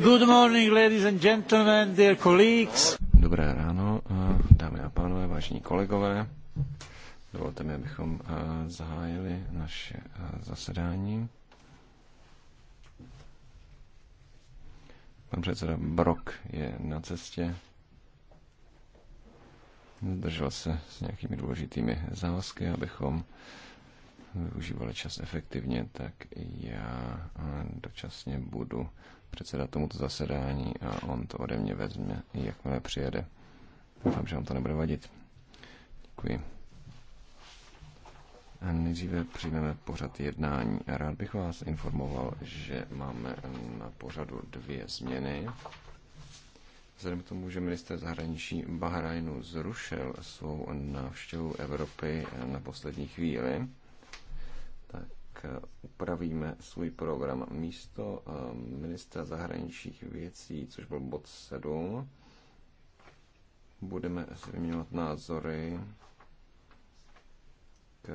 Good morning, ladies and gentlemen, dear colleagues. Dobré ráno, eh, dámy a pánové, vážení kolegové. Dovolte mi, abychom eh, zahájili naše eh, zasedání. Pan předseda Brok je na cestě. Zdržel se s nějakými důležitými závazky, abychom využívali čas efektivně, tak já eh, dočasně budu předsedat tomuto zasedání a on to ode mě vezme, jakmile přijede. Doufám, že vám to nebude vadit. Děkuji. A nejdříve přijmeme pořad jednání. Rád bych vás informoval, že máme na pořadu dvě změny. Vzhledem k tomu, že minister zahraničí Bahrajnu zrušil svou návštěvu Evropy na poslední chvíli, upravíme svůj program. Místo eh, ministra zahraničních věcí, což byl bod 7, budeme si vyměňovat názory k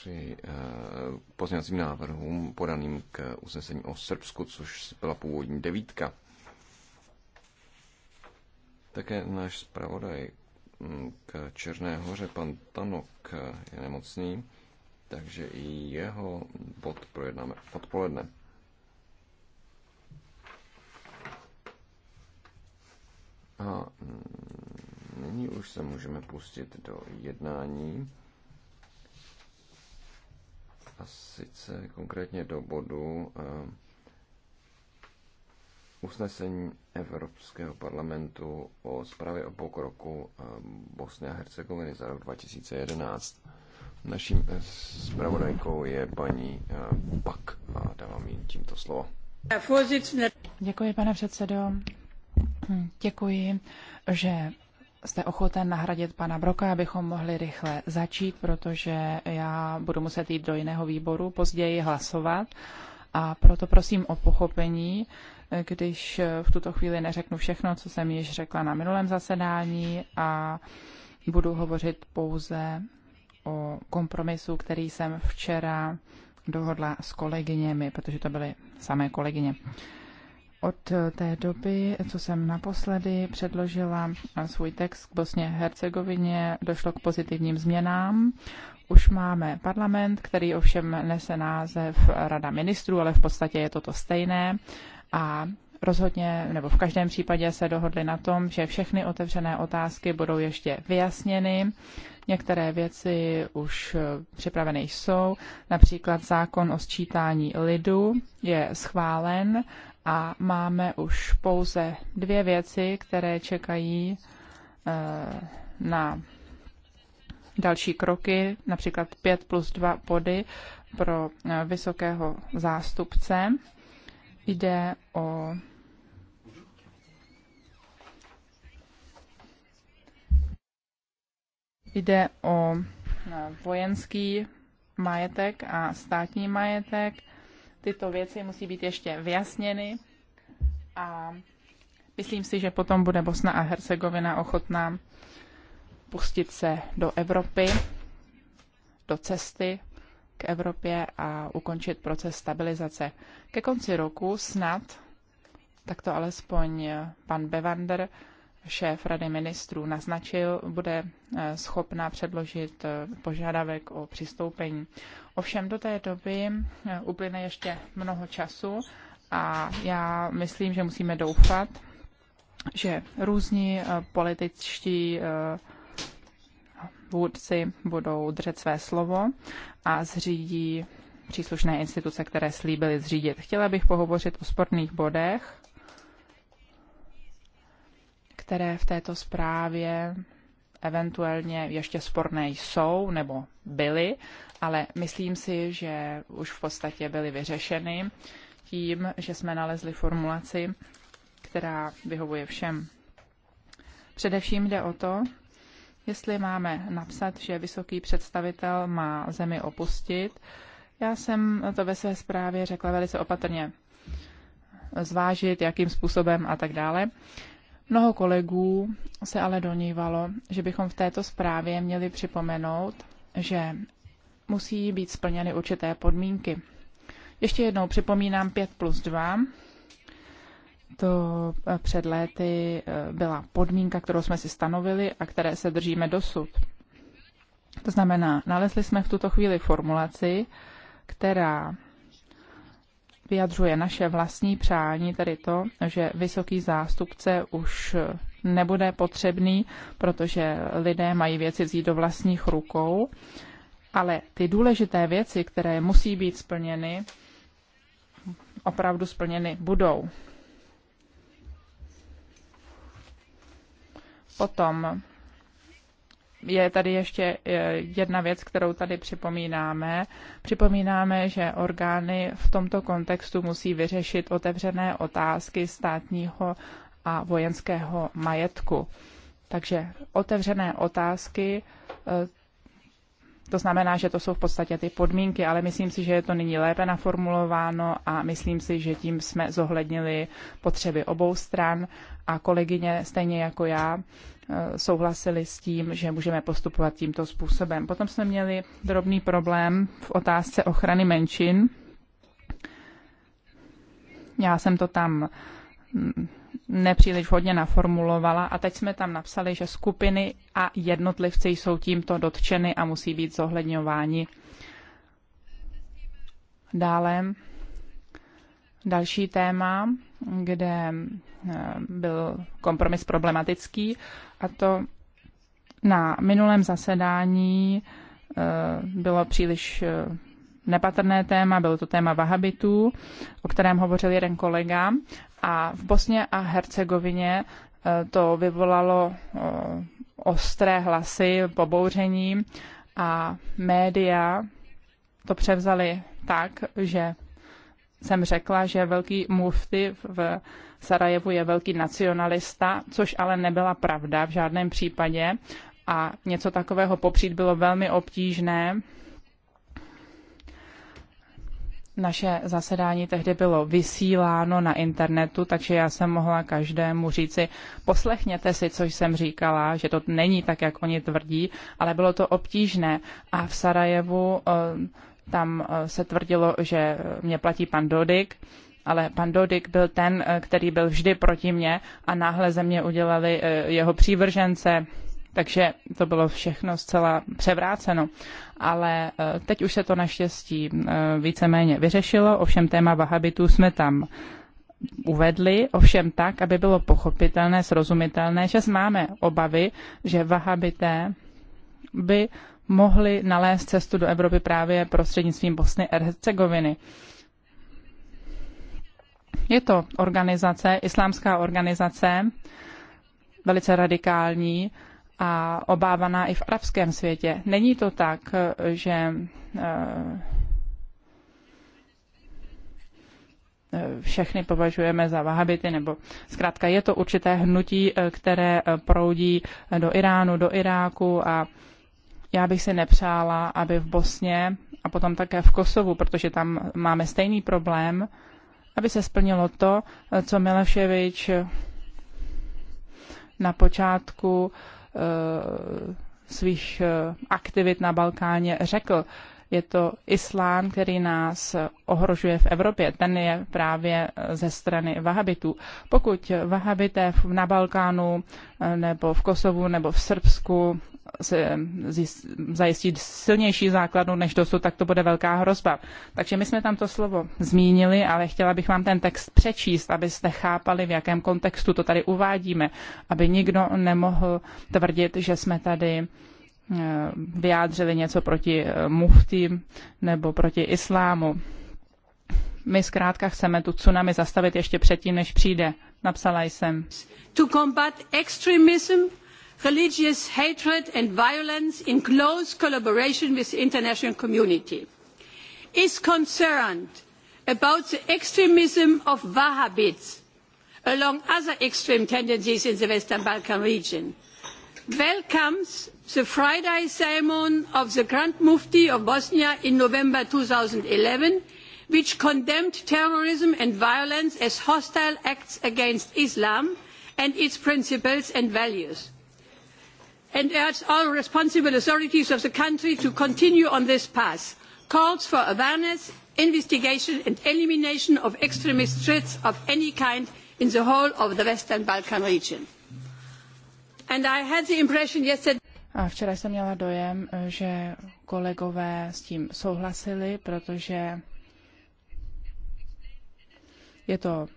při eh, pozměňovacím návrhům podaným k usnesení o Srbsku, což byla původní devítka. Také náš zpravodaj mm, k Černé hoře, pan Tanok, je nemocný takže i jeho bod projednáme odpoledne. A mm, nyní už se můžeme pustit do jednání. A sice konkrétně do bodu uh, usnesení Evropského parlamentu o zprávě o pokroku eh, Bosny a Hercegoviny za rok 2011. Naším eh, zpravodajkou je paní Pak eh, a dávám jí tímto slovo. Děkuji, pane předsedo. Hm, děkuji, že jste ochoten nahradit pana Broka, abychom mohli rychle začít, protože já budu muset jít do jiného výboru později hlasovat. A proto prosím o pochopení, když v tuto chvíli neřeknu všechno, co jsem již řekla na minulém zasedání a budu hovořit pouze o kompromisu, který jsem včera dohodla s kolegyněmi, protože to byly samé kolegyně. Od té doby, co jsem naposledy předložila svůj text k Bosně Hercegovině, došlo k pozitivním změnám. Už máme parlament, který ovšem nese název Rada ministrů, ale v podstatě je to to stejné. A rozhodně nebo v každém případě se dohodli na tom, že všechny otevřené otázky budou ještě vyjasněny. Některé věci už připraveny jsou, například zákon o sčítání lidu je schválen a máme už pouze dvě věci, které čekají eh, na další kroky, například 5 plus 2 body pro eh, vysokého zástupce. Jde o Jde o eh, vojenský majetek a státní majetek. Tyto věci musí být ještě vyjasněny a myslím si, že potom bude Bosna a Hercegovina ochotná pustit se do Evropy, do cesty k Evropě a ukončit proces stabilizace. Ke konci roku snad, tak to alespoň pan Bevander, šéf Rady ministrů naznačil, bude eh, schopna předložit eh, požadavek o přistoupení. Ovšem do té doby eh, uplyne ještě mnoho času a já myslím, že musíme doufat, že různí političtí vůdci budou držet své slovo a zřídí příslušné instituce, které slíbily zřídit. Chtěla bych pohovořit o sporných bodech které v této zprávě eventuálně ještě sporné jsou nebo byly, ale myslím si, že už v podstatě byly vyřešeny tím, že jsme nalezli formulaci, která vyhovuje všem. Především jde o to, jestli máme napsat, že vysoký představitel má zemi opustit. Já jsem to ve své zprávě řekla velice opatrně. Zvážit, jakým způsobem a tak dále. Mnoho kolegů se ale donívalo, že bychom v této zprávě měli připomenout, že musí být splněny určité podmínky. Ještě jednou připomínám 5 plus 2. To eh, před léty eh, byla podmínka, kterou jsme si stanovili a které se držíme dosud. To znamená, nalezli jsme v tuto chvíli formulaci, která vyjadřuje naše vlastní přání, tedy to, že vysoký zástupce už nebude potřebný, protože lidé mají věci vzít do vlastních rukou. Ale ty důležité věci, které musí být splněny, opravdu splněny budou. Potom je tady ještě eh, jedna věc, kterou tady připomínáme. Připomínáme, že orgány v tomto kontextu musí vyřešit otevřené otázky státního a vojenského majetku. Takže otevřené otázky, eh, to znamená, že to jsou v podstatě ty podmínky, ale myslím si, že je to nyní lépe naformulováno a myslím si, že tím jsme zohlednili potřeby obou stran a kolegyně stejně jako já Eh, souhlasili s tím, že můžeme postupovat tímto způsobem. Potom jsme měli drobný problém v otázce ochrany menšin. Já jsem to tam mm, nepříliš hodně naformulovala a teď jsme tam napsali, že skupiny a jednotlivci jsou tímto dotčeny a musí být zohledňováni. Dále Další téma, kde eh, byl kompromis problematický, a to na minulém zasedání eh, bylo příliš eh, nepatrné téma, bylo to téma vahabitů, o kterém hovořil jeden kolega. A v Bosně a Hercegovině to vyvolalo ostré hlasy, pobouření a média to převzali tak, že jsem řekla, že velký mufty v Sarajevu je velký nacionalista, což ale nebyla pravda v žádném případě a něco takového popřít bylo velmi obtížné. Naše zasedání tehdy bylo vysíláno na internetu, takže já jsem mohla každému říci, poslechněte si, co jsem říkala, že to není tak, jak oni tvrdí, ale bylo to obtížné. A v Sarajevu eh, tam eh, se tvrdilo, že mě platí pan Dodik, ale pan Dodik byl ten, eh, který byl vždy proti mě a náhle ze mě udělali eh, jeho přívržence, takže to bylo všechno zcela převráceno. Ale teď už se to naštěstí víceméně vyřešilo, ovšem téma Vahabitů jsme tam uvedli, ovšem tak, aby bylo pochopitelné, srozumitelné, že máme obavy, že Vahabité by mohli nalézt cestu do Evropy právě prostřednictvím Bosny a Hercegoviny. Je to organizace, islámská organizace, velice radikální a obávaná i v arabském světě. Není to tak, že eh, všechny považujeme za vahabity, nebo zkrátka je to určité hnutí, eh, které eh, proudí do Iránu, do Iráku a já bych si nepřála, aby v Bosně a potom také v Kosovu, protože tam máme stejný problém, aby se splnilo to, co Miloševič na počátku eh, svých eh, aktivit na Balkáně řekl. Je to islám, který nás ohrožuje v Evropě. Ten je právě eh, ze strany vahabitů. Pokud vahabité na Balkánu nebo v Kosovu nebo v Srbsku se zajistit silnější základnu než dosud, tak to bude velká hrozba. Takže my jsme tam to slovo zmínili, ale chtěla bych vám ten text přečíst, abyste chápali, v jakém kontextu to tady uvádíme, aby nikdo nemohl tvrdit, že jsme tady eh, vyjádřili něco proti eh, muftím nebo proti islámu. My zkrátka chceme tu tsunami zastavit ještě předtím, než přijde. Napsala jsem. To combat extremism religious hatred and violence in close collaboration with the international community, is concerned about the extremism of wahhabis along other extreme tendencies in the Western Balkan region, welcomes the Friday sermon of the Grand Mufti of Bosnia in November two thousand and eleven which condemned terrorism and violence as hostile acts against Islam and its principles and values and urge all responsible authorities of the country to continue on this path calls for awareness investigation and elimination of extremist threats of any kind in the whole of the western balkan region. and i had the impression yesterday a včera jsem měla dojem, že kolegové s tím souhlasili, protože je to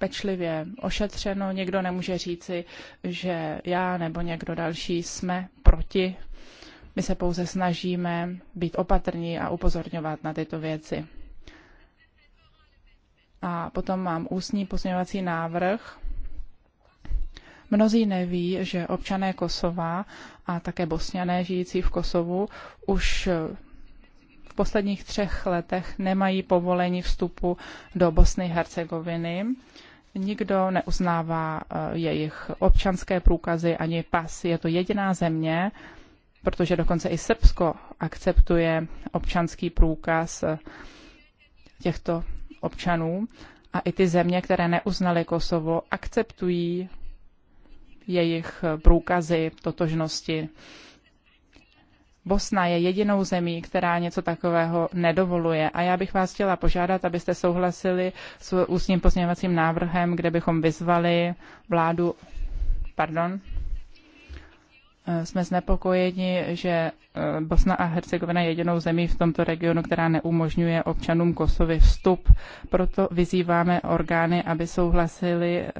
pečlivě ošetřeno. Někdo nemůže říci, že já nebo někdo další jsme proti. My se pouze snažíme být opatrní a upozorňovat na tyto věci. A potom mám ústní pozměňovací návrh. Mnozí neví, že občané Kosova a také bosňané žijící v Kosovu už v posledních třech letech nemají povolení vstupu do Bosny Hercegoviny nikdo neuznává eh, jejich občanské průkazy ani pas. Je to jediná země, protože dokonce i Srbsko akceptuje občanský průkaz eh, těchto občanů. A i ty země, které neuznaly Kosovo, akceptují jejich průkazy totožnosti Bosna je jedinou zemí, která něco takového nedovoluje. A já bych vás chtěla požádat, abyste souhlasili s ústním pozměňovacím návrhem, kde bychom vyzvali vládu, pardon, jsme znepokojeni, že eh, Bosna a Hercegovina je jedinou zemí v tomto regionu, která neumožňuje občanům Kosovy vstup. Proto vyzýváme orgány, aby souhlasili eh,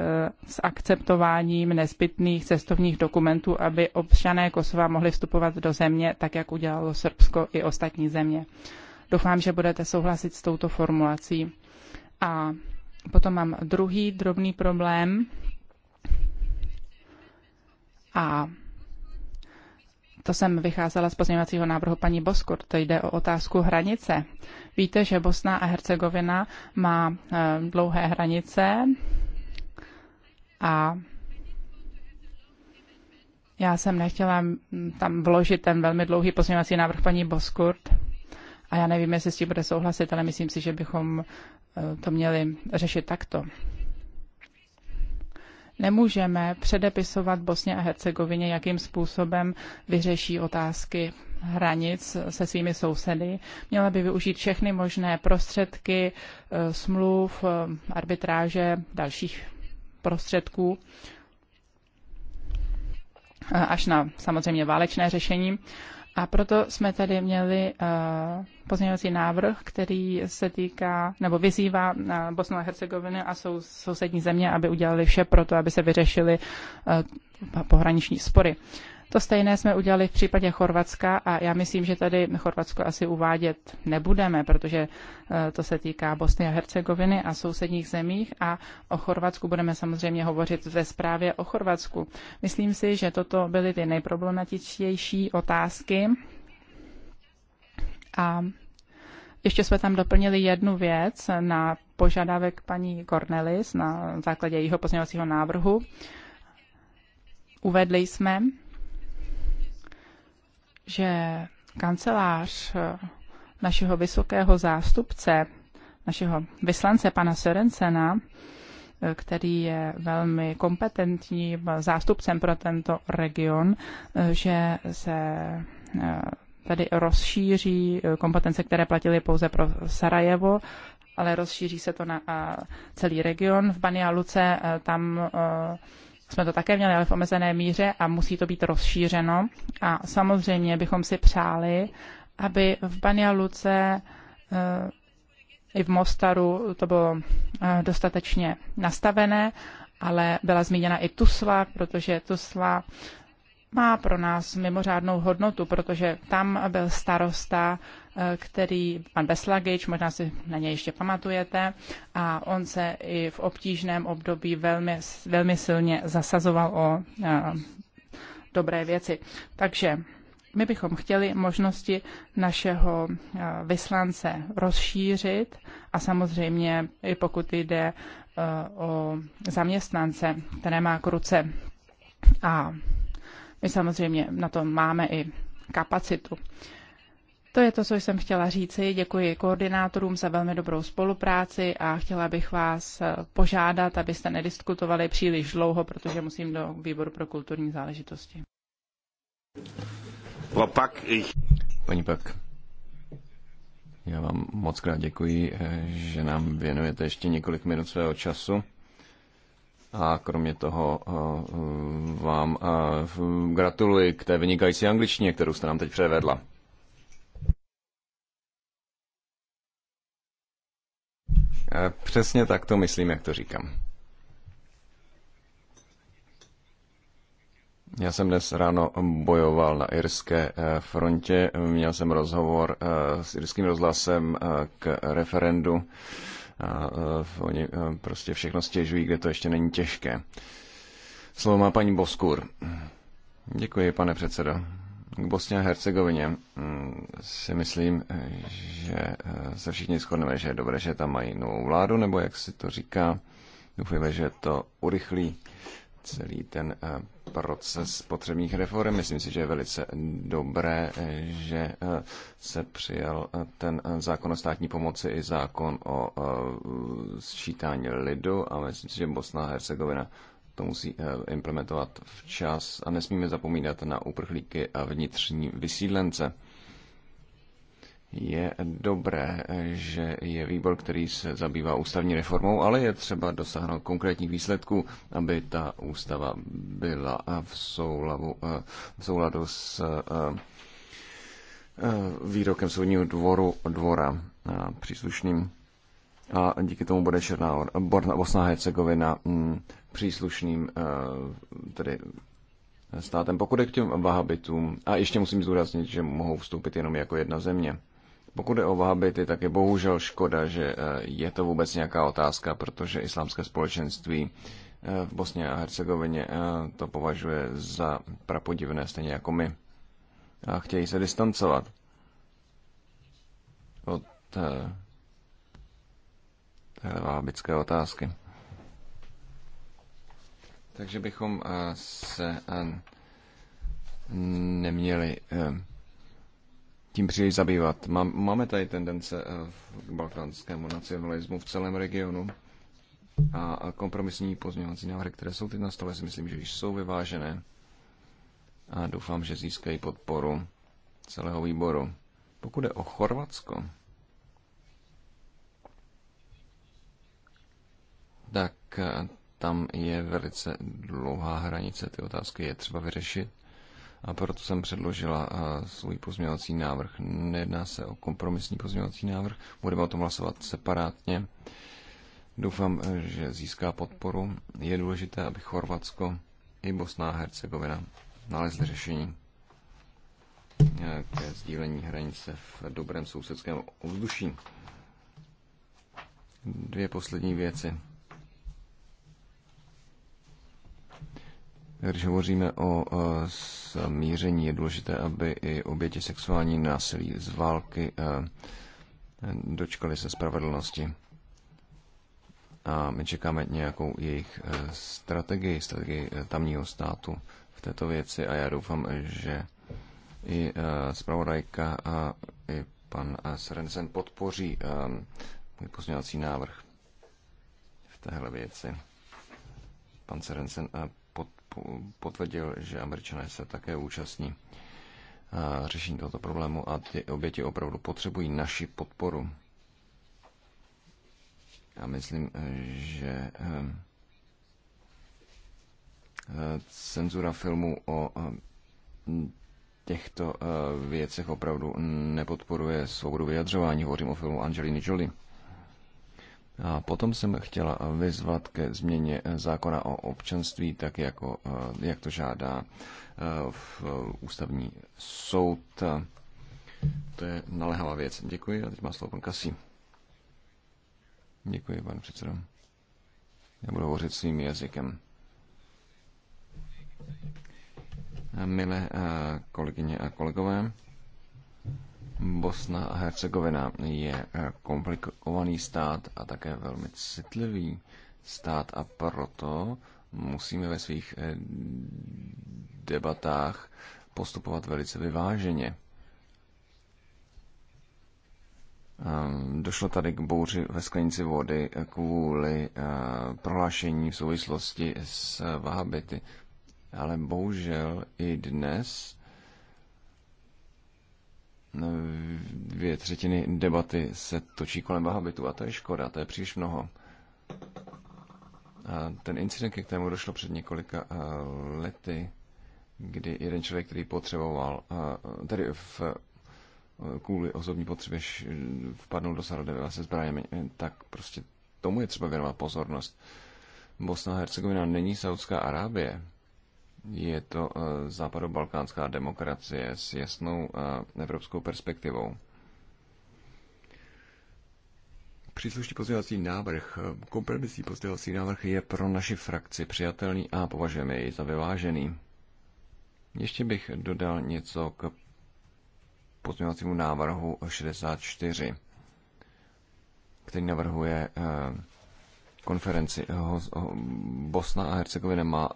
s akceptováním nezbytných cestovních dokumentů, aby občané Kosova mohli vstupovat do země, tak jak udělalo Srbsko i ostatní země. Doufám, že budete souhlasit s touto formulací. A potom mám druhý drobný problém. A to jsem vycházela z pozměňovacího návrhu paní Boskurt, to jde o otázku hranice. Víte, že Bosna a Hercegovina má eh, dlouhé hranice a já jsem nechtěla mm, tam vložit ten velmi dlouhý pozměňovací návrh paní Boskurt a já nevím, jestli s tím bude souhlasit, ale myslím si, že bychom eh, to měli řešit takto. Nemůžeme předepisovat Bosně a Hercegovině, jakým způsobem vyřeší otázky hranic se svými sousedy. Měla by využít všechny možné prostředky, e, smluv, e, arbitráže, dalších prostředků, e, až na samozřejmě válečné řešení. A proto jsme tady měli uh, pozměňovací návrh, který se týká nebo vyzývá na eh, Bosnu a Hercegovinu a sou, sousední země, aby udělali vše pro to, aby se vyřešily uh, pohraniční spory. Uh, to stejné jsme udělali v případě Chorvatska a já myslím, že tady Chorvatsko asi uvádět nebudeme, protože e, to se týká Bosny a Hercegoviny a sousedních zemích a o Chorvatsku budeme samozřejmě hovořit ve zprávě o Chorvatsku. Myslím si, že toto byly ty nejproblematičtější otázky a ještě jsme tam doplnili jednu věc na požadavek paní Cornelis na základě jejího pozměňovacího návrhu. Uvedli jsme, že kancelář eh, našeho vysokého zástupce, našeho vyslance pana Sörensena, eh, který je velmi kompetentním zástupcem pro tento region, eh, že se tady rozšíří kompetence, které platily pouze pro Sarajevo, ale rozšíří se to na celý region. V Banja Luce tam jsme to také měli, ale v omezené míře a musí to být rozšířeno. A samozřejmě bychom si přáli, aby v Banja Luce eh, i v Mostaru to bylo eh, dostatečně nastavené, ale byla zmíněna i Tusla, protože Tusla má pro nás mimořádnou hodnotu, protože tam byl starosta, který pan Beslagič, možná si na něj ještě pamatujete, a on se i v obtížném období velmi, velmi silně zasazoval o eh, dobré věci. Takže my bychom chtěli možnosti našeho eh, vyslance rozšířit a samozřejmě i pokud jde eh, o zaměstnance, které má k ruce. A my samozřejmě na to máme i kapacitu. To je to, co jsem chtěla říci. Děkuji koordinátorům za velmi dobrou spolupráci a chtěla bych vás eh, požádat, abyste nediskutovali příliš dlouho, protože musím do výboru pro kulturní záležitosti. Paní Pak, já vám moc krát děkuji, eh, že nám věnujete ještě několik minut svého času. A kromě toho eh, vám gratuluji k té vynikající angličtině, kterou jste nám teď převedla. Eh, přesně tak to myslím, jak to říkám. Já jsem dnes ráno bojoval na irské eh, frontě, měl jsem rozhovor eh, s irským rozhlasem k referendu. oni prostě všechno stěžují, kde to ještě není těžké. Slovo má paní Boskur. Děkuji, pane předsedo. K Bosně a Hercegovině mm, si myslím, že eh, se všichni shodneme, že je dobré, že tam mají novou vládu, nebo jak si to říká. Doufujeme, že to urychlí celý ten eh, proces potřebných reform. Myslím si, že je velice dobré, eh, že se přijal ten zákon o státní pomoci i zákon o sčítání lidu a myslím si, že Bosna a Hercegovina to musí eh, implementovat včas a nesmíme zapomínat na uprchlíky a vnitřní vysídlence. Je dobré, že je výbor, který se zabývá ústavní reformou, ale je třeba dosáhnout konkrétních výsledků, aby ta ústava byla eh, v souladu, eh, v souladu s výrokem soudního dvoru, dvora příslušným a díky tomu bude Černá Bosna Hercegovina mm, příslušným eh, tedy státem, pokud je k těm vahabitům. A ještě musím zdůraznit, že mohou vstoupit jenom jako jedna země. Pokud je o vahabity, tak je bohužel škoda, že eh, je to vůbec nějaká otázka, protože islámské společenství eh, v Bosně a Hercegovině to považuje za prapodivné, stejně jako my. A chtějí se distancovat od Vábické otázky. Takže bychom eh, se eh, neměli eh, tím příliš zabývat. Máme tady tendence k balkánskému nacionalismu v celém regionu a kompromisní pozměňovací návrhy, které jsou teď na stole, si myslím, že již jsou vyvážené a doufám, že získají podporu celého výboru. Pokud je o Chorvatsko, tak eh, tam je velice dlouhá hranice, ty otázky je třeba vyřešit. A proto jsem předložila eh, svůj pozměňovací návrh. Nejedná se o kompromisní pozměňovací návrh, budeme o tom hlasovat separátně. Doufám, že získá podporu. Je důležité, aby Chorvatsko i Bosna a Hercegovina nalezli řešení eh, ke sdílení hranice v dobrém sousedském ovzduší. Dvě poslední věci. Když hovoříme o smíření, je důležité, aby i oběti sexuální násilí z války e, dočkali se spravedlnosti. A my čekáme nějakou jejich e, strategii, strategii e, tamního státu v této věci a já doufám, že i zpravodajka a i pan Srensen podpoří můj pozměňovací návrh v téhle věci. Pan Srensen potvrdil, že američané se také účastní eh, řešení tohoto problému a ty oběti opravdu potřebují naši podporu. Já myslím, eh, že eh, cenzura filmu o těchto věcech opravdu nepodporuje svobodu vyjadřování. Hovořím o filmu Angeliny Jolie. A potom jsem chtěla vyzvat ke změně zákona o občanství, tak jako, eh, jak to žádá eh, v eh, ústavní soud. To je naléhavá věc. Děkuji a teď má slovo pan Kasí. Děkuji, pan předsedo. Já budu hovořit svým jazykem. Milé kolegyně a kolegové, Bosna a Hercegovina je eh, komplikovaný stát a také velmi citlivý stát a proto musíme ve svých eh, debatách postupovat velice vyváženě. Ehm, došlo tady k bouři ve sklenici vody kvůli eh, prohlášení v souvislosti s Vahabity. Ale bohužel i dnes dvě třetiny debaty se točí kolem Bahabitu a to je škoda, to je příliš mnoho. A ten incident, ke kterému došlo před několika eh, lety, kdy jeden člověk, který potřeboval, eh, tedy v, eh, kvůli osobní potřebě vpadnul do Saradeva se zbraněmi, tak prostě tomu je třeba věnovat pozornost. Bosna a Hercegovina není Saudská Arábie. Je to eh, západobalkánská demokracie s jasnou eh, evropskou perspektivou. Příslušný pozdělací návrh, eh, kompromisní pozdělací návrh je pro naši frakci přijatelný a považujeme jej za vyvážený. Ještě bych dodal něco k pozměňovacímu návrhu 64, který navrhuje konferenci. Bosna a Hercegovina má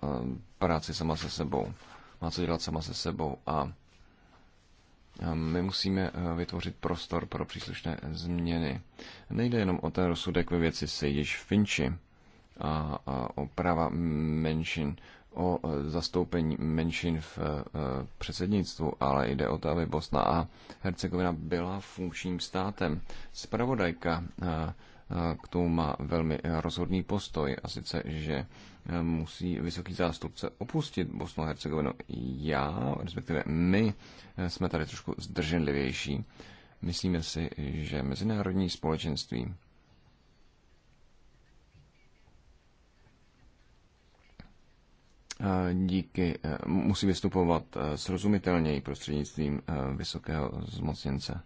práci sama se sebou. Má co dělat sama se sebou a my musíme e, vytvořit prostor pro příslušné změny. Nejde jenom o ten rozsudek ve věci Sejdiš Finči a, a o práva menšin, o e, zastoupení menšin v e, předsednictvu, ale jde o to, aby Bosna a Hercegovina byla funkčním státem. Spravodajka k tomu má velmi rozhodný postoj, a sice, že eh, musí vysoký zástupce opustit Bosnu a Hercegovinu. Já, respektive my, eh, jsme tady trošku zdrženlivější. Myslíme si, že mezinárodní společenství eh, díky musí vystupovat srozumitelněji prostřednictvím vysokého zmocněnce.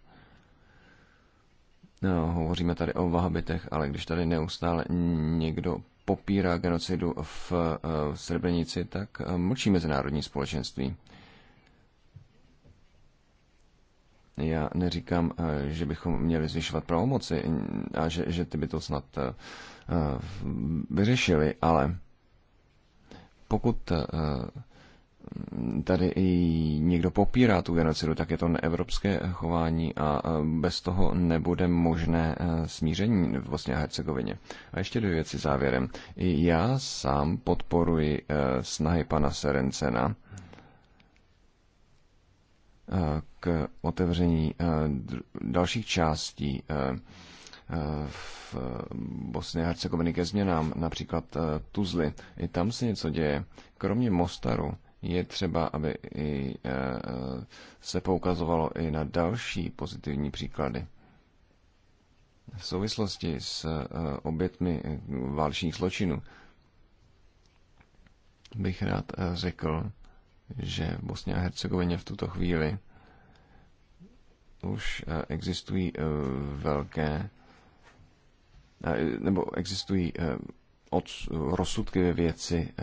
No, hovoříme tady o vahabitech, ale když tady neustále někdo popírá genocidu v eh, Srebrenici, tak eh, mlčí mezinárodní společenství. Já neříkám, eh, že bychom měli zvyšovat pravomoci a že, že ty by to snad vyřešili, ale pokud tady i někdo popírá tu genocidu, tak je to neevropské chování a bez toho nebude možné e, smíření v Bosně a Hercegovině. A ještě dvě věci závěrem. I já sám podporuji e, snahy pana Serencena e, k otevření dalších částí v Bosně a Hercegoviny ke změnám, například Tuzly. I tam se něco děje. Kromě Mostaru je třeba, aby i, e, se poukazovalo i na další pozitivní příklady. V souvislosti s e, obětmi e, válečných zločinů bych rád řekl, že v Bosně a Hercegovině v tuto chvíli už existují velké nebo existují od rozsudky ve věci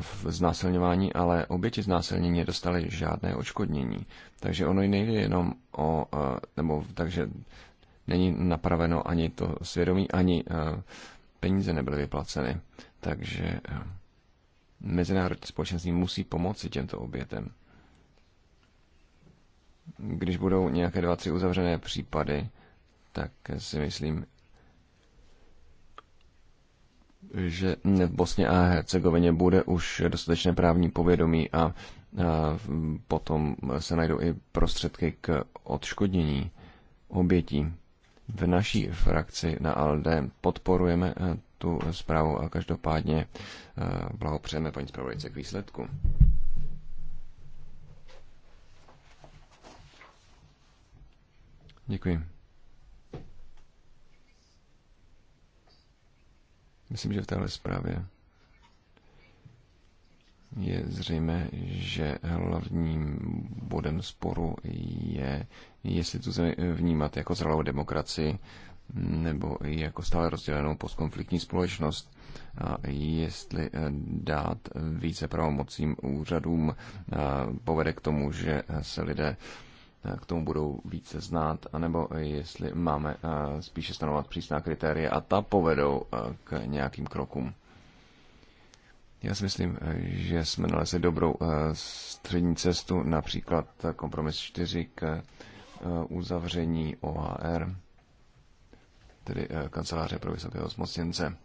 v znásilňování, ale oběti znásilnění nedostali žádné očkodnění. Takže ono nejde jenom o, eh, nebo takže není napraveno ani to svědomí, ani eh, peníze nebyly vyplaceny. Takže eh, mezinárodní společenství musí pomoci těmto obětem. Když budou nějaké dva, tři uzavřené případy, tak si myslím, že v Bosně a Hercegovině bude už dostatečné právní povědomí a potom se najdou i prostředky k odškodnění obětí. V naší frakci na ALDE podporujeme eh, tu zprávu a každopádně eh, blahopřejeme paní zpravodajce k výsledku. Děkuji. Myslím, že v téhle zprávě je zřejmé, že hlavním bodem sporu je, jestli tu zemi vnímat jako zralou demokracii nebo jako stále rozdělenou postkonfliktní společnost a jestli eh, dát více pravomocím úřadům eh, povede k tomu, že se lidé Eh, k tomu budou více znát, anebo jestli máme eh, spíše stanovat přísná kritéria a ta povedou eh, k nějakým krokům. Já si myslím, že jsme nalezli dobrou střední cestu, například kompromis 4 k uzavření OHR, tedy kanceláře pro vysokého zmocněnce.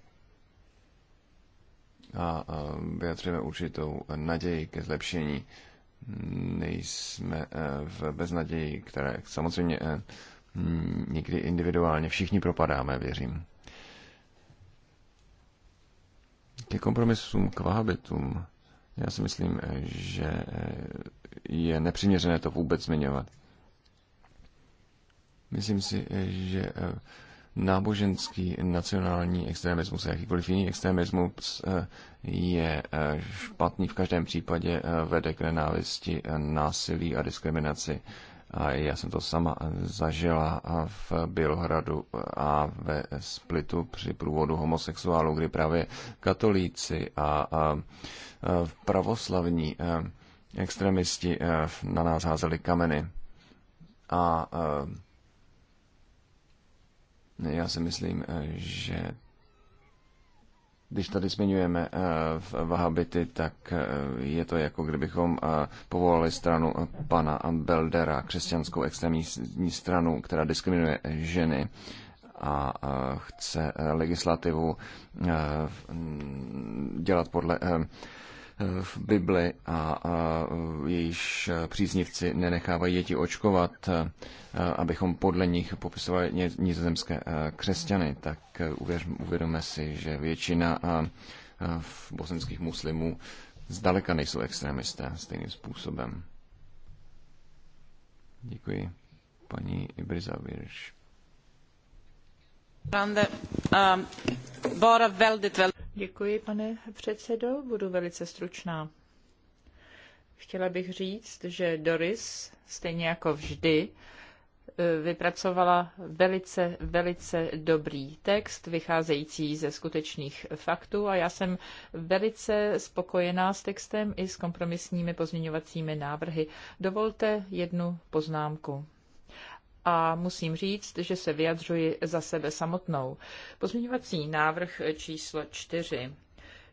A vyjadřujeme určitou naději ke zlepšení nejsme eh, v beznaději, které samozřejmě eh, někdy individuálně všichni propadáme, věřím. Ke kompromisům, k vahabitům, já si myslím, že eh, je nepřiměřené to vůbec zmiňovat. Myslím si, že náboženský nacionální extremismus a jakýkoliv jiný extremismus eh, je eh, špatný v každém případě, eh, vede k nenávisti, násilí a diskriminaci. A já jsem to sama zažila v Bělohradu a ve Splitu při průvodu homosexuálů, kdy právě katolíci a, pravoslavní extremisti na nás házeli kameny. A, a já si myslím, eh, že když tady zmiňujeme eh, v Vahabity, tak eh, je to jako kdybychom povolali stranu pana Beldera, křesťanskou extrémní stranu, která diskriminuje ženy a chce legislativu dělat podle v Bibli a, a jejíž příznivci nenechávají děti očkovat, abychom podle nich popisovali nizozemské křesťany, tak e, uvědomme si, že většina bosenských muslimů zdaleka nejsou extremisté stejným způsobem. Děkuji. Paní Ibriza Virš. Um, pane předsedo, budu velice stručná. Chtěla bych říct, že Doris, stejně jako vždy, eh, vypracovala velice, velice dobrý text, vycházející ze skutečných faktů a já jsem velice spokojená s textem i s kompromisními pozměňovacími návrhy. Dovolte jednu poznámku a musím říct, že se vyjadřuji za sebe samotnou. Pozměňovací návrh číslo 4.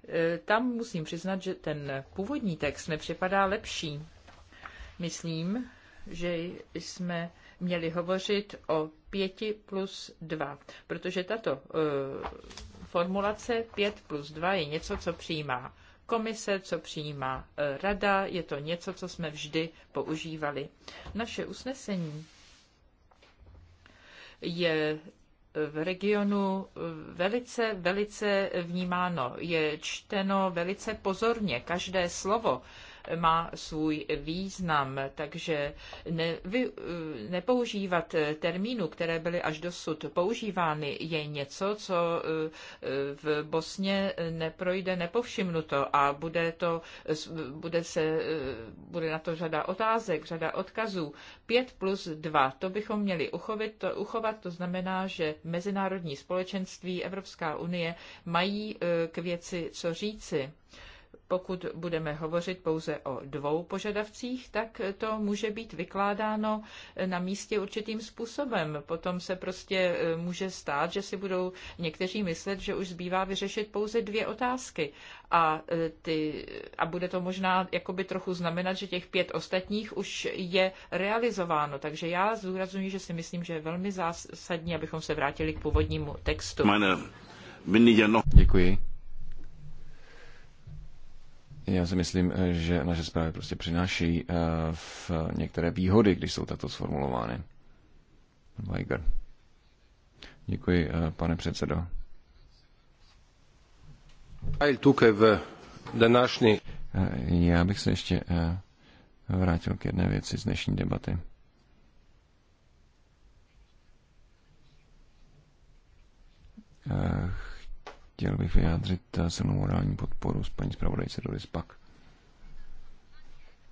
E, tam musím přiznat, že ten původní text nepřipadá lepší. Myslím, že jsme měli hovořit o 5 plus 2, protože tato e, formulace 5 plus 2 je něco, co přijímá komise, co přijímá e, rada, je to něco, co jsme vždy používali. Naše usnesení je v regionu velice, velice vnímáno, je čteno velice pozorně každé slovo má svůj význam. Takže vy, eh, nepoužívat termínu, které byly až dosud používány, je něco, co eh, v Bosně neprojde nepovšimnuto a bude, to, bude, se, eh, bude na to řada otázek, řada odkazů. 5 plus 2, to bychom měli uchovit, to, uchovat, to znamená, že mezinárodní společenství Evropská unie mají k věci co říci pokud budeme hovořit pouze o dvou požadavcích, tak to může být vykládáno na místě určitým způsobem. Potom se prostě eh, může stát, že si budou někteří myslet, že už zbývá vyřešit pouze dvě otázky. A, eh, ty, a bude to možná jakoby trochu znamenat, že těch pět ostatních už je realizováno. Takže já zdůraznuju, že si myslím, že je velmi zásadní, abychom se vrátili k původnímu textu. Děkuji. Já si myslím, že naše zprávy prostě přináší eh, v některé výhody, když jsou tato sformulovány. Weiger. Děkuji, eh, pane předsedo. Eh, já bych se ještě vrátil k jedné věci z dnešní debaty chtěl bych vyjádřit eh, silnou morální podporu s paní zpravodajce do Pak.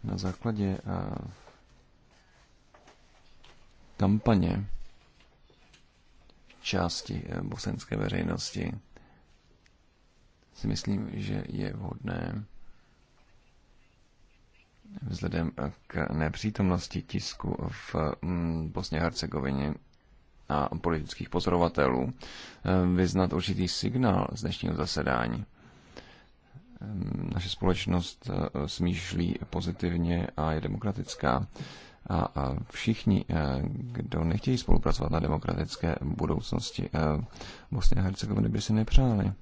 Na základě eh, kampaně části eh, bosenské veřejnosti si myslím, že je vhodné vzhledem k nepřítomnosti tisku v mm, Bosně a Hercegovině a politických pozorovatelů eh, vyznat určitý signál z dnešního zasedání. Ehm, naše společnost eh, smýšlí pozitivně a je demokratická. A všichni, eh, kdo nechtějí spolupracovat na demokratické budoucnosti Bosny a Hercegoviny, by si nepřáli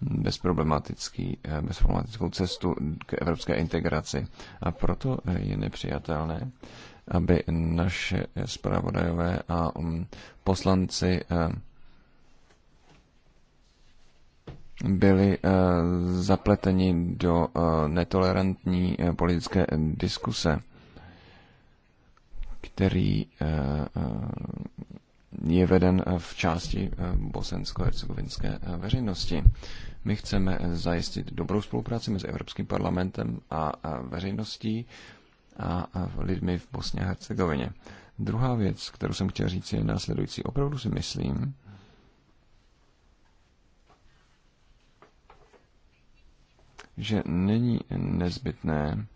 bezproblematický, bezproblematickou cestu k evropské integraci. A proto je nepřijatelné, aby naše zpravodajové a mm, poslanci eh, byli eh, zapleteni do eh, netolerantní politické diskuse, který je veden v části bosensko-hercegovinské veřejnosti. My chceme zajistit dobrou spolupráci mezi Evropským parlamentem a veřejností a, a lidmi v Bosně a Hercegovině. Druhá věc, kterou jsem chtěl říct, je následující. Opravdu si myslím, že není nezbytné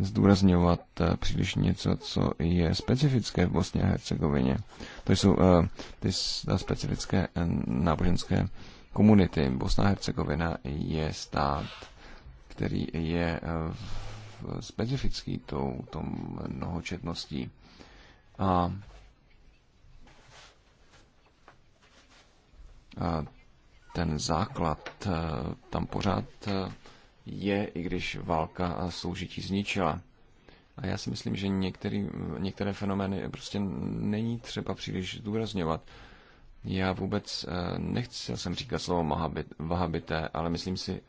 zdůrazňovat eh, příliš něco, co je specifické v Bosně a Hercegovině. To jsou eh, ty specifické eh, náboženské komunity. Bosna a Hercegovina je stát, který je v specifický tou, tom mnohočetností. A, a ten základ e, tam pořád e, je, i když válka a soužití zničila. A já si myslím, že některý, některé fenomény prostě není třeba příliš zdůrazňovat. Já vůbec e, nechci, já jsem říkat slovo vahabité, ale myslím si,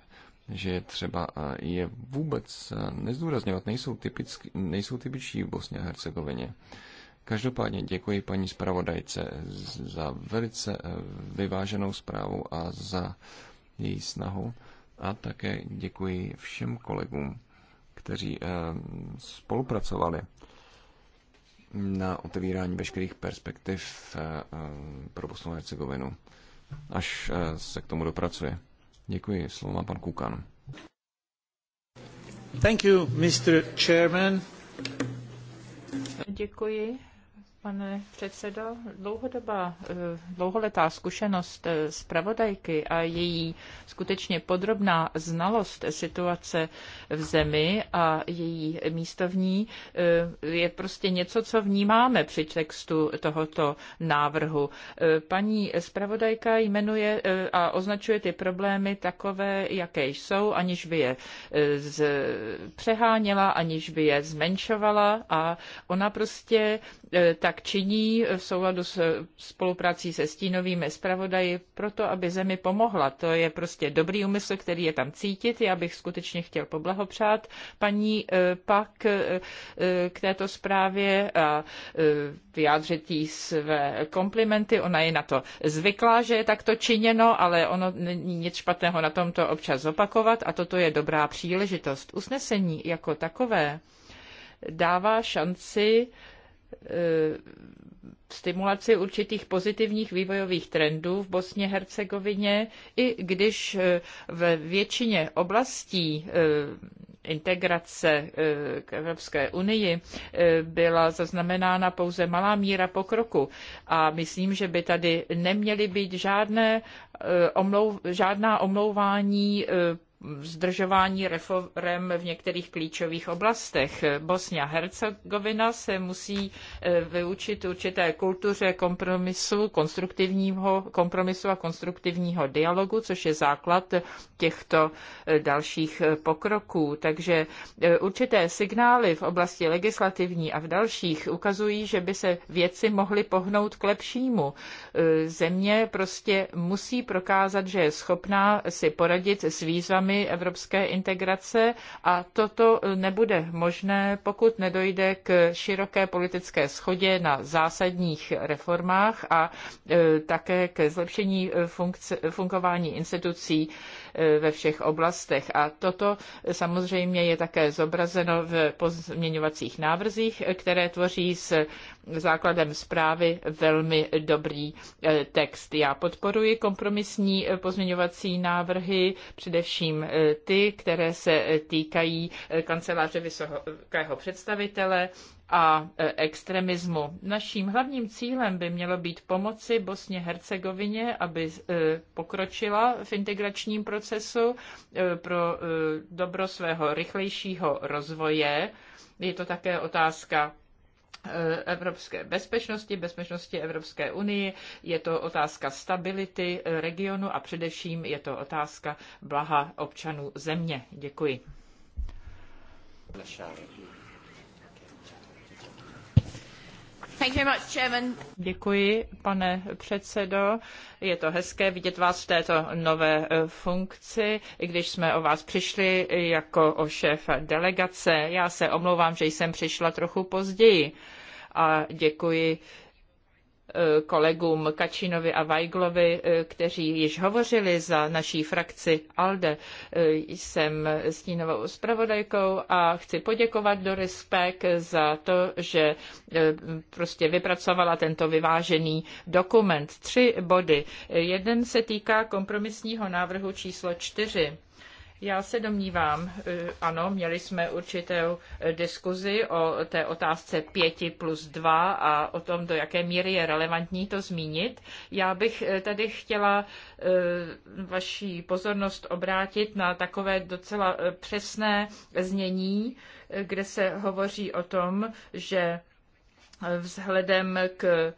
že třeba je vůbec nezdůrazňovat, nejsou, typický, nejsou typičtí v Bosně a Hercegovině. Každopádně děkuji paní zpravodajce za velice vyváženou zprávu a za její snahu. A také děkuji všem kolegům, kteří spolupracovali na otevírání veškerých perspektiv pro Bosnu a Hercegovinu, až se k tomu dopracuje. Děkuji, slovo má pan Kukan. Thank you, Mr. Chairman. Děkuji, Pane předsedo, dlouhodobá, eh, dlouholetá zkušenost eh, zpravodajky a její skutečně podrobná znalost situace v zemi a její místovní eh, je prostě něco, co vnímáme při textu tohoto návrhu. Paní zpravodajka jmenuje a označuje ty problémy takové, jaké jsou, aniž by je z, přeháněla, aniž by je zmenšovala a ona prostě tak tak činí v souladu s spoluprací se stínovými zpravodaji proto, aby zemi pomohla. To je prostě dobrý úmysl, který je tam cítit. Já bych skutečně chtěl poblahopřát paní eh, Pak eh, eh, k této zprávě a vyjádřit jí své komplimenty. Ona je na to zvyklá, že je takto činěno, ale ono není nic špatného na tomto občas opakovat a toto je dobrá příležitost. Usnesení jako takové dává šanci Eh, stimulaci určitých pozitivních vývojových trendů v Bosně Hercegovině, i když eh, ve většině oblastí eh, integrace k Evropské unii byla zaznamenána pouze malá míra pokroku a myslím, že by tady neměly být žádné omlou, žádná omlouvání zdržování reform v některých klíčových oblastech. Bosnia Hercegovina se musí eh, vyučit určité kultuře kompromisu, konstruktivního kompromisu a konstruktivního dialogu, což je základ těchto eh, dalších eh, pokroků. Takže určité signály v oblasti legislativní a v dalších ukazují, že by se věci mohly pohnout k lepšímu. Země prostě musí prokázat, že je schopná si poradit s výzvami zemi evropské integrace a toto nebude možné, pokud nedojde k široké politické schodě na zásadních reformách a e, také ke zlepšení funkce, fungování institucí ve všech oblastech. A toto samozřejmě je také zobrazeno v pozměňovacích návrzích, které tvoří s základem zprávy velmi dobrý e, text. Já podporuji kompromisní e, pozměňovací návrhy, především e, ty, které se týkají kanceláře vysokého představitele, a e, extremismu. Naším hlavním cílem by mělo být pomoci Bosně Hercegovině, aby e, pokročila v integračním procesu e, pro dobro svého rychlejšího rozvoje. Je to také otázka evropské bezpečnosti, bezpečnosti Evropské unie, je to otázka stability regionu a především je to otázka blaha občanů země. Děkuji. Děkuji, pane předsedo. Je to hezké vidět vás v této nové eh, funkci, i když jsme o vás přišli jako o šéfa delegace. Já se omlouvám, že jsem přišla trochu později a děkuji Eh, kolegům Kačinovi a Vajglovi, eh, kteří již hovořili za naší frakci ALDE. Eh, jsem stínovou zpravodajkou a chci poděkovat Doris Peck za to, že prostě vypracovala tento vyvážený dokument. Tři body. Jeden se týká kompromisního návrhu číslo čtyři já se domnívám, eh, ano, měli jsme určitou eh, diskuzi o té otázce 5 plus 2 a o tom, do jaké míry je relevantní to zmínit. Já bych eh, tady chtěla vaší pozornost obrátit na takové docela přesné znění, kde se hovoří o tom, že vzhledem k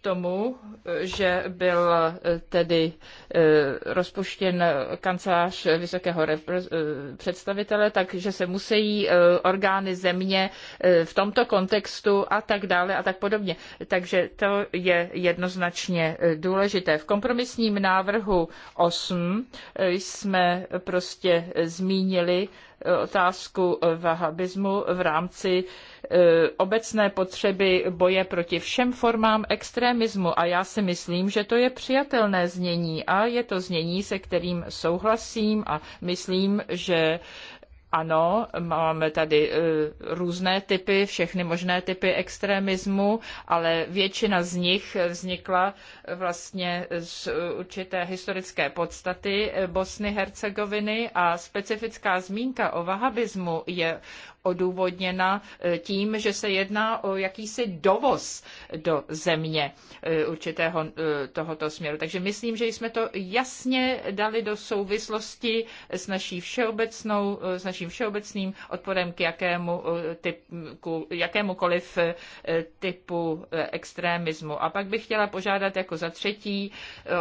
tomu, že byl eh, tedy eh, rozpuštěn kancelář vysokého eh, představitele, takže se musí orgány země v tomto kontextu a tak dále a tak podobně. Takže to je jednoznačně důležité. V kompromisním návrhu 8 jsme prostě zmínili otázku vahabismu v rámci e, obecné potřeby boje proti všem formám extremismu a já si myslím, že to je přijatelné znění a je to znění, se kterým souhlasím a myslím, že ano, máme tady e, různé typy, všechny možné typy extremismu, ale většina z nich vznikla e, vlastně z e, určité historické podstaty Bosny Hercegoviny a specifická zmínka o vahabismu je odůvodněna e, tím, že se jedná o jakýsi dovoz do země e, určitého e, tohoto směru. Takže myslím, že jsme to jasně dali do souvislosti s, naší všeobecnou, s naším všeobecným odporem k jakému typ, ku jakémukoliv typu extremismu. A pak bych chtěla požádat jako za třetí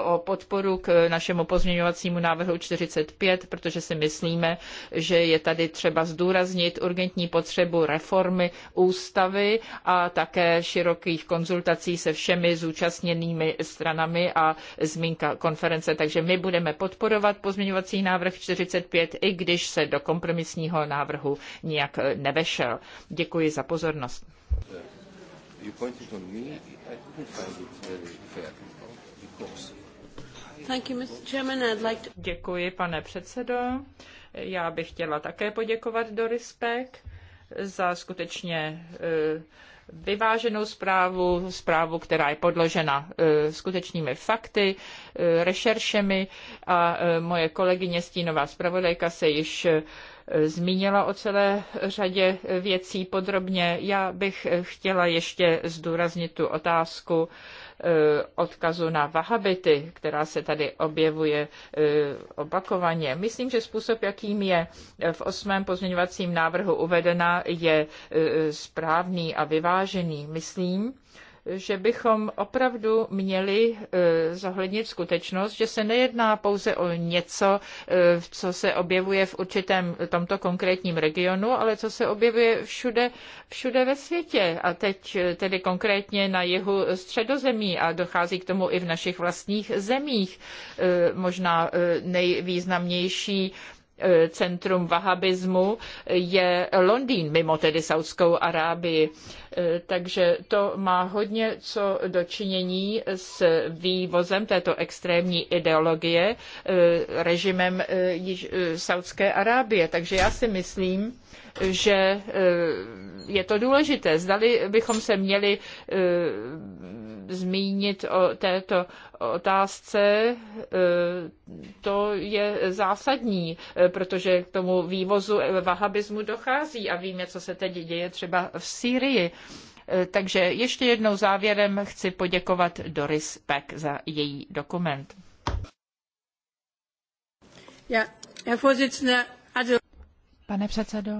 o podporu k našemu pozměňovacímu návrhu 45, protože si myslíme, že je tady třeba zdůraznit urgentní urgentní potřebu reformy ústavy a také širokých konzultací se všemi zúčastněnými stranami a zmínka konference. Takže my budeme podporovat pozměňovací návrh 45, i když se do kompromisního návrhu nijak nevešel. Děkuji za pozornost. You pointed on me, I find it very fair because Děkuji, pane předsedo. Já bych chtěla také poděkovat Doris Peck za skutečně eh, vyváženou zprávu, zprávu, která je podložena eh, skutečnými fakty, eh, rešeršemi a moje kolegyně Stínová zpravodajka se již zmínila o celé řadě věcí podrobně. Já bych chtěla ještě zdůraznit tu otázku eh, odkazu na vahabity, která se tady objevuje eh, opakovaně. Myslím, že způsob, jakým je v osmém pozměňovacím návrhu uvedena, je eh, správný a vyvážený. Myslím, že bychom opravdu měli eh, zohlednit skutečnost, že se nejedná pouze o něco, eh, co se objevuje v určitém tomto konkrétním regionu, ale co se objevuje všude, všude ve světě. A teď eh, tedy konkrétně na jihu středozemí a dochází k tomu i v našich vlastních zemích. Možná nejvýznamnější Eh, centrum vahabismu je Londýn, mimo tedy Saudskou Arábii. Eh, takže to má hodně co dočinění s vývozem této extrémní ideologie eh, režimem Saudské Arábie. Takže já si myslím, že eh, je to důležité. Zdali bychom se měli eh, zmínit o této otázce, eh, to je zásadní, protože k tomu vývozu vahabismu dochází a víme, co se teď děje třeba v Sýrii. Takže ještě jednou závěrem chci poděkovat Doris Peck za její dokument. Pane předsedo,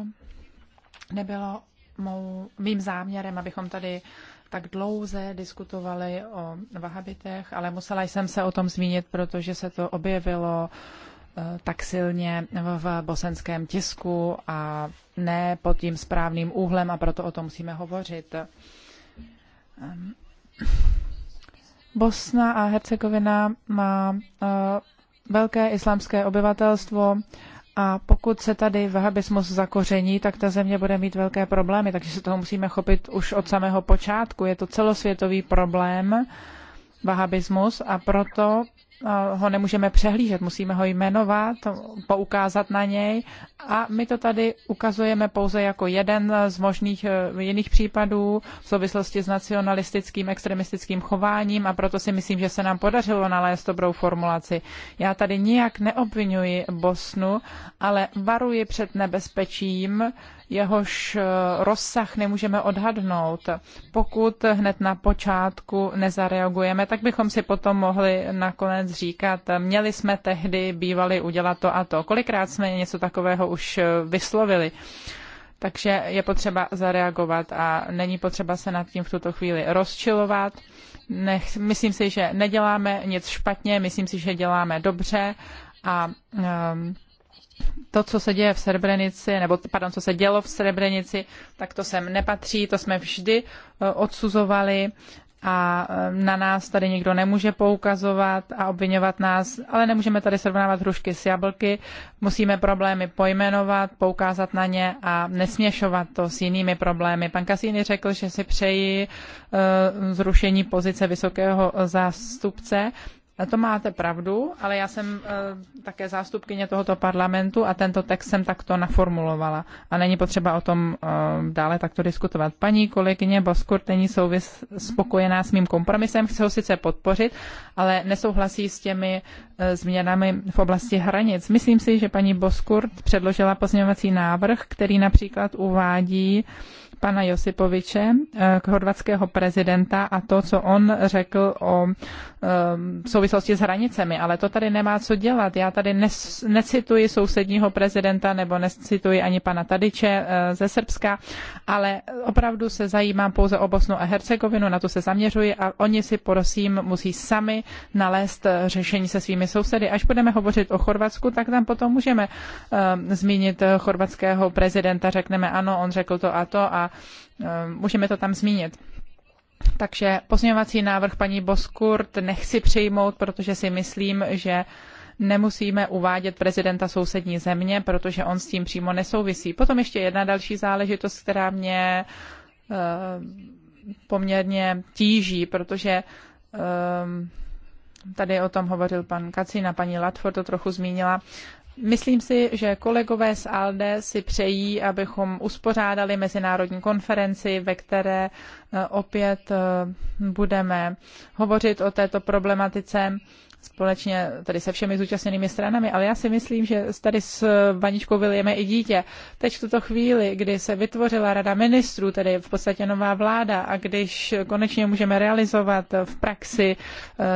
nebylo mou, mým záměrem, abychom tady tak dlouze diskutovali o vahabitech, ale musela jsem se o tom zmínit, protože se to objevilo eh, tak silně v bosenském tisku a ne pod tím správným úhlem a proto o tom musíme hovořit. Ehm. Bosna a Hercegovina má eh, velké islámské obyvatelstvo, a pokud se tady vahabismus zakoření, tak ta země bude mít velké problémy, takže se toho musíme chopit už od samého počátku. Je to celosvětový problém, vahabismus, a proto ho nemůžeme přehlížet, musíme ho jmenovat, poukázat na něj a my to tady ukazujeme pouze jako jeden z možných e, jiných případů v souvislosti s nacionalistickým, extremistickým chováním a proto si myslím, že se nám podařilo nalézt dobrou formulaci. Já tady nijak neobvinuji Bosnu, ale varuji před nebezpečím, jehož eh, rozsah nemůžeme odhadnout. Pokud hned na počátku nezareagujeme, tak bychom si potom mohli nakonec říkat, měli jsme tehdy bývali udělat to a to. Kolikrát jsme něco takového už eh, vyslovili. Takže je potřeba zareagovat a není potřeba se nad tím v tuto chvíli rozčilovat. Nech, myslím si, že neděláme nic špatně, myslím si, že děláme dobře a um, to, co se děje v Srebrenici, nebo pardon, co se dělo v Srebrenici, tak to sem nepatří, to jsme vždy e, odsuzovali a e, na nás tady nikdo nemůže poukazovat a obvinovat nás, ale nemůžeme tady srovnávat hrušky s jablky, musíme problémy pojmenovat, poukázat na ně a nesměšovat to s jinými problémy. Pan Kasíny řekl, že si přeji e, zrušení pozice vysokého zástupce, to máte pravdu, ale já jsem eh, také zástupkyně tohoto parlamentu a tento text jsem takto naformulovala. A není potřeba o tom eh, dále takto diskutovat. Paní kolegyně Boskurt není souvis spokojená s mým kompromisem, chce ho sice podpořit, ale nesouhlasí s těmi eh, změnami v oblasti hranic. Myslím si, že paní Boskurt předložila pozměňovací návrh, který například uvádí, uh, pana Josipoviče, eh, k prezidenta a to, co on řekl o eh, v souvislosti s hranicemi, ale to tady nemá co dělat. Já tady nes, necituji sousedního prezidenta nebo necituji ani pana Tadiče eh, ze Srbska, ale opravdu se zajímám pouze o Bosnu a Hercegovinu, na to se zaměřuji a oni si prosím musí sami nalézt řešení se svými sousedy. Až budeme hovořit o Chorvatsku, tak tam potom můžeme uh, zmínit chorvatského prezidenta, řekneme ano, on řekl to a to a Eh, můžeme to tam zmínit. Takže pozměňovací návrh paní Boskurt nechci přijmout, protože si myslím, že nemusíme uvádět prezidenta sousední země, protože on s tím přímo nesouvisí. Potom ještě jedna další záležitost, která mě eh, poměrně tíží, protože eh, tady o tom hovořil pan Kacina, paní Latford to trochu zmínila. Myslím si, že kolegové z ALDE si přejí, abychom uspořádali mezinárodní konferenci, ve které e, opět e, budeme hovořit o této problematice společně tady se všemi zúčastněnými stranami, ale já si myslím, že tady s Vaničkou Viljeme i dítě. Teď v tuto chvíli, kdy se vytvořila rada ministrů, tedy v podstatě nová vláda a když konečně můžeme realizovat v praxi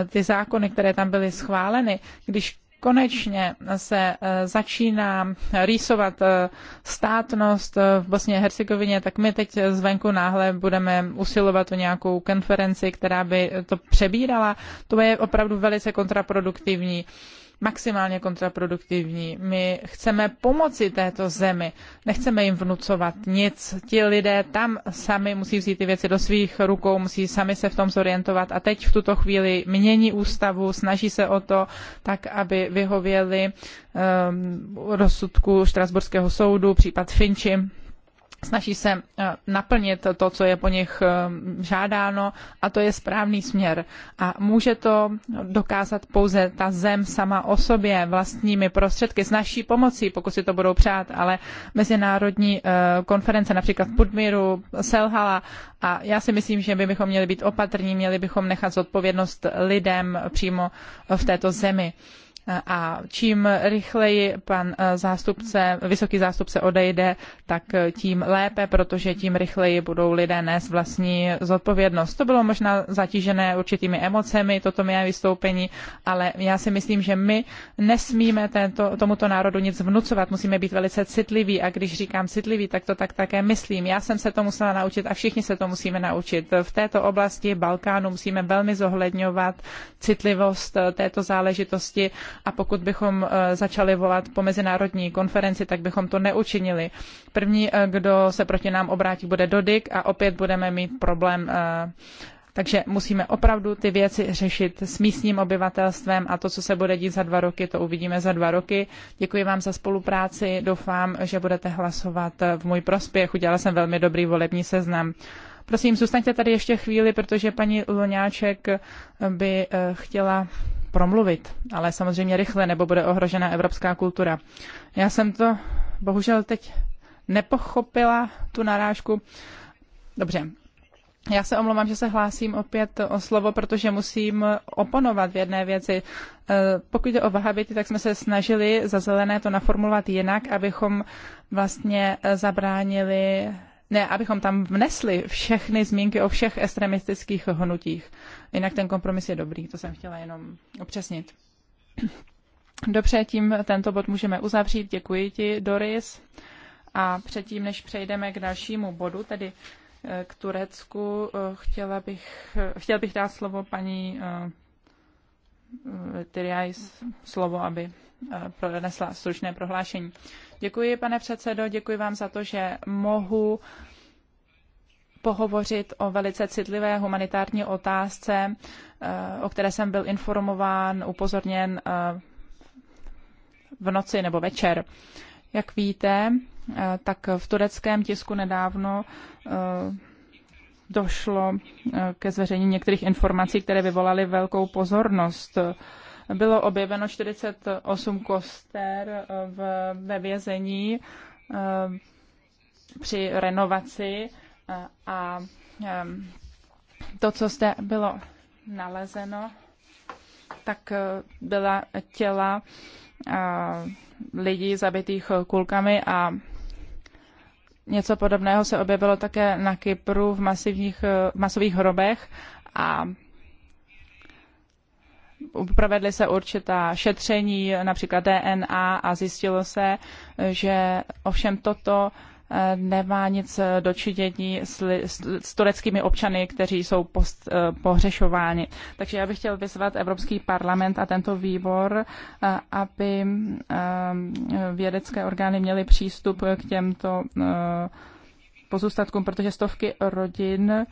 e, ty zákony, které tam byly schváleny, když konečně se eh, začíná rýsovat eh, státnost eh, v Bosně a Hercegovině, tak my teď zvenku náhle budeme usilovat o nějakou konferenci, která by to přebírala. To je opravdu velice kontraproduktivní maximálně kontraproduktivní. My chceme pomoci této zemi, nechceme jim vnucovat nic. Ti lidé tam sami musí vzít ty věci do svých rukou, musí sami se v tom zorientovat a teď v tuto chvíli mění ústavu, snaží se o to, tak aby vyhověli um, rozsudku Štrasburského soudu, případ Finči snaží se eh, naplnit to, co je po nich eh, žádáno a to je správný směr. A může to dokázat pouze ta zem sama o sobě, vlastními prostředky, s naší pomocí, pokud si to budou přát, ale mezinárodní eh, konference například v Budmíru selhala a já si myslím, že my bychom měli být opatrní, měli bychom nechat zodpovědnost lidem přímo v této zemi a čím rychleji pan eh, zástupce, vysoký zástupce odejde, tak eh, tím lépe, protože tím rychleji budou lidé nést vlastní zodpovědnost. To bylo možná zatížené určitými emocemi, toto mé vystoupení, ale já si myslím, že my nesmíme tento, tomuto národu nic vnucovat, musíme být velice citliví a když říkám citliví, tak to tak také myslím. Já jsem se to musela naučit a všichni se to musíme naučit. V této oblasti Balkánu musíme velmi zohledňovat citlivost eh, této záležitosti a pokud bychom eh, začali volat po mezinárodní konferenci, tak bychom to neučinili. První, eh, kdo se proti nám obrátí, bude Dodik a opět budeme mít problém eh, takže musíme opravdu ty věci řešit s místním obyvatelstvem a to, co se bude dít za dva roky, to uvidíme za dva roky. Děkuji vám za spolupráci, doufám, že budete hlasovat v můj prospěch. Udělala jsem velmi dobrý volební seznam. Prosím, zůstaňte tady ještě chvíli, protože paní Lňáček by chtěla promluvit, ale samozřejmě rychle, nebo bude ohrožena evropská kultura. Já jsem to bohužel teď nepochopila, tu narážku. Dobře, já se omlouvám, že se hlásím opět o slovo, protože musím oponovat v jedné věci. E, pokud jde o vahabity, tak jsme se snažili za zelené to naformulovat jinak, abychom vlastně zabránili, ne, abychom tam vnesli všechny zmínky o všech extremistických hnutích. Jinak ten kompromis je dobrý, to jsem chtěla jenom upřesnit. Dobře, tím tento bod můžeme uzavřít. Děkuji ti, Doris. A předtím, než přejdeme k dalšímu bodu, tedy eh, k Turecku, eh, chtěla bych, eh, chtěl bych dát slovo paní Tyriaj slovo, aby pronesla slušné prohlášení. Děkuji, pane předsedo, děkuji vám za to, že mohu pohovořit o velice citlivé humanitární otázce, eh, o které jsem byl informován, upozorněn eh, v noci nebo večer. Jak víte, eh, tak v tureckém tisku nedávno došlo ke zveřejnění některých informací, které vyvolaly velkou pozornost. Bylo objeveno 48 koster ve vězení při renovaci a to, co zde bylo nalezeno, tak eh, byla těla eh, lidí zabitých kulkami a něco podobného se objevilo také na Kypru v masivních, eh, masových hrobech a provedly se určitá šetření, například DNA a zjistilo se, že ovšem toto Eh, nemá nic eh, dočinění s, s tureckými občany, kteří jsou post, eh, pohřešováni. Takže já bych chtěl vyzvat Evropský parlament a tento výbor, aby vědecké orgány měly přístup k těmto pozůstatkům, protože stovky rodin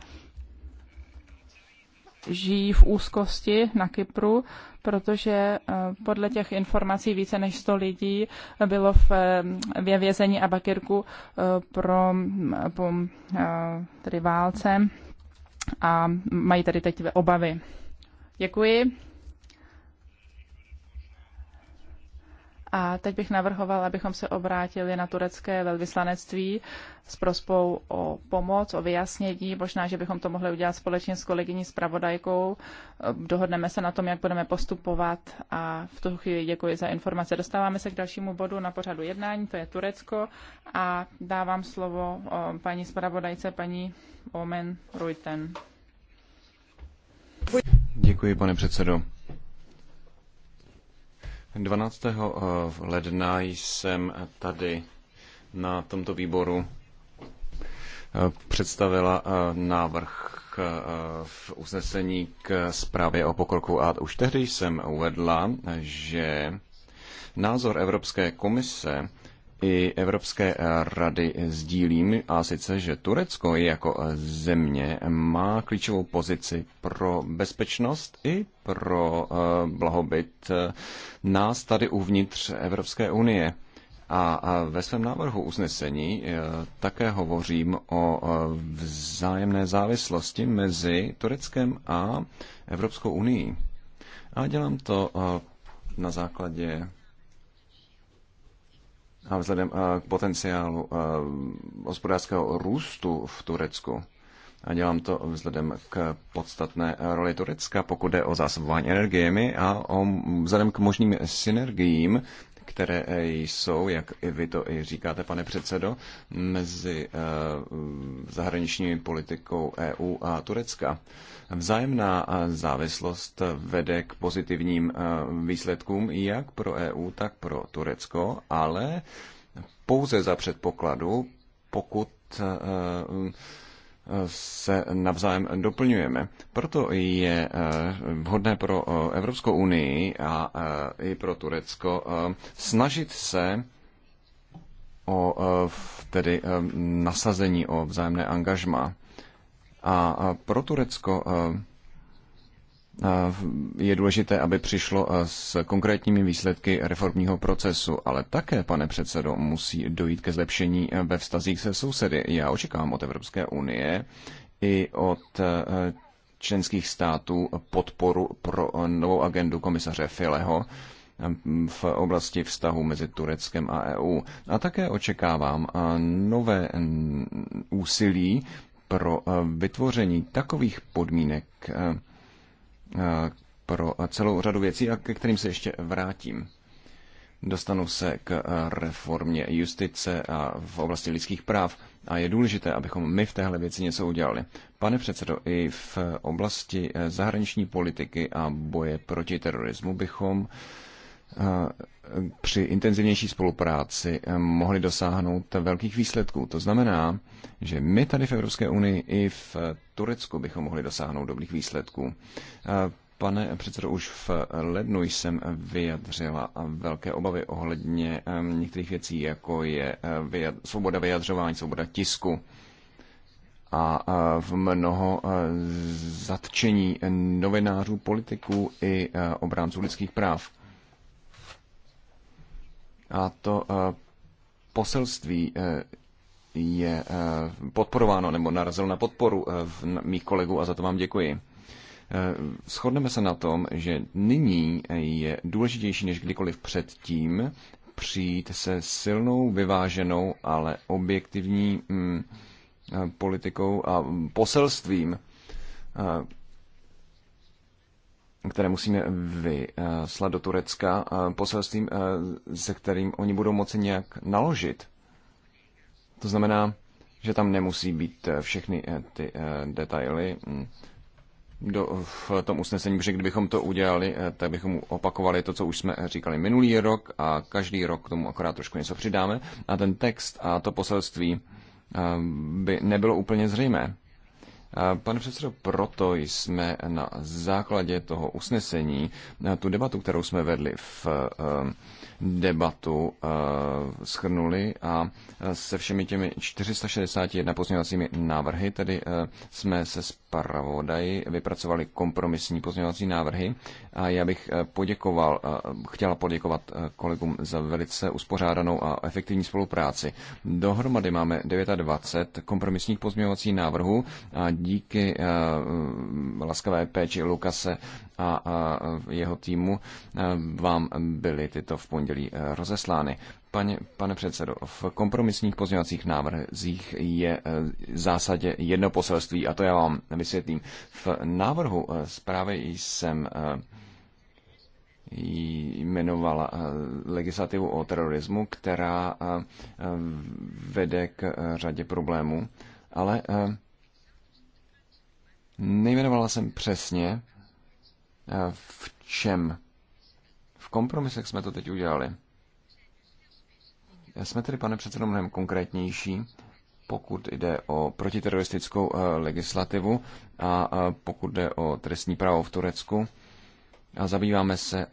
žijí v úzkosti na Kypru, protože eh, podle těch informací více než 100 lidí bylo v, eh, vězení vězení Abakirku eh, pro, po tedy válce a mají tady teď obavy. Děkuji. A teď bych navrhoval, abychom se obrátili na turecké velvyslanectví s prospou o pomoc, o vyjasnění. Možná, že bychom to mohli udělat společně s kolegyní zpravodajkou. Dohodneme se na tom, jak budeme postupovat a v tu chvíli děkuji za informace. Dostáváme se k dalšímu bodu na pořadu jednání, to je Turecko a dávám slovo paní zpravodajce, paní Omen Ruiten. Děkuji, pane předsedo. 12. Eh, ledna jsem tady na tomto výboru eh, představila eh, návrh v usnesení k zprávě o pokroku a už tehdy jsem uvedla, že názor Evropské komise i Evropské rady sdílím, a sice, že Turecko jako země má klíčovou pozici pro bezpečnost i pro eh, blahobyt eh, nás tady uvnitř Evropské unie. A ve svém návrhu usnesení eh, také hovořím o vzájemné závislosti mezi Tureckem a Evropskou unii. A dělám to na základě a vzhledem eh, k potenciálu eh, hospodářského růstu v Turecku. A dělám to vzhledem k podstatné roli Turecka, pokud jde o zásobování energiemi a o, vzhledem k možným synergiím které eh, jsou, jak i vy to i říkáte, pane předsedo, mezi eh, zahraniční politikou EU a Turecka. Vzájemná eh, závislost vede k pozitivním výsledkům jak pro EU, tak pro Turecko, ale pouze za předpokladu, pokud se navzájem doplňujeme. Proto je eh, vhodné pro eh, Evropskou unii a eh, i pro Turecko snažit se o tedy nasazení, o vzájemné angažma. A pro Turecko je důležité, aby přišlo s konkrétními výsledky reformního procesu, ale také, pane předsedo, musí dojít ke zlepšení ve vztazích se sousedy. Já očekávám od Evropské unie i od členských států podporu pro novou agendu komisaře Fileho v oblasti vztahu mezi Tureckem a EU. A také očekávám nové úsilí pro vytvoření takových podmínek, Eh, pro celou řadu věcí, a ke kterým se ještě vrátím. Dostanu se k eh, reformě justice a v oblasti lidských práv a je důležité, abychom my v téhle věci něco udělali. Pane předsedo, i v oblasti eh, zahraniční politiky a boje proti terorismu bychom Eh, při intenzivnější spolupráci eh, mohli dosáhnout velkých výsledků. To znamená, že my tady v Evropské unii i v Turecku bychom mohli dosáhnout dobrých výsledků. Eh, pane předsedo, už v lednu jsem vyjadřila velké obavy ohledně některých věcí, jako je svoboda vyjadřování, svoboda tisku a v mnoho zatčení novinářů, politiků i obránců lidských práv. A to eh, poselství eh, je eh, podporováno nebo narazil na podporu v mých kolegů a za to vám děkuji. Shodneme se na tom, že nyní je důležitější než kdykoliv předtím přijít se silnou, vyváženou, ale objektivní mm, politikou a poselstvím, které musíme vyslat do Turecka eh, poselstvím, eh, se kterým oni budou moci nějak naložit. To znamená, že tam nemusí být eh, všechny ty detaily mm. do, v tom usnesení, protože kdybychom to udělali, tak bychom opakovali to, co už jsme říkali minulý rok a každý rok k tomu akorát trošku něco přidáme a ten text a to poselství by nebylo úplně zřejmé. Pane předsedo, proto jsme na základě toho usnesení tu debatu, kterou jsme vedli v debatu eh, schrnuli a eh, se všemi těmi 461 pozměňovacími návrhy, tedy eh, jsme se zpravodaji vypracovali kompromisní pozměňovací návrhy a já bych poděkoval, chtěla poděkovat kolegům za velice uspořádanou a efektivní spolupráci. Dohromady máme 29 kompromisních pozměňovacích návrhů a díky laskavé péči Lukase a jeho týmu e, vám byly tyto v pondělí e, rozeslány. Pane, pane předsedo, v kompromisních pozměňovacích návrzích je e, v zásadě jedno poselství a to já vám vysvětlím. V návrhu zprávy jsem jmenovala legislativu o terorismu, která vede k řadě problémů, ale nejmenovala jsem přesně v čem. V kompromisech jsme to teď udělali. Jsme tedy, pane předsedo, mnohem konkrétnější, pokud jde o protiteroristickou eh, legislativu a eh, pokud jde o trestní právo v Turecku. A zabýváme se eh,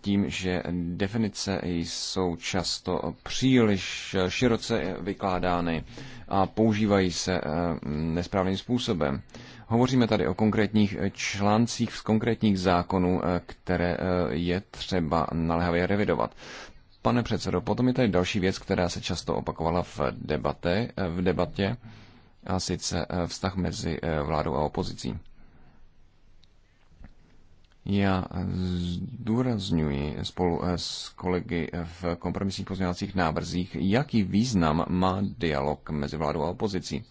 tím, že definice jsou často příliš široce vykládány a používají se nesprávným způsobem. Hovoříme tady o konkrétních eh, článcích z konkrétních zákonů, eh, které eh, je třeba naléhavě revidovat. Pane předsedo, potom je tady další věc, která se často opakovala v, debate, v debatě, a sice vztah mezi vládou a opozicí. Já zdůrazňuji spolu s kolegy v kompromisních pozměňovacích návrzích, jaký význam má dialog mezi vládou a opozicí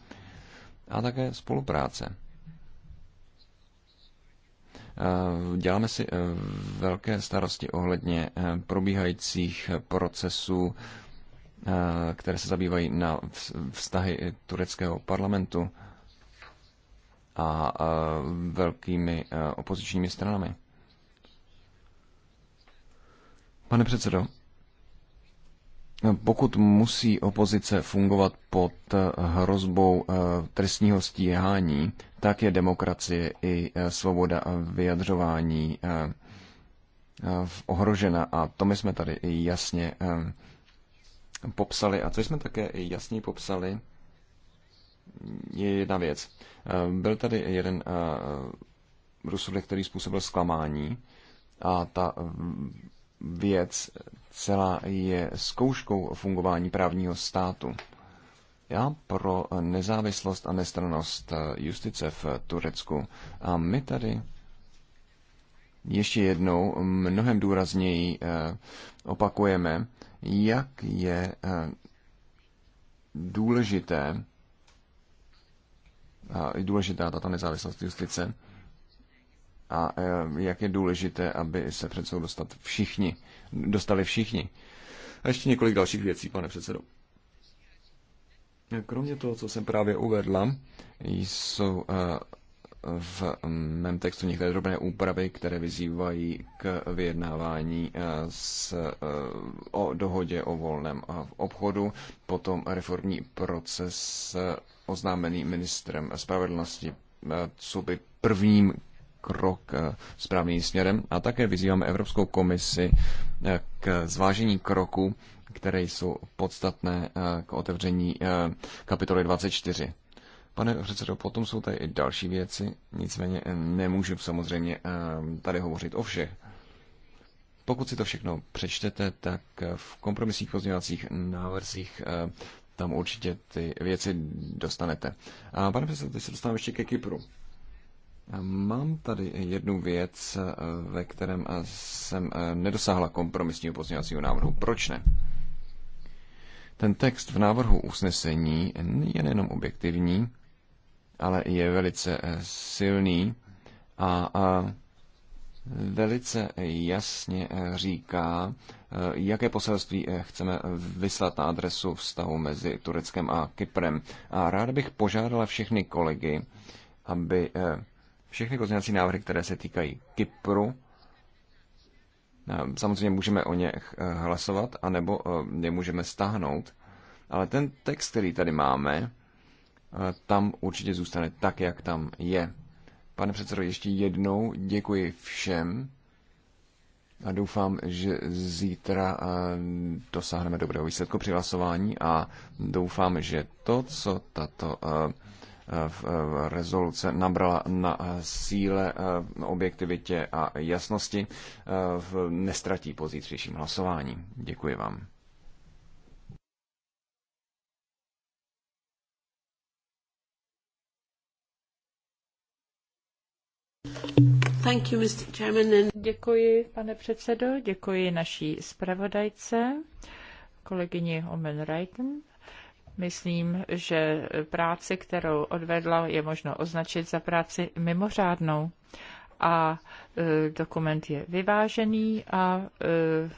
a také spolupráce Eh, děláme si eh, velké starosti ohledně eh, probíhajících procesů, které se zabývají na vztahy tureckého parlamentu a velkými opozičními stranami. Pane předsedo, pokud musí opozice fungovat pod hrozbou trestního stíhání, tak je demokracie i eh, svoboda vyjadřování eh, eh, ohrožena. A to my jsme tady i jasně popsali. A co jsme také i jasně popsali, je jedna věc. Byl tady jeden rozsudek, který způsobil zklamání a ta mm, věc celá je zkouškou fungování právního státu. Já pro nezávislost a nestrannost eh, justice v Turecku. A my tady ještě jednou mnohem důrazněji eh, opakujeme, jak je eh, důležité a důležitá tato nezávislost justice a jak je důležité, aby se před soud dostat všichni, dostali všichni. A ještě několik dalších věcí, pane předsedo. Kromě toho, co jsem právě uvedla, jsou eh, v mém textu některé drobné úpravy, které vyzývají k vyjednávání eh, s, eh, o dohodě o volném obchodu, potom reformní proces oznámený ministrem spravedlnosti, co by prvním krok správným směrem a také vyzýváme Evropskou komisi k zvážení kroku, které jsou podstatné eh, k otevření eh, kapitoly 24. Pane předsedo, potom jsou tady i další věci, nicméně eh, nemůžu samozřejmě tady hovořit o všech. Pokud si to všechno přečtete, tak v kompromisních pozměňovacích návrzích tam určitě ty věci dostanete. A pane předsedo, teď se dostávám ještě ke Kypru. Mám tady jednu věc, ve kterém jsem nedosáhla kompromisního pozměňovacího návrhu. Proč ne? Ten text v návrhu usnesení je nejenom objektivní, ale je velice eh, silný a, a velice jasně eh, říká, eh, jaké poselství chceme vyslat na adresu vztahu mezi Tureckem a Kyprem. A rád bych požádala všechny kolegy, aby všechny pozměňovací návrhy, které se týkají Kypru, Samozřejmě můžeme o ně eh, hlasovat, anebo je eh, můžeme stáhnout, ale ten text, který tady máme, eh, tam určitě zůstane tak, jak tam je. Pane předsedo, ještě jednou děkuji všem a doufám, že zítra dosáhneme dobrého výsledku při hlasování a doufám, že to, co tato v rezoluce nabrala na síle, eh, objektivitě a jasnosti, eh, nestratí po zítřejším hlasování. Děkuji vám. You, děkuji, pane předsedo, děkuji naší zpravodajce, kolegyni Omen Reiten. Myslím, že práci, kterou odvedla, je možno označit za práci mimořádnou. A e, dokument je vyvážený a e,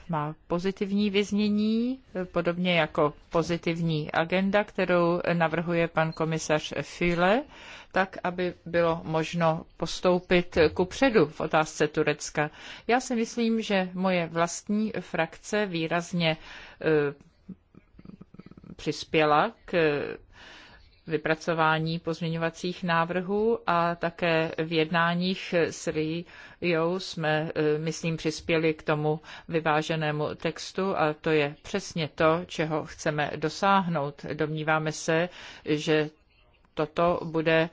má pozitivní vyznění, podobně jako pozitivní agenda, kterou navrhuje pan komisař Füle, tak, aby bylo možno postoupit ku předu v otázce Turecka. Já si myslím, že moje vlastní frakce výrazně e, přispěla k vypracování pozměňovacích návrhů a také v jednáních s RIO jsme, e, myslím, přispěli k tomu vyváženému textu a to je přesně to, čeho chceme dosáhnout. Domníváme se, že toto bude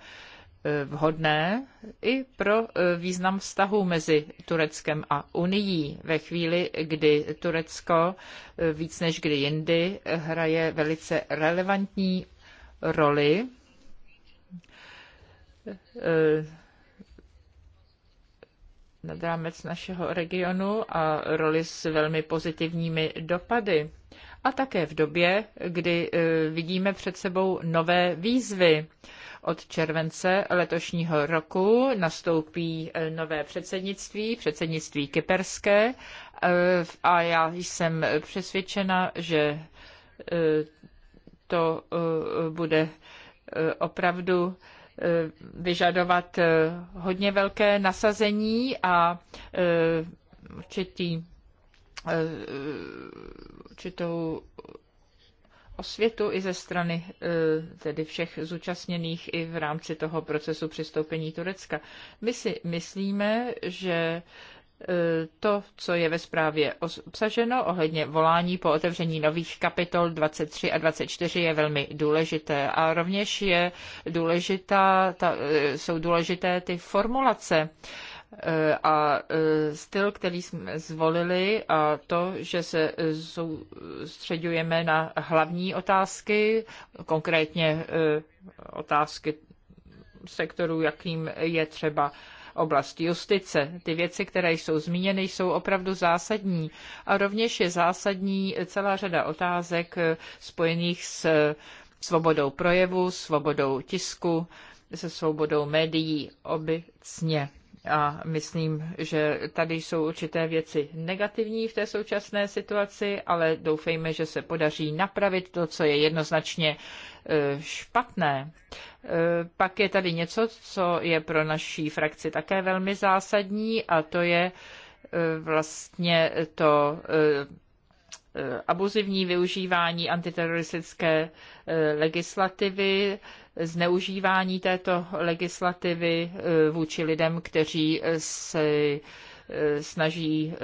Eh, vhodné i pro eh, význam vztahu mezi Tureckem a Unií ve chvíli, kdy Turecko eh, víc než kdy jindy hraje velice relevantní roli nad rámec našeho regionu a roli s velmi pozitivními dopady. A také v době, kdy vidíme před sebou nové výzvy, od července letošního roku nastoupí e, nové předsednictví, předsednictví kyperské e, a já jsem přesvědčena, že e, to bude opravdu vyžadovat hodně velké nasazení a určitý určitou osvětu i ze strany e, tedy všech zúčastněných i v rámci toho procesu přistoupení Turecka. My si myslíme, že e, to, co je ve zprávě obsaženo ohledně volání po otevření nových kapitol 23 a 24 je velmi důležité a rovněž je důležitá, ta, e, jsou důležité ty formulace Eh, a eh, styl, který jsme zvolili a to, že se eh, soustředujeme na hlavní otázky, konkrétně otázky sektoru, jakým je třeba oblast justice. Ty věci, které jsou zmíněny, jsou opravdu zásadní. A rovněž je zásadní celá řada otázek spojených s svobodou projevu, svobodou tisku, se svobodou médií obecně. A myslím, že tady jsou určité věci negativní v té současné situaci, ale doufejme, že se podaří napravit to, co je jednoznačně e, špatné. E, pak je tady něco, co je pro naší frakci také velmi zásadní, a to je e, vlastně to abuzivní využívání antiteroristické legislativy, zneužívání této legislativy eh, vůči lidem, kteří eh, se eh, snaží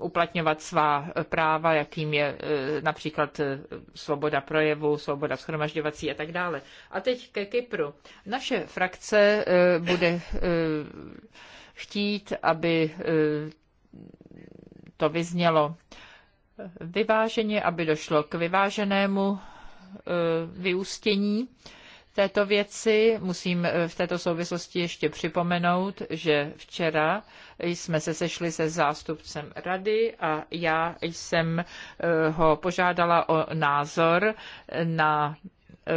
uplatňovat svá práva, jakým je například svoboda projevu, svoboda schromažďovací a tak dále. A teď ke Kypru. Naše frakce bude chtít, aby to vyznělo vyváženě, aby došlo k vyváženému vyústění této věci. Musím eh, v této souvislosti ještě připomenout, že včera jsme se sešli se zástupcem rady a já jsem eh, ho požádala o názor na eh,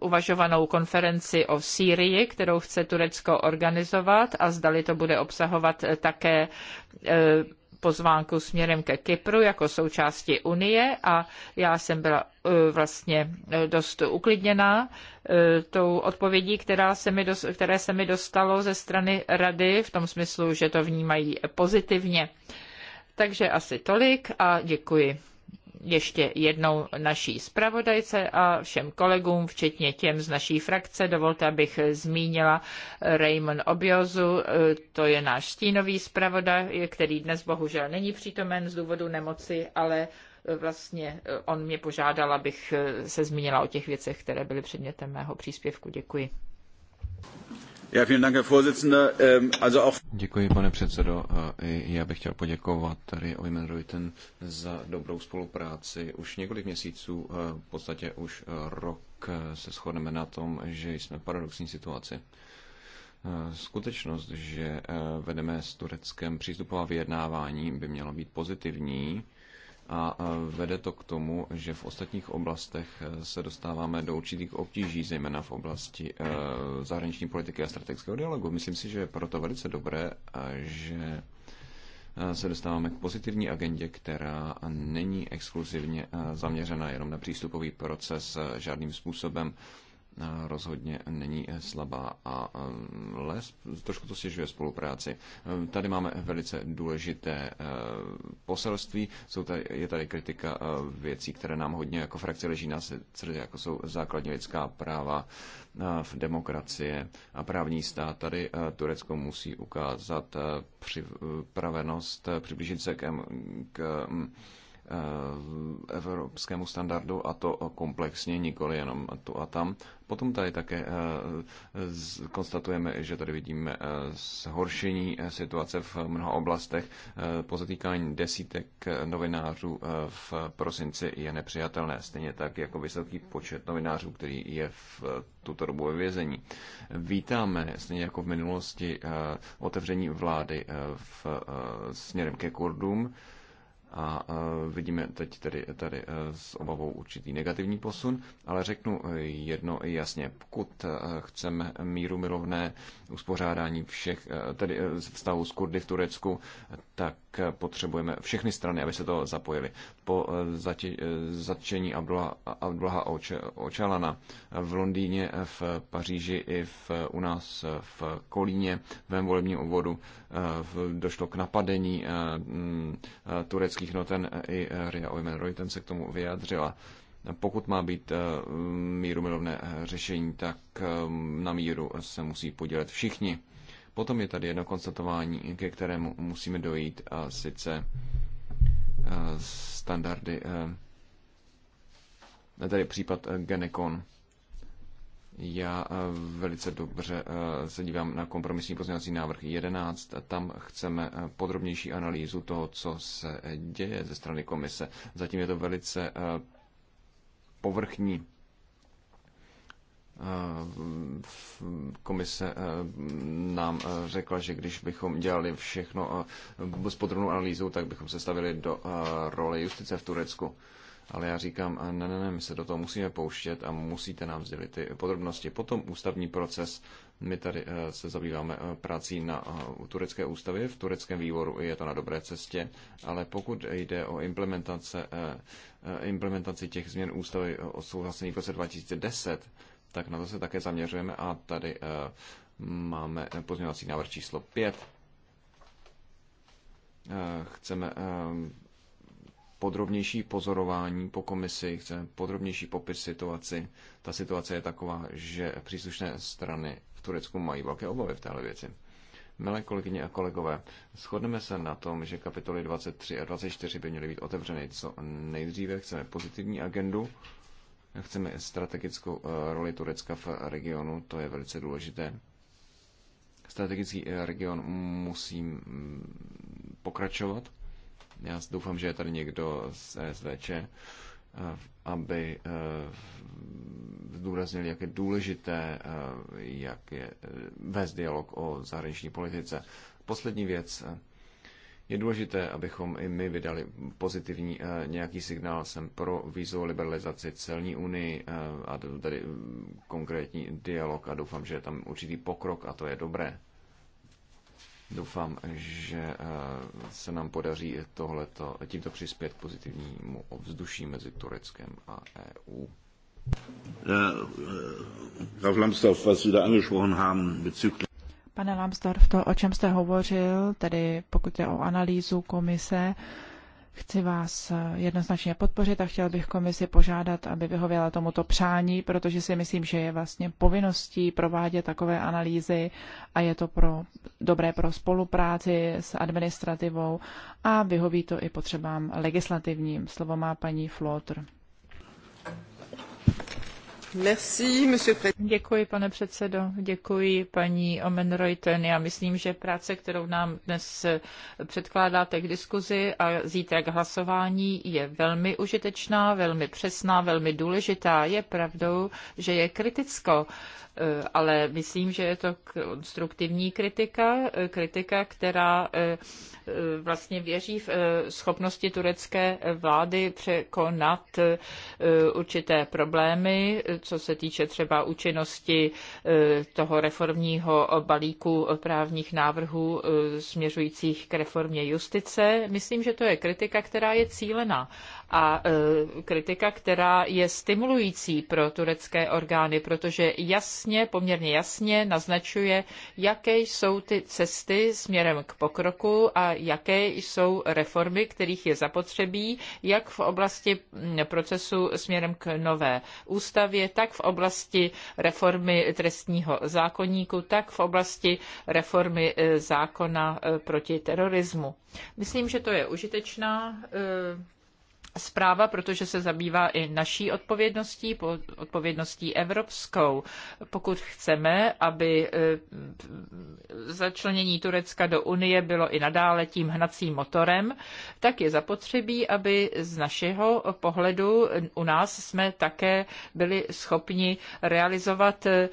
uvažovanou konferenci o Sýrii, kterou chce Turecko organizovat a zdali to bude obsahovat také pozvánku směrem ke Kypru jako součásti Unie a já jsem byla e, vlastně e, dost uklidněná e, tou odpovědí, která se mi dos, které se mi dostalo ze strany rady v tom smyslu, že to vnímají pozitivně. Takže asi tolik a děkuji ještě jednou naší zpravodajce a všem kolegům, včetně těm z naší frakce. Dovolte, abych zmínila Raymond Obiozu, to je náš stínový zpravodaj, který dnes bohužel není přítomen z důvodu nemoci, ale vlastně on mě požádal, abych se zmínila o těch věcech, které byly předmětem mého příspěvku. Děkuji. Ähm, Děkuji, pane předsedo. Já bych chtěl poděkovat tady Oymen Reuten za dobrou spolupráci. Už několik měsíců, e, v podstatě už e, rok, e, se shodneme na tom, že jsme v paradoxní situaci. Skutečnost, že vedeme s Tureckem přístupová vyjednávání, by mělo být pozitivní a vede to k tomu, že v ostatních oblastech eh, se dostáváme do určitých obtíží, zejména v oblasti eh, zahraniční politiky a strategického dialogu. Myslím si, že je proto velice dobré, eh, že se dostáváme k pozitivní agendě, která není exkluzivně zaměřena jenom na přístupový proces žádným způsobem. Eh, rozhodně není slabá a eh, les trošku to stěžuje spolupráci. Eh, tady máme velice důležité poselství, jsou tady, je tady kritika věcí, které nám hodně jako frakce leží na srdci, jako jsou základní lidská práva, v demokracie a právní stát. Tady Turecko musí ukázat připravenost přiblížit se k, k mm, Eh, evropskému standardu a to komplexně, nikoli jenom tu a tam. Potom tady také eh, konstatujeme, že tady vidíme eh, zhoršení situace v mnoha oblastech. Pozatýkání desítek novinářů v prosinci je nepřijatelné, stejně tak jako vysoký počet novinářů, který je v tuto dobu ve vězení. Vítáme, stejně jako v minulosti, otevření vlády v směrem ke Kurdům a vidíme teď tedy tady e, s obavou určitý negativní posun, ale řeknu e, jedno jasně, pokud e, chceme míru milovné uspořádání všech, tedy vztahu s Kurdy v Turecku, tak potřebujeme všechny strany, aby se to zapojili. Po zatě, zatčení Abdullah, Abdullaha Oče, Očalana v Londýně, v Paříži i v, u nás v Kolíně, v mém volebním obvodu, došlo k napadení Turecka politických noten eh, i eh, Ria Oymen Reuten se k tomu vyjádřila. Pokud má být eh, míru milovné řešení, tak na míru se musí podílet všichni. Potom je tady jedno konstatování, ke kterému musíme dojít, a sice standardy, Tady případ Genekon já eh, velice dobře eh, se dívám na kompromisní pozměňovací návrh 11. Tam chceme eh, podrobnější analýzu toho, co se děje ze strany komise. Zatím je to velice povrchní komise nám řekla, že když bychom dělali všechno s podrobnou analýzou, tak bychom se stavili do role justice v Turecku. Ale já říkám, ne, ne, ne, my se do toho musíme pouštět a musíte nám sdělit ty podrobnosti. Potom ústavní proces. My tady eh, se zabýváme eh, prací na eh, turecké ústavě, v tureckém výboru je to na dobré cestě, ale pokud jde o implementace, implementaci těch změn ústavy odsouhlasených v roce 2010, tak na to se také zaměřujeme a tady máme pozměňovací návrh číslo 5. Chceme podrobnější pozorování po komisi, chceme podrobnější popis situaci. Ta situace je taková, že příslušné strany v Turecku mají velké obavy v této věci. Milé kolegyně a kolegové, shodneme se na tom, že kapitoly 23 a 24 by měly být otevřeny co nejdříve. Chceme pozitivní agendu, chceme strategickou eh, roli Turecka v regionu, to je velice důležité. Strategický eh, region musí mm, pokračovat já doufám, že je tady někdo z SVČ, eh, aby eh, zdůraznil, jak je důležité, eh, jak je vést dialog o zahraniční politice. Poslední věc. Je důležité, abychom i my vydali pozitivní nějaký signál sem pro vízovou liberalizaci celní unii a tady mm, konkrétní dialog a doufám, že je tam určitý pokrok a to je dobré. Doufám, že eh, se nám podaří tohleto, tímto přispět k pozitivnímu ovzduší mezi Tureckem a EU. Graf eh, Pane Lambsdorff, to, o čem jste hovořil, tedy pokud je o analýzu komise Chci vás eh, jednoznačně podpořit a chtěl bych komisi požádat, aby vyhověla tomuto přání, protože si myslím, že je vlastně povinností provádět takové analýzy a je to pro, dobré pro spolupráci s administrativou a vyhoví to i potřebám legislativním. Slovo má paní Flotr. Děkuji, pane předsedo. Děkuji, paní Omen Já myslím, že práce, kterou nám dnes předkládáte k diskuzi a zítra k hlasování, je velmi užitečná, velmi přesná, velmi důležitá. Je pravdou, že je kriticko Eh, ale myslím, že je to konstruktivní kritika, eh, kritika, která eh, vlastně věří v schopnosti turecké vlády překonat určité problémy, co se týče třeba účinnosti toho reformního balíku právních návrhů směřujících k reformě justice. Myslím, že to je kritika, která je cílená a e, kritika, která je stimulující pro turecké orgány, protože jasně, poměrně jasně naznačuje, jaké jsou ty cesty směrem k pokroku a jaké jsou reformy, kterých je zapotřebí, jak v oblasti procesu směrem k nové ústavě, tak v oblasti reformy trestního zákoníku, tak v oblasti reformy e, zákona e, proti terorismu. Myslím, že to je užitečná zpráva, protože se zabývá i naší odpovědností, odpovědností evropskou. Pokud chceme, aby e, začlenění Turecka do Unie bylo i nadále tím hnacím motorem, tak je zapotřebí, aby z našeho pohledu u nás jsme také byli schopni realizovat e,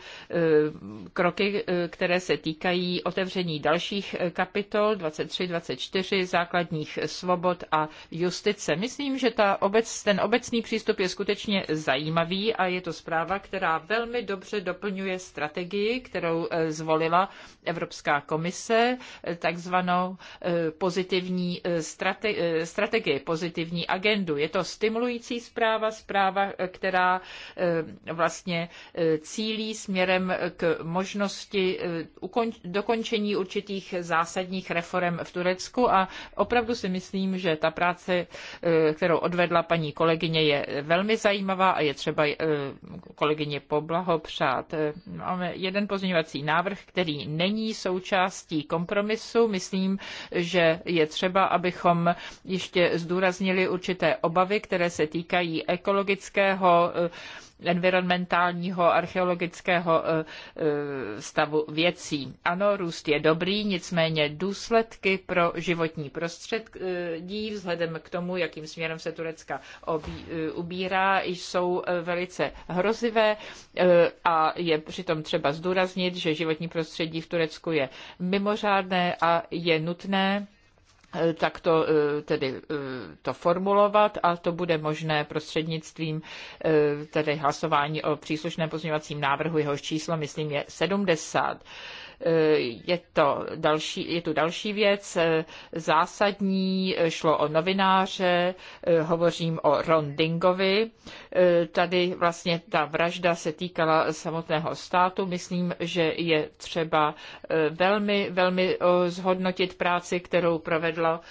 kroky, e, které se týkají otevření dalších kapitol 23-24, základních svobod a justice. Myslím, že že ta obec, ten obecný přístup je skutečně zajímavý a je to zpráva, která velmi dobře doplňuje strategii, kterou eh, zvolila Evropská komise, eh, takzvanou eh, pozitivní strate, strategii, pozitivní agendu. Je to stimulující zpráva, zpráva, která vlastně cílí směrem k možnosti dokončení určitých zásadních reform v Turecku a opravdu si myslím, že ta práce, kterou kterou odvedla paní kolegyně, je velmi zajímavá a je třeba eh, kolegyně poblahopřát. Eh, máme jeden pozměňovací návrh, který není součástí kompromisu. Myslím, že je třeba, abychom ještě zdůraznili určité obavy, které se týkají ekologického eh, environmentálního archeologického e, e, stavu věcí. Ano, růst je dobrý, nicméně důsledky pro životní prostředí vzhledem k tomu, jakým směrem se Turecka e, ubírá, jsou velice hrozivé a je přitom třeba zdůraznit, že životní prostředí v Turecku je mimořádné a je nutné Eh, tak to eh, tedy eh, to formulovat a to bude možné prostřednictvím tedy hlasování o příslušném pozměňovacím návrhu, jehož číslo, myslím, je 70. Eh, je, to další, je tu další věc eh, zásadní, eh, šlo o novináře, hovořím o Ron Dingovi. Tady vlastně ta vražda se týkala samotného státu. Myslím, že je třeba velmi, velmi zhodnotit práci, kterou provedla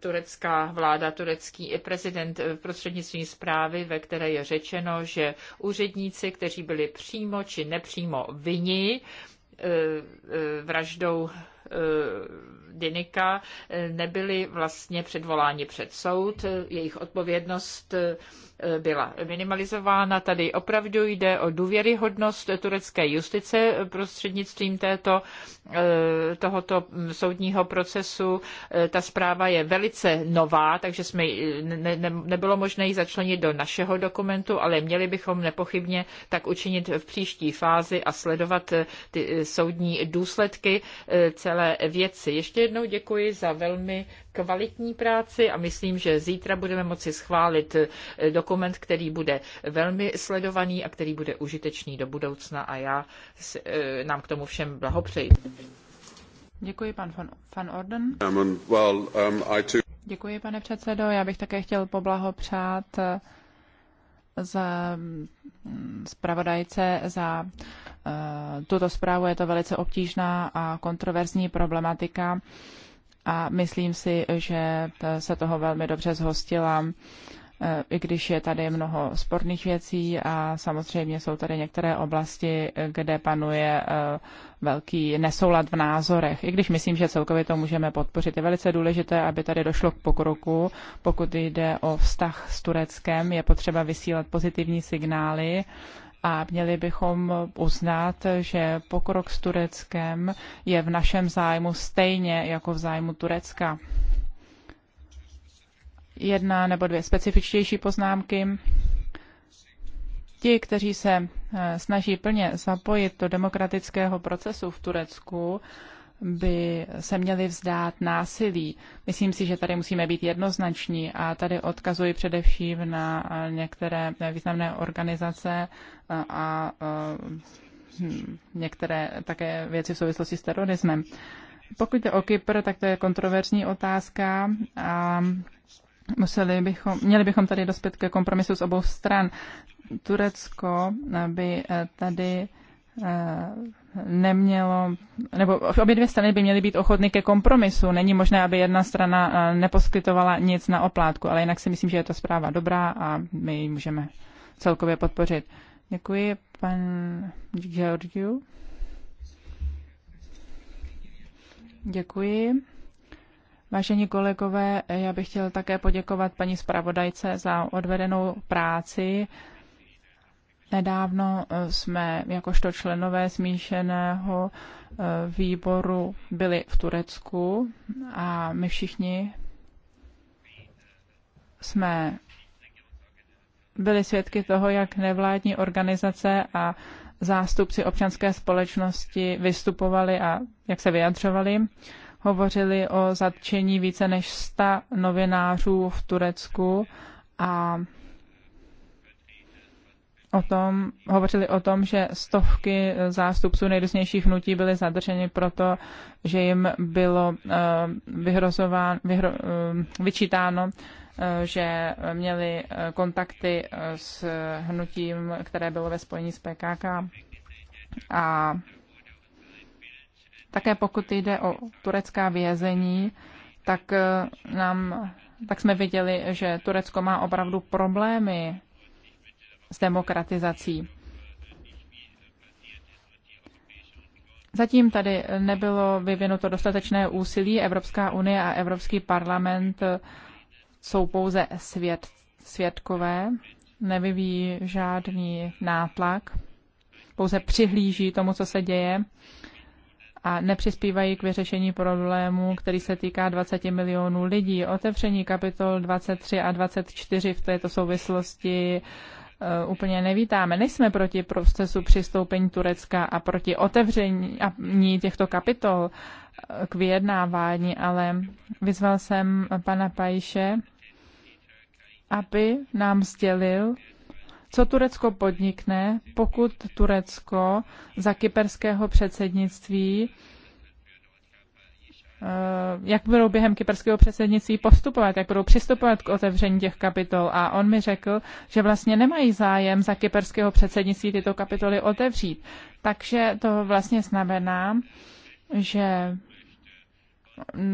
turecká vláda, turecký i prezident v prostřednictvím zprávy, ve které je řečeno, že úředníci, kteří byli přímo či nepřímo vinni, E, e, vraždou e, Dynika nebyli vlastně předvoláni před soud. Jejich odpovědnost byla minimalizována. Tady opravdu jde o důvěryhodnost turecké justice prostřednictvím této, eh, tohoto soudního procesu. Eh, ta zpráva je velice nová, takže jsme, ne, ne, nebylo možné ji začlenit do našeho dokumentu, ale měli bychom nepochybně tak učinit v příští fázi a sledovat eh, ty soudní důsledky celé věci. Ještě jednou děkuji za velmi kvalitní práci a myslím, že zítra budeme moci schválit dokument dokument, který bude velmi sledovaný a který bude užitečný do budoucna a já e, nám k tomu všem blahopřeji. Děkuji, pan van, van Orden. Um, um, Děkuji, pane předsedo. Já bych také chtěl poblahopřát e, za mm, zpravodajce za e, tuto zprávu. Je to velice obtížná a kontroverzní problematika a myslím si, že se toho velmi dobře zhostila. E, i když je tady mnoho sporných věcí a samozřejmě jsou tady některé oblasti, kde panuje e, velký nesoulad v názorech. I když myslím, že celkově to můžeme podpořit. Je velice důležité, aby tady došlo k pokroku. Pokud jde o vztah s Tureckem, je potřeba vysílat pozitivní signály a měli bychom uznat, že pokrok s Tureckem je v našem zájmu stejně jako v zájmu Turecka jedna nebo dvě specifičtější poznámky. Ti, kteří se eh, snaží plně zapojit do demokratického procesu v Turecku, by se měli vzdát násilí. Myslím si, že tady musíme být jednoznační a tady odkazuji především na eh, některé významné organizace eh, a hm, některé také věci v souvislosti s terorismem. Pokud jde o Kypr, tak to je kontroverzní otázka a Museli bychom, měli bychom tady dospět ke kompromisu z obou stran. Turecko by eh, tady eh, nemělo, nebo obě dvě strany by měly být ochotny ke kompromisu. Není možné, aby jedna strana eh, neposkytovala nic na oplátku, ale jinak si myslím, že je to zpráva dobrá a my ji můžeme celkově podpořit. Děkuji, pan Georgiu. Děkuji. Vážení kolegové, já bych chtěl také poděkovat paní zpravodajce za odvedenou práci. Nedávno eh, jsme jakožto členové smíšeného eh, výboru byli v Turecku a my všichni jsme byli svědky toho, jak nevládní organizace a zástupci občanské společnosti vystupovali a jak se vyjadřovali hovořili o zatčení více než 100 novinářů v Turecku a o tom, hovořili o tom, že stovky zástupců nejrůznějších hnutí byly zadrženy proto, že jim bylo eh, vyhrozováno, vyhro, eh, vyčítáno, eh, že měli kontakty s hnutím, které bylo ve spojení s PKK a také pokud jde o turecká vězení, tak, eh, nám, tak jsme viděli, že Turecko má opravdu problémy s demokratizací. Zatím tady nebylo vyvinuto dostatečné úsilí. Evropská unie a Evropský parlament eh, jsou pouze svět, svědkové, nevyvíjí žádný nátlak, pouze přihlíží tomu, co se děje a nepřispívají k vyřešení problému, který se týká 20 milionů lidí. Otevření kapitol 23 a 24 v této souvislosti eh, úplně nevítáme. Nejsme proti procesu přistoupení Turecka a proti otevření těchto kapitol eh, k vyjednávání, ale vyzval jsem pana Pajše, aby nám sdělil, co Turecko podnikne, pokud Turecko za kyperského předsednictví eh, jak budou během kyperského předsednictví postupovat, jak budou přistupovat k otevření těch kapitol. A on mi řekl, že vlastně nemají zájem za kyperského předsednictví tyto kapitoly otevřít. Takže to vlastně znamená, že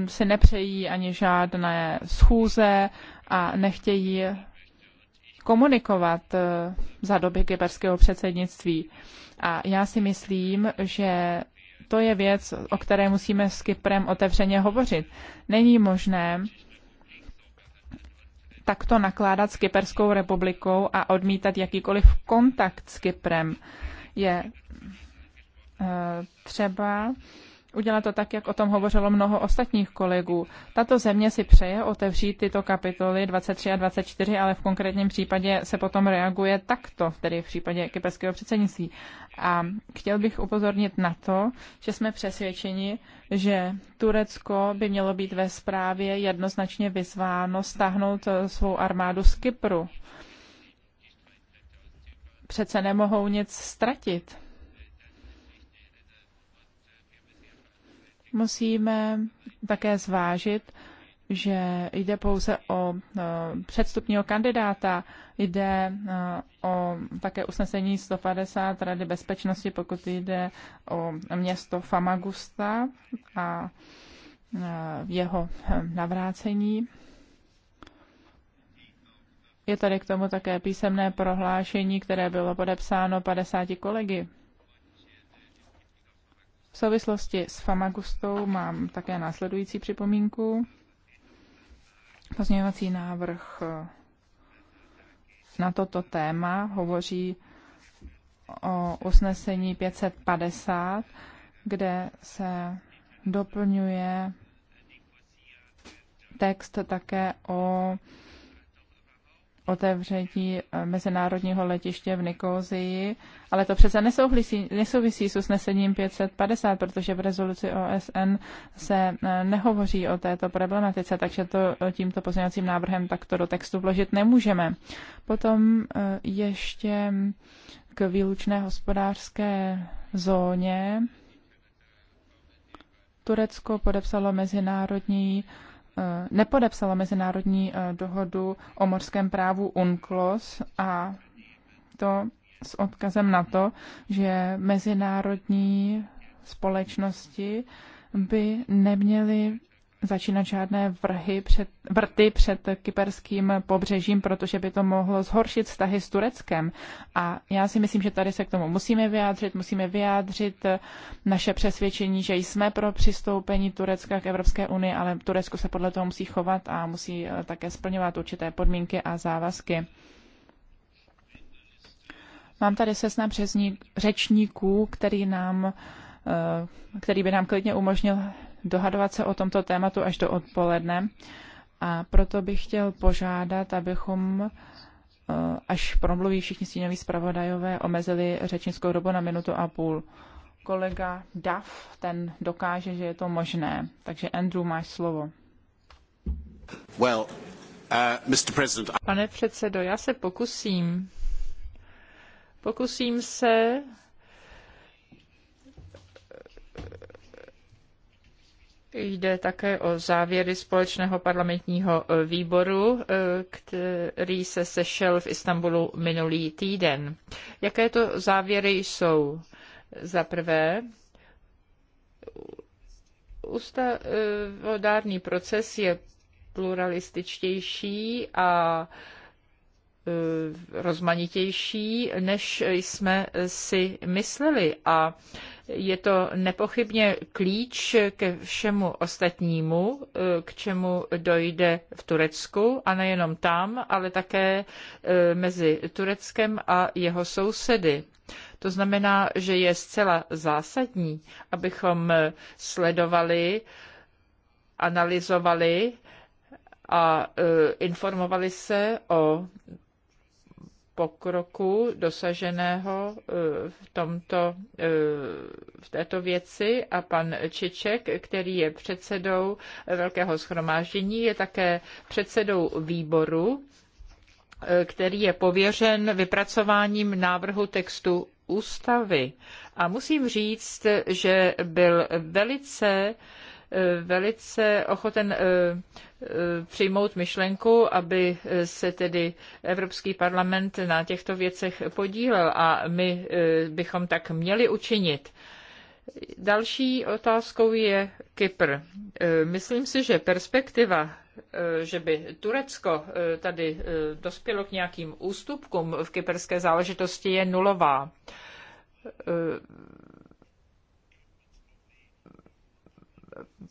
si nepřejí ani žádné schůze a nechtějí komunikovat eh, za doby kyperského předsednictví. A já si myslím, že to je věc, o které musíme s Kyprem otevřeně hovořit. Není možné takto nakládat s Kyperskou republikou a odmítat jakýkoliv kontakt s Kyprem. Je eh, třeba udělat to tak, jak o tom hovořilo mnoho ostatních kolegů. Tato země si přeje otevřít tyto kapitoly 23 a 24, ale v konkrétním případě se potom reaguje takto, tedy v případě kyperského předsednictví. A chtěl bych upozornit na to, že jsme přesvědčeni, že Turecko by mělo být ve zprávě jednoznačně vyzváno stáhnout eh, svou armádu z Kypru. Přece nemohou nic ztratit musíme také zvážit, že jde pouze o předstupního kandidáta, jde o také usnesení 150 Rady bezpečnosti, pokud jde o město Famagusta a e, jeho e, navrácení. Je tady k tomu také písemné prohlášení, které bylo podepsáno 50 kolegy v souvislosti s Famagustou mám také následující připomínku. Pozměňovací návrh eh, na toto téma hovoří o usnesení 550, kde se doplňuje text také o otevření eh, mezinárodního letiště v Nikózii, ale to přece nesouvisí, nesouvisí s usnesením 550, protože v rezoluci OSN se eh, nehovoří o této problematice, takže to eh, tímto pozměňovacím návrhem takto do textu vložit nemůžeme. Potom ještě k výlučné hospodářské zóně. Turecko podepsalo mezinárodní uh, Eh, nepodepsala mezinárodní eh, dohodu o morském právu UNCLOS a to s odkazem na to, že mezinárodní společnosti by neměly začínat žádné vrhy před, vrty před kyperským pobřežím, protože by to mohlo zhoršit vztahy s Tureckem. A já si myslím, že tady se k tomu musíme vyjádřit, musíme vyjádřit eh, naše přesvědčení, že jsme pro přistoupení Turecka k Evropské unii, ale Turecko se podle toho musí chovat a musí eh, také splňovat určité podmínky a závazky. Mám tady seznam řečníků, který nám eh, který by nám klidně umožnil dohadovat se o tomto tématu až do odpoledne. A proto bych chtěl požádat, abychom eh, až promluví všichni stínoví zpravodajové, omezili řečnickou dobu na minutu a půl. Kolega Duff, ten dokáže, že je to možné. Takže Andrew, máš slovo. Well, uh, Mr. President, Pane předsedo, já se pokusím. Pokusím se Jde také o závěry společného parlamentního e, výboru, e, který se sešel v Istanbulu minulý týden. Jaké to závěry jsou? Za prvé, ústavodárný e, proces je pluralističtější a rozmanitější, než jsme si mysleli. A je to nepochybně klíč ke všemu ostatnímu, eh, k čemu dojde v Turecku a nejenom tam, ale také eh, mezi Tureckem a jeho sousedy. To znamená, že je zcela zásadní, abychom eh, sledovali, analyzovali a informovali se o pokroku dosaženého e, v, tomto, e, v této věci a pan Čiček, který je předsedou Velkého schromáždění, je také předsedou výboru, e, který je pověřen vypracováním návrhu textu ústavy. A musím říct, že byl velice velice ochoten eh, eh, přijmout myšlenku, aby eh, se tedy Evropský parlament na těchto věcech podílel a my bychom tak měli učinit. Další otázkou je Kypr. Myslím si, že perspektiva že by Turecko tady dospělo k nějakým ústupkům v kyperské záležitosti, je nulová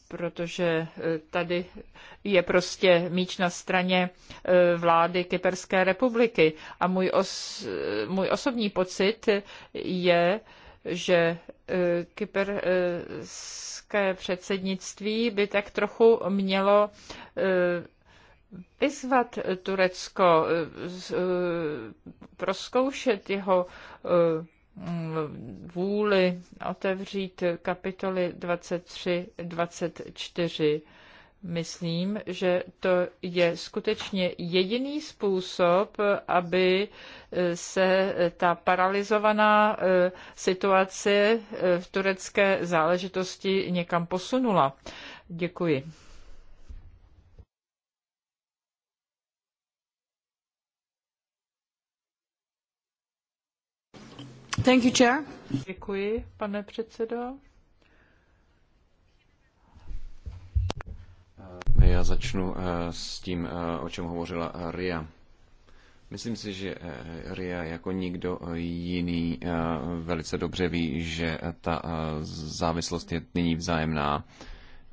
protože eh, tady je prostě míč na straně eh, vlády Kyperské republiky. A můj, os, eh, můj osobní pocit je, že kyperské předsednictví by tak trochu mělo vyzvat Turecko, proskoušet jeho vůli otevřít kapitoly 23, 24. Myslím, že to je skutečně jediný způsob, aby se ta paralizovaná eh, situace eh, v turecké záležitosti někam posunula. Děkuji. Děkuji, pane předsedo. Já začnu eh, s tím, eh, o čem hovořila eh, Ria. Myslím si, že Ria jako nikdo jiný velice dobře ví, že ta závislost je nyní vzájemná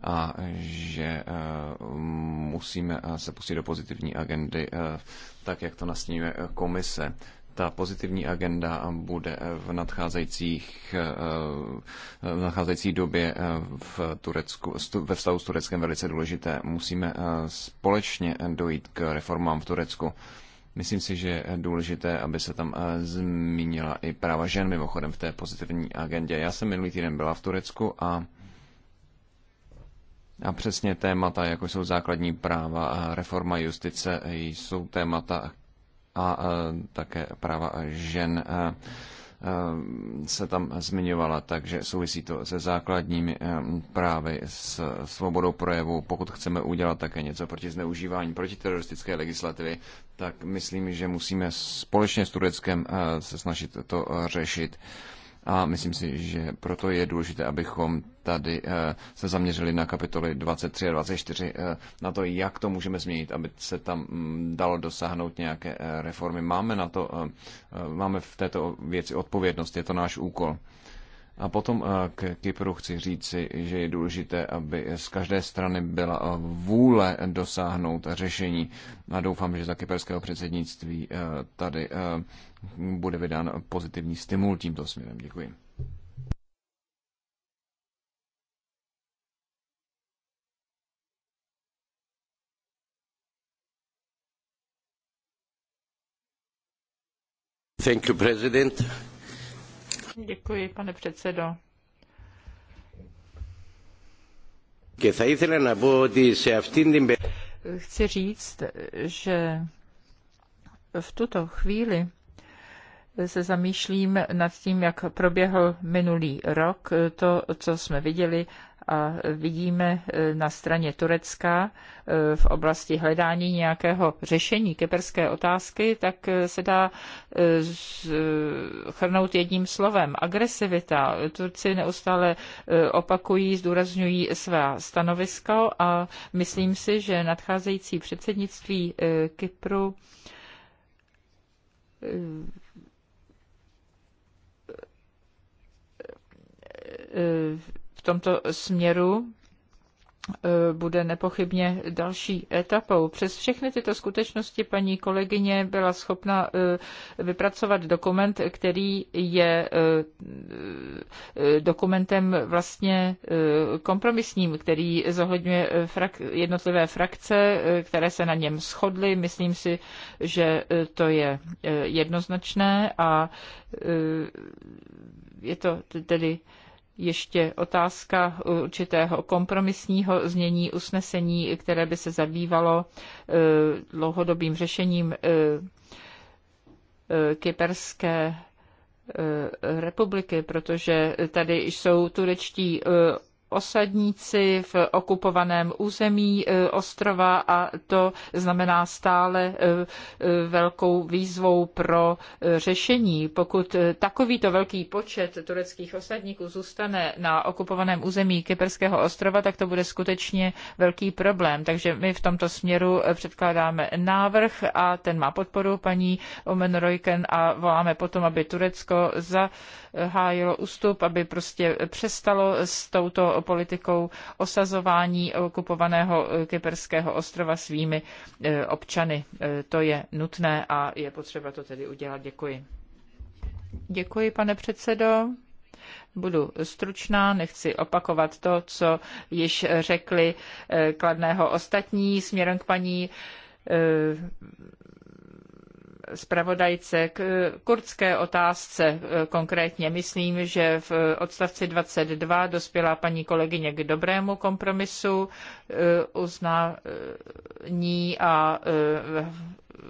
a že musíme se pustit do pozitivní agendy, tak jak to nastínuje komise ta pozitivní agenda bude v, nadcházejících, eh, v nadcházející době eh, v Turecku, ve vztahu s Tureckem velice důležité. Musíme eh, společně dojít k reformám v Turecku. Myslím si, že je důležité, aby se tam zmínila i práva žen mimochodem v té pozitivní agendě. Já jsem minulý týden byla v Turecku a a přesně témata, jako jsou základní práva a reforma justice, jsou témata, a e, také práva žen e, e, se tam zmiňovala, takže souvisí to se základními právy, s svobodou projevu. Pokud chceme udělat také něco proti zneužívání protiteroristické legislativy, tak myslím, že musíme společně s Tureckem se snažit to řešit. A myslím si, že proto je důležité, abychom tady eh, se zaměřili na kapitoly 23 a 24, eh, na to, jak to můžeme změnit, aby se tam mm, dalo dosáhnout nějaké eh, reformy. Máme na to, máme v této věci odpovědnost, je to náš úkol. A potom k Kypru chci říci, že je důležité, aby z každé strany byla vůle dosáhnout řešení. A doufám, že za kyperského předsednictví tady bude vydán pozitivní stimul tímto směrem. Děkuji. Thank you, president. Děkuji, pane předsedo. Chci říct, že v tuto chvíli se zamýšlím nad tím, jak proběhl minulý rok, to, co jsme viděli a vidíme eh, na straně Turecka eh, v oblasti hledání nějakého řešení kyperské otázky, tak eh, se dá chrnout jedním slovem. Agresivita. Turci neustále opakují, zdůrazňují svá stanovisko a myslím si, že nadcházející předsednictví Kypru v tomto směru e, bude nepochybně další etapou. Přes všechny tyto skutečnosti paní kolegyně byla schopna e, vypracovat dokument, který je e, dokumentem vlastně kompromisním, který zohledňuje jednotlivé frakce, které se na něm shodly. Myslím si, že to je jednoznačné a je to tedy ještě otázka určitého kompromisního znění usnesení, které by se zabývalo eh, dlouhodobým řešením eh, eh, Kyperské republiky, protože tady jsou turečtí osadníci v okupovaném území e, ostrova a to znamená stále e, e, velkou výzvou pro řešení. Pokud takovýto velký počet tureckých osadníků zůstane na okupovaném území Kyperského ostrova, tak to bude skutečně velký problém. Takže my v tomto směru předkládáme návrh a ten má podporu paní Omen Rojken a voláme potom, aby Turecko zahájilo ústup, aby prostě přestalo s touto politikou osazování okupovaného eh, kyperského ostrova svými eh, občany. Eh, to je nutné a je potřeba to tedy udělat. Děkuji. Děkuji, pane předsedo. Budu stručná, nechci opakovat to, co již řekli kladného ostatní směrem k paní zpravodajce k kurdské otázce e, konkrétně. Myslím, že v odstavci 22 dospěla paní kolegyně k dobrému kompromisu e, uznání a e,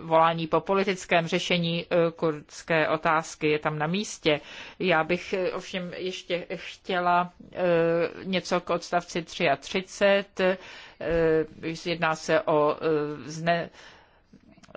volání po politickém řešení kurdské otázky je tam na místě. Já bych ovšem ještě chtěla něco k odstavci 33. Jedná se o zne,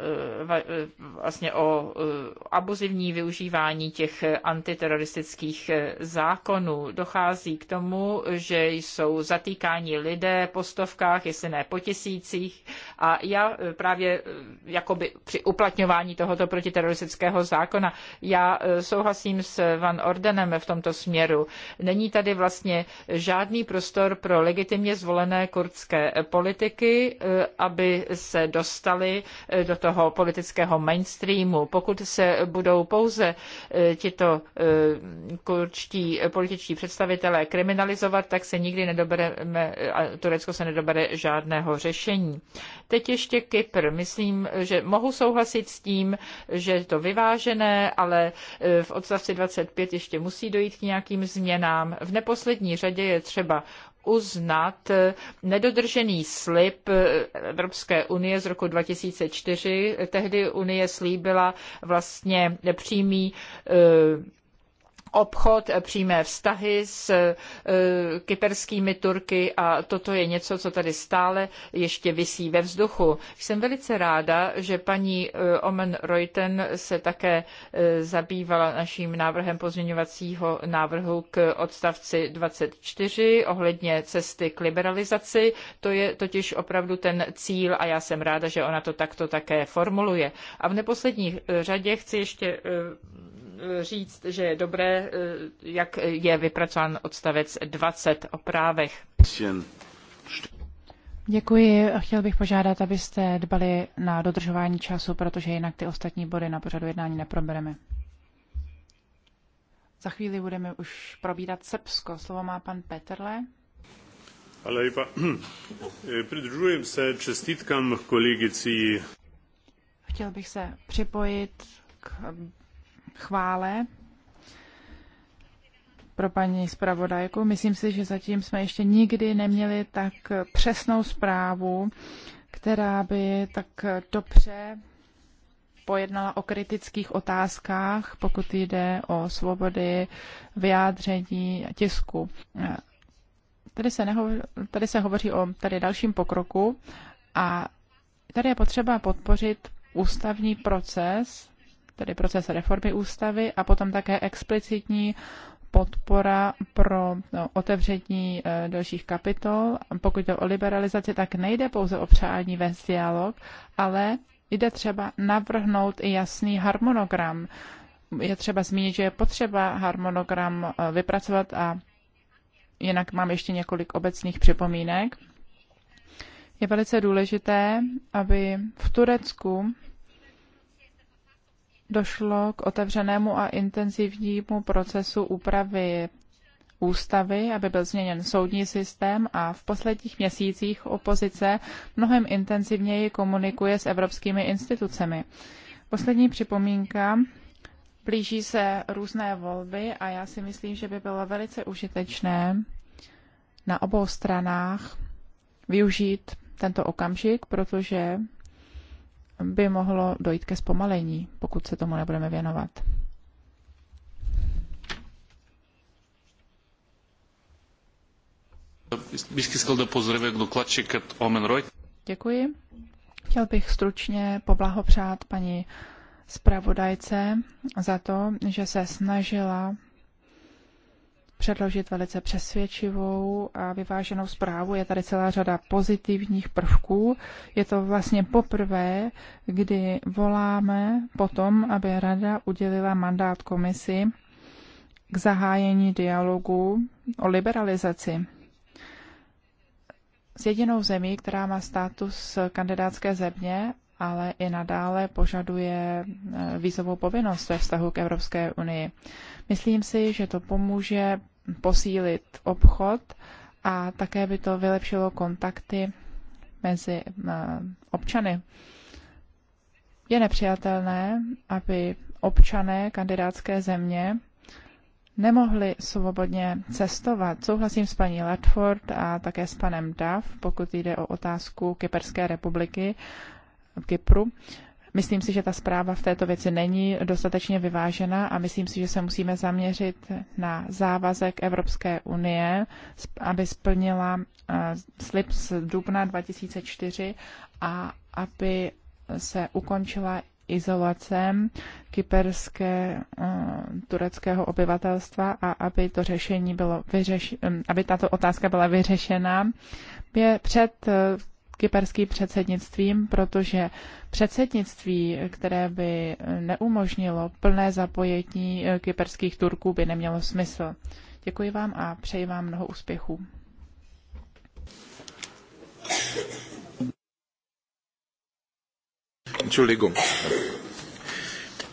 Eh, vlastně o eh, abuzivní využívání těch antiteroristických eh, zákonů. Dochází k tomu, že jsou zatýkáni lidé po stovkách, jestli ne po tisících a já právě jakoby při uplatňování tohoto protiteroristického zákona, já souhlasím s Van Ordenem v tomto směru. Není tady vlastně žádný prostor pro legitimně zvolené kurdské politiky, aby se dostali do toho toho politického mainstreamu, pokud se budou pouze e, tito e, kurčtí e, političtí představitelé kriminalizovat, tak se nikdy nedobereme, Turecko se nedobere žádného řešení. Teď ještě Kypr. Myslím, že mohu souhlasit s tím, že je to vyvážené, ale v odstavci 25 ještě musí dojít k nějakým změnám. V neposlední řadě je třeba uznat nedodržený slib Evropské unie z roku 2004. Tehdy unie slíbila vlastně přímý eh, obchod, eh, přímé vztahy s eh, kyperskými Turky a toto je něco, co tady stále ještě visí ve vzduchu. Jsem velice ráda, že paní eh, Omen Reuten se také zabývala naším návrhem pozměňovacího návrhu k odstavci 24 ohledně cesty k liberalizaci. To je totiž opravdu ten cíl a já jsem ráda, že ona to takto také formuluje. A v neposlední řadě chci ještě říct, že je dobré, eh, jak je vypracován odstavec 20 o právech. Děkuji. Chtěl bych požádat, abyste dbali na dodržování času, protože jinak ty ostatní body na pořadu jednání neprobereme. Za chvíli budeme už probírat Srbsko. Slovo má pan Petrle. Ale lepa. Pridružujem se čestitkám kolegici. Chtěl bych se připojit k chvále pro paní zpravodajku. Myslím si, že zatím jsme ještě nikdy neměli tak přesnou zprávu, která by tak dobře pojednala o kritických otázkách, pokud jde o svobody vyjádření tisku. Tady se, neho, tady se hovoří o tady dalším pokroku a tady je potřeba podpořit ústavní proces tedy proces reformy ústavy a potom také explicitní podpora pro no, otevření e, dalších kapitol. Pokud jde o liberalizaci, tak nejde pouze o přání vést dialog, ale jde třeba navrhnout i jasný harmonogram. Je třeba zmínit, že je potřeba harmonogram e, vypracovat a jinak mám ještě několik obecných připomínek. Je velice důležité, aby v Turecku došlo k otevřenému a intenzivnímu procesu úpravy ústavy, aby byl změněn soudní systém a v posledních měsících opozice mnohem intenzivněji komunikuje s evropskými institucemi. Poslední připomínka. Blíží se různé volby a já si myslím, že by bylo velice užitečné na obou stranách využít tento okamžik, protože by mohlo dojít ke zpomalení, pokud se tomu nebudeme věnovat. do Děkuji. Chtěl bych stručně poblahopřát paní zpravodajce za to, že se snažila předložit velice přesvědčivou a vyváženou zprávu. Je tady celá řada pozitivních prvků. Je to vlastně poprvé, kdy voláme potom, aby Rada udělila mandát komisi k zahájení dialogu o liberalizaci. S jedinou zemí, která má status kandidátské země ale i nadále požaduje eh, výzovou povinnost ve vztahu k Evropské unii. Myslím si, že to pomůže posílit obchod a také by to vylepšilo kontakty mezi eh, občany. Je nepřijatelné, aby občané kandidátské země nemohli svobodně cestovat. Souhlasím s paní Ledford a také s panem Duff, pokud jde o otázku Kyperské republiky. Kypru. Myslím si, že ta zpráva v této věci není dostatečně vyvážená a myslím si, že se musíme zaměřit na závazek Evropské unie, aby splnila eh, slib z dubna 2004 a aby se ukončila izolace kyperské eh, tureckého obyvatelstva a aby to řešení bylo vyřeš, eh, aby tato otázka byla vyřešena je před kyperským předsednictvím, protože předsednictví, které by neumožnilo plné zapojení eh, kyperských Turků, by nemělo smysl. Děkuji vám a přeji vám mnoho úspěchů.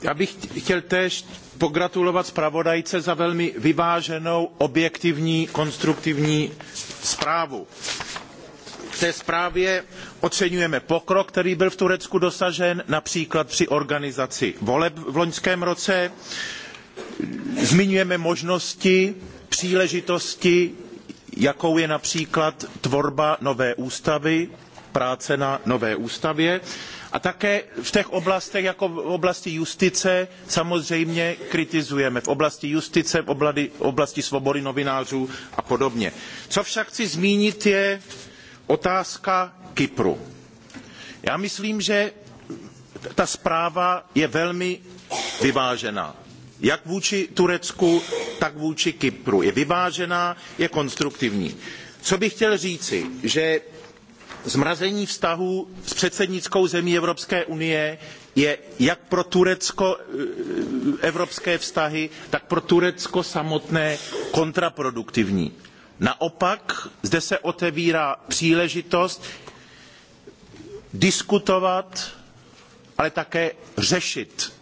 Já bych chtěl též pogratulovat zpravodajce za velmi vyváženou, objektivní, konstruktivní zprávu v té zprávě oceňujeme pokrok, který byl v Turecku dosažen, například při organizaci voleb v loňském roce. Zmiňujeme možnosti, příležitosti, jakou je například tvorba nové ústavy, práce na nové ústavě. A také v těch oblastech, jako v oblasti justice, samozřejmě kritizujeme. V oblasti justice, v oblasti svobody novinářů a podobně. Co však chci zmínit je Otázka Kypru. Já myslím, že ta zpráva je velmi vyvážená. Jak vůči Turecku, tak vůči Kypru. Je vyvážená, je konstruktivní. Co bych chtěl říci, že zmrazení vztahů s předsednickou zemí Evropské unie je jak pro Turecko eh, evropské vztahy, tak pro Turecko samotné kontraproduktivní Naopak zde se otevírá příležitost diskutovat, ale také řešit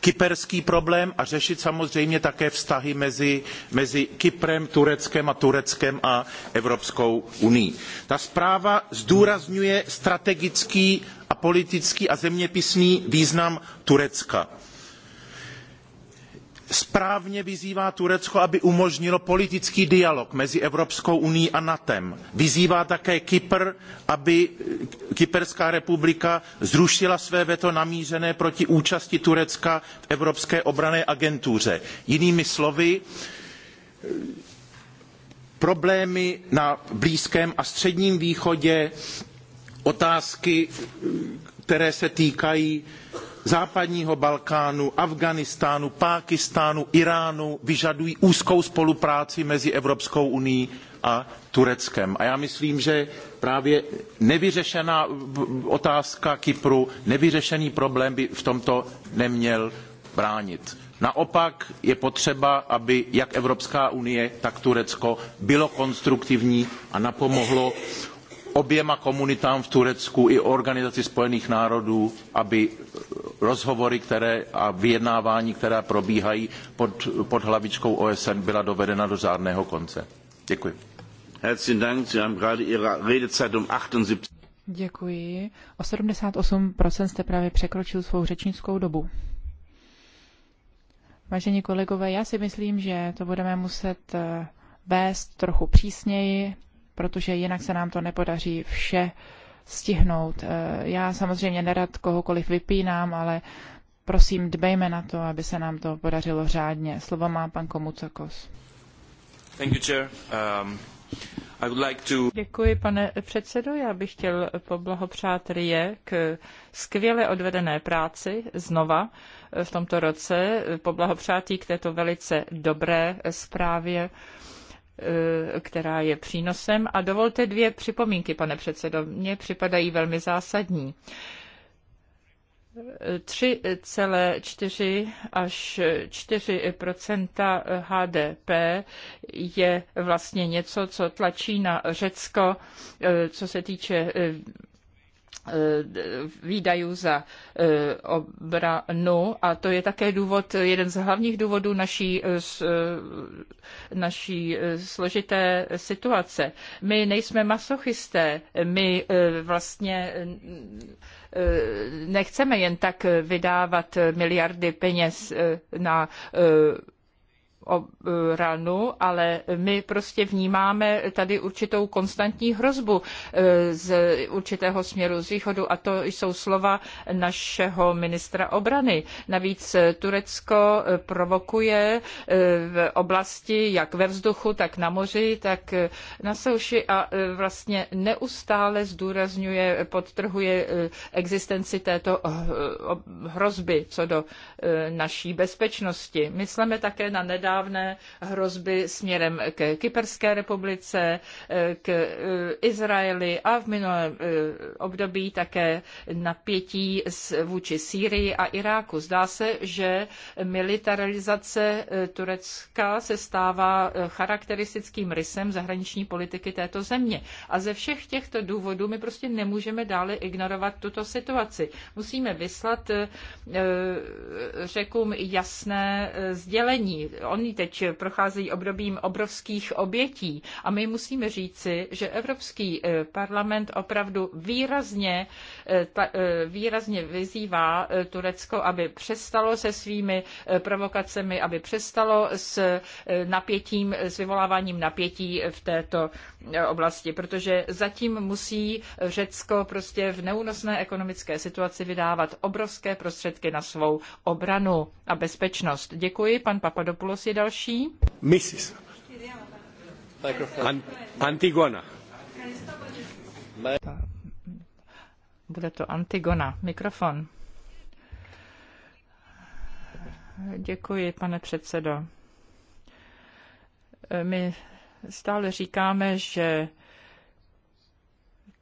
kyperský problém a řešit samozřejmě také vztahy mezi, mezi Kyprem, Tureckem a Tureckem a Evropskou unii. Ta zpráva zdůrazňuje strategický a politický a zeměpisný význam Turecka správně vyzývá Turecko, aby umožnilo politický dialog mezi Evropskou unií a NATEM. Vyzývá také Kypr, aby Kyperská republika zrušila své veto namířené proti účasti Turecka v Evropské obrané agentuře. Jinými slovy, problémy na Blízkém a Středním východě, otázky, které se týkají západního Balkánu, Afghánistánu, Pákistánu, Iránu vyžadují úzkou spolupráci mezi Evropskou unií a Tureckem. A já myslím, že právě nevyřešená otázka Kypru, nevyřešený problém by v tomto neměl bránit. Naopak je potřeba, aby jak Evropská unie, tak Turecko bylo konstruktivní a napomohlo oběma komunitám v Turecku i Organizaci spojených národů, aby rozhovory které, a vyjednávání, která probíhají pod, pod hlavičkou OSN, byla dovedena do řádného konce. Děkuji. Herzlichen Dank, Sie haben gerade Ihre Redezeit um 78. Děkuji. O 78% jste právě překročil svou řečnickou dobu. Vážení kolegové, já si myslím, že to budeme muset eh, vést trochu přísněji, protože jinak se nám to nepodaří vše stihnout. Eh, já samozřejmě nerad kohokoliv vypínám, ale prosím, dbejme na to, aby se nám to podařilo řádně. Slovo má pan Komucakos. Thank you, chair. Um... I would like to... Děkuji, pane předsedo. Já bych chtěl poblahopřát Rie k skvěle odvedené práci znova v tomto roce, Poblahopřátí k této velice dobré zprávě Eh, která je přínosem. A dovolte dvě připomínky, pane předsedo. Mně připadají velmi zásadní. 3,4 až 4 HDP je vlastně něco, co tlačí na Řecko, eh, co se týče eh, Eh, výdajů za eh, obranu a to je také důvod, jeden z hlavních důvodů naší, eh, naší složité situace. My nejsme masochisté, my vlastně nechceme jen tak vydávat miliardy peněz na obranu, e, ale my prostě vnímáme tady určitou konstantní hrozbu e, z určitého směru z východu a to jsou slova našeho ministra obrany. Navíc Turecko e, provokuje v oblasti jak ve vzduchu, tak na moři, tak na souši a vlastně neustále zdůrazňuje, podtrhuje existenci této hrozby co do naší bezpečnosti. Myslíme také na nedávno nedávné hrozby směrem k Kyperské republice, k e, Izraeli a v minulém e, období také napětí vůči Sýrii a Iráku. Zdá se, že militarizace e, Turecka se stává charakteristickým rysem zahraniční politiky této země. A ze všech těchto důvodů my prostě nemůžeme dále ignorovat tuto situaci. Musíme vyslat řekům jasné sdělení. On Oni teď procházejí obdobím obrovských obětí a my musíme říci, že Evropský eh, parlament opravdu výrazně, eh, eh, výrazně vyzývá Turecko, aby přestalo se svými provokacemi, aby přestalo s napětím, s vyvoláváním napětí v této oblasti, protože zatím musí Řecko prostě v neúnosné ekonomické situaci vydávat obrovské prostředky na svou obranu a bezpečnost. Děkuji, pan Papadopoulos další? Mrs. Antigona. Bude to Antigona. Mikrofon. Děkuji, pane předsedo. My stále říkáme, že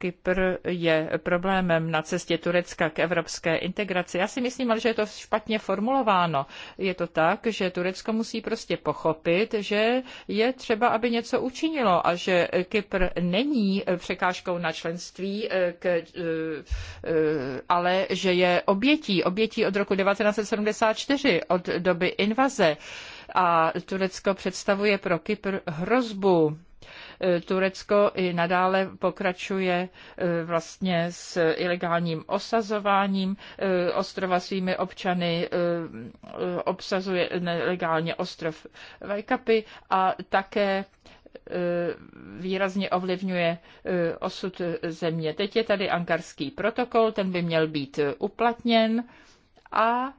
Kypr je problémem na cestě Turecka k evropské integraci. Já si myslím, ale že je to špatně formulováno. Je to tak, že Turecko musí prostě pochopit, že je třeba, aby něco učinilo a že Kypr není překážkou na členství, eh, k, eh, eh, ale že je obětí, obětí od roku 1974, od doby invaze. A Turecko představuje pro Kypr hrozbu Turecko i nadále pokračuje e, vlastně s ilegálním osazováním e, ostrova svými občany, e, obsazuje nelegálně ostrov Vajkapy a také výrazně ovlivňuje osud země. Teď je tady ankarský protokol, ten by měl být uplatněn a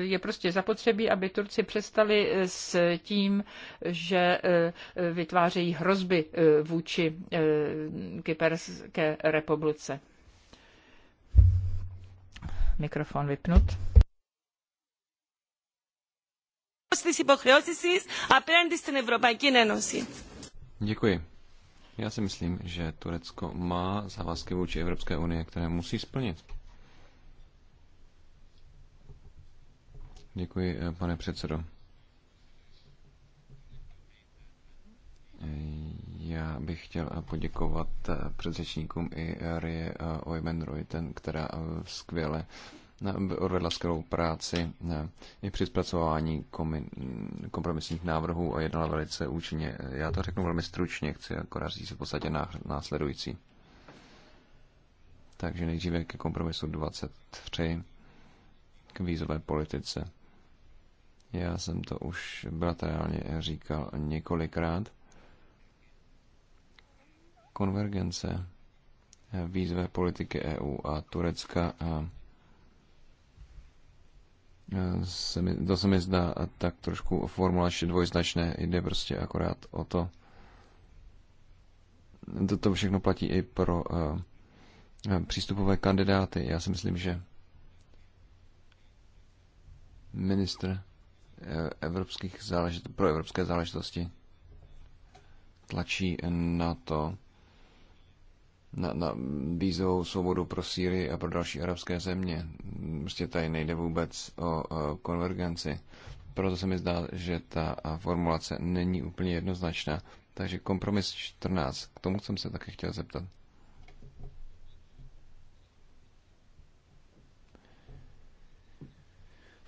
je prostě zapotřebí, aby Turci přestali eh, s tím, že eh, vytvářejí hrozby eh, vůči Kyperské republice. Mikrofon vypnut. Děkuji. Já si myslím, že Turecko má závazky vůči Evropské unie, které musí splnit. Děkuji, eh, pane předsedo. Já bych chtěl eh, poděkovat eh, předřečníkům i Rie Oymenroy, ten, která skvěle odvedla skvělou práci i při zpracování kompromisních návrhů a jednala velice účinně. Já to řeknu velmi stručně, chci akorát říct v podstatě následující. Takže nejdříve ke kompromisu 23 k vízové politice. Já jsem to už bratrálně říkal několikrát. Konvergence výzve politiky EU a Turecka a se mi, to se mi zdá tak trošku formulačně dvojznačné. Jde prostě akorát o to. to všechno platí i pro uh, přístupové kandidáty. Já si myslím, že ministr evropských záležit, pro evropské záležitosti tlačí na to, na, na vízovou svobodu pro Sýrii a pro další arabské země. Prostě tady nejde vůbec o, o konvergenci. Proto se mi zdá, že ta formulace není úplně jednoznačná. Takže kompromis 14, k tomu jsem se také chtěl zeptat.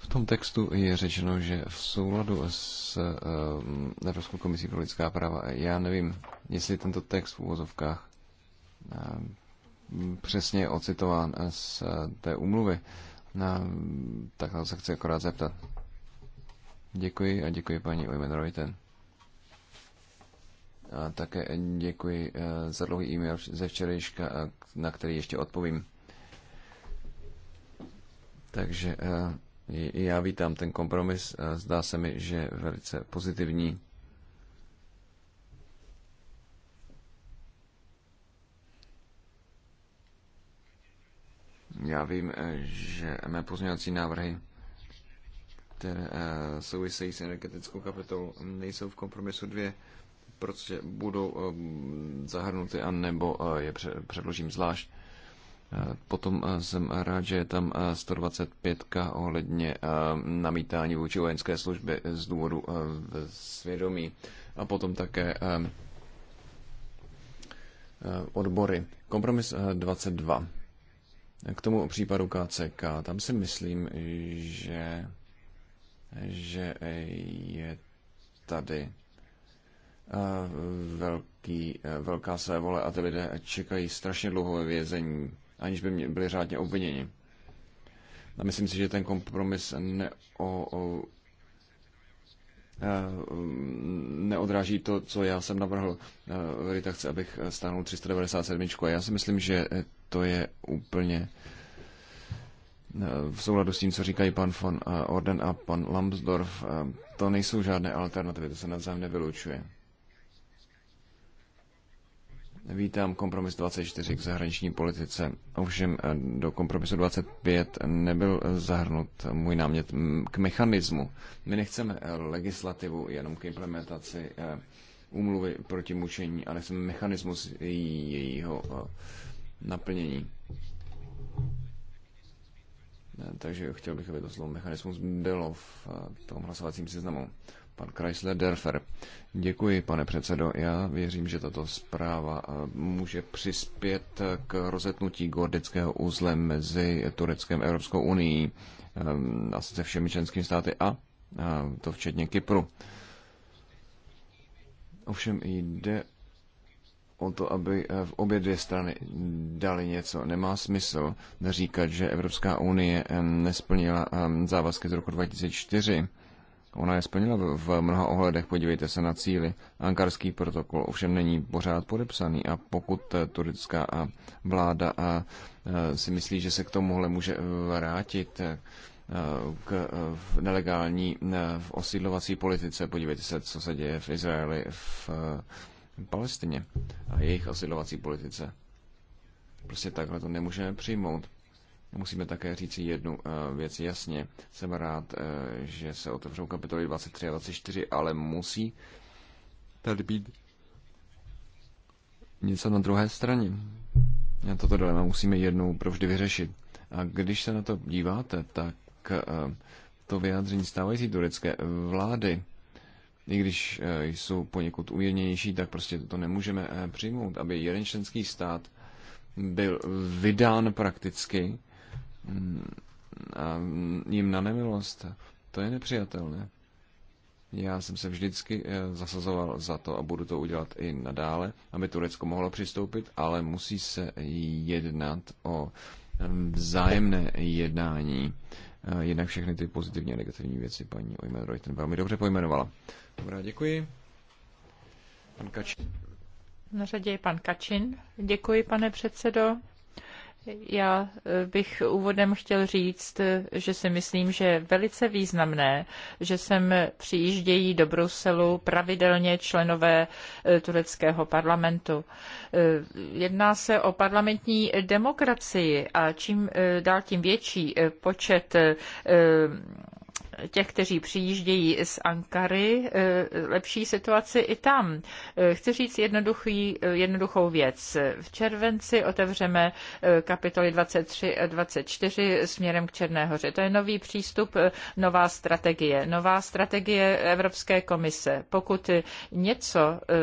V tom textu je řečeno, že v souladu s eh, Evropskou komisí pro lidská práva, já nevím, jestli tento text v úvozovkách eh, přesně je ocitován z té úmluvy, na to se chci akorát zeptat. Děkuji a děkuji paní Ojmen Reuten. A také děkuji eh, za dlouhý e-mail ze včerejška, na který ještě odpovím. Takže já vítám ten kompromis, zdá se mi, že je velice pozitivní. Já vím, eh, že mé pozměňovací návrhy, které eh, souvisejí s energetickou kapitolou, nejsou v kompromisu dvě, protože budou eh, zahrnuty a nebo je předložím zvlášť. Eh, potom eh, jsem rád, že je tam 125 eh, ohledně namítání vůči vojenské služby z důvodu svědomí. A potom také odbory. Kompromis 22. K tomu případu KCK. Tam si myslím, že, že je tady velký, velká své vole a ty lidé čekají strašně dlouho ve vězení aniž by mě byli řádně obviněni. A myslím si, že ten kompromis ne o, o, eh, neodráží to, co já jsem navrhl. Eh, Rita chce, abych stáhnul 397. A já si myslím, že to je úplně eh, v souladu s tím, co říkají pan von Orden a pan Lambsdorff. To nejsou žádné alternativy, to se navzájem nevylučuje. Vítám kompromis 24 k zahraniční politice. Ovšem eh, do kompromisu 25 nebyl zahrnut můj námět k mechanismu. My nechceme eh, legislativu jenom k implementaci eh, úmluvy proti mučení, ale chceme mechanismus jejího naplnění. Takže chtěl bych, aby to slovo mechanismus bylo v tom hlasovacím seznamu. Pan Chrysler Derfer. Děkuji, pane předsedo. Já věřím, že tato zpráva eh, může přispět eh, k rozetnutí gordického úzle mezi Tureckem a Evropskou unii eh, a se všemi členskými státy a to včetně Kypru. Ovšem jde o to, aby v obě dvě strany dali něco. Nemá smysl říkat, že Evropská unie nesplnila závazky z roku 2004 Ona je splněna v mnoha ohledech, podívejte se na cíly. Ankarský protokol ovšem není pořád podepsaný a pokud eh, turecká eh, vláda a eh, si myslí, že se k tomuhle může vrátit k nelegální osídlovací politice, podívejte se, co se děje v Izraeli, v Palestině a jejich osídlovací politice. Prostě takhle to nemůžeme přijmout. Musíme také říct jednu eh, věc jasně. Jsem rád, eh, že se otevřou kapitoly 23 a 24, ale musí tady být něco na druhé straně. A toto dilema musíme jednou provždy vyřešit. A když se na to díváte, tak eh, to vyjádření stávající turecké vlády, i když jsou poněkud umírněnější, tak prostě to nemůžeme přijmout, aby jeden členský stát byl vydán prakticky a jim na nemilost. To je nepřijatelné. Já jsem se vždycky eh, zasazoval za to a budu to udělat i nadále, aby Turecko mohlo přistoupit, ale musí se jednat o vzájemné jednání. Eh, Jednak všechny ty pozitivní a negativní věci paní Ojmen Reuten velmi dobře pojmenovala. Dobrá, děkuji. Pan Kačin. Na řadě je pan Kačin. Děkuji, pane předsedo. Já eh, bych úvodem chtěl říct, eh, že si myslím, že je velice významné, že sem přijíždějí do Bruselu pravidelně členové eh, tureckého parlamentu. Jedná se o parlamentní demokracii a čím dál tím větší počet těch, kteří přijíždějí z Ankary, eh, lepší situaci i tam. Eh, chci říct jednoduchý, eh, jednoduchou věc. V červenci otevřeme kapitoly 23 a 24 směrem k Černé hoře. To je nový přístup, nová strategie. Nová strategie Evropské komise. Pokud něco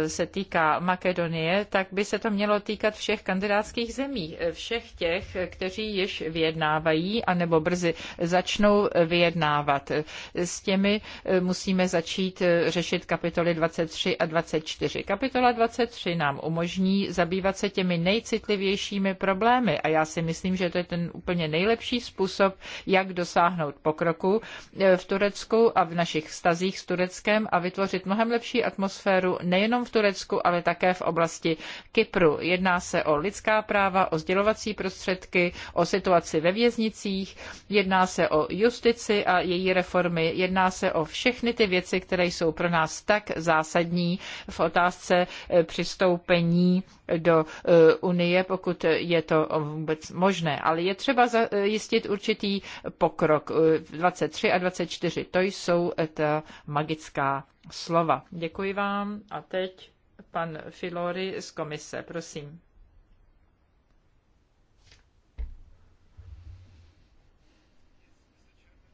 se týká Makedonie, tak by se to mělo týkat všech kandidátských zemí, všech těch, kteří již vyjednávají anebo brzy začnou vyjednávat s těmi eh, musíme začít eh, řešit kapitoly 23 a 24. Kapitola 23 nám umožní zabývat se těmi nejcitlivějšími problémy a já si myslím, že to je ten úplně nejlepší způsob, jak dosáhnout pokroku eh, v Turecku a v našich vztazích s Tureckem a vytvořit mnohem lepší atmosféru nejenom v Turecku, ale také v oblasti Kypru. Jedná se o lidská práva, o sdělovací prostředky, o situaci ve věznicích, jedná se o justici a její reformu reformy. Jedná se o všechny ty věci, které jsou pro nás tak zásadní v otázce eh, přistoupení do eh, Unie, pokud je to vůbec možné. Ale je třeba zajistit určitý pokrok. 23 eh, a 24, to jsou ta magická slova. Děkuji vám a teď pan Filori z komise, prosím.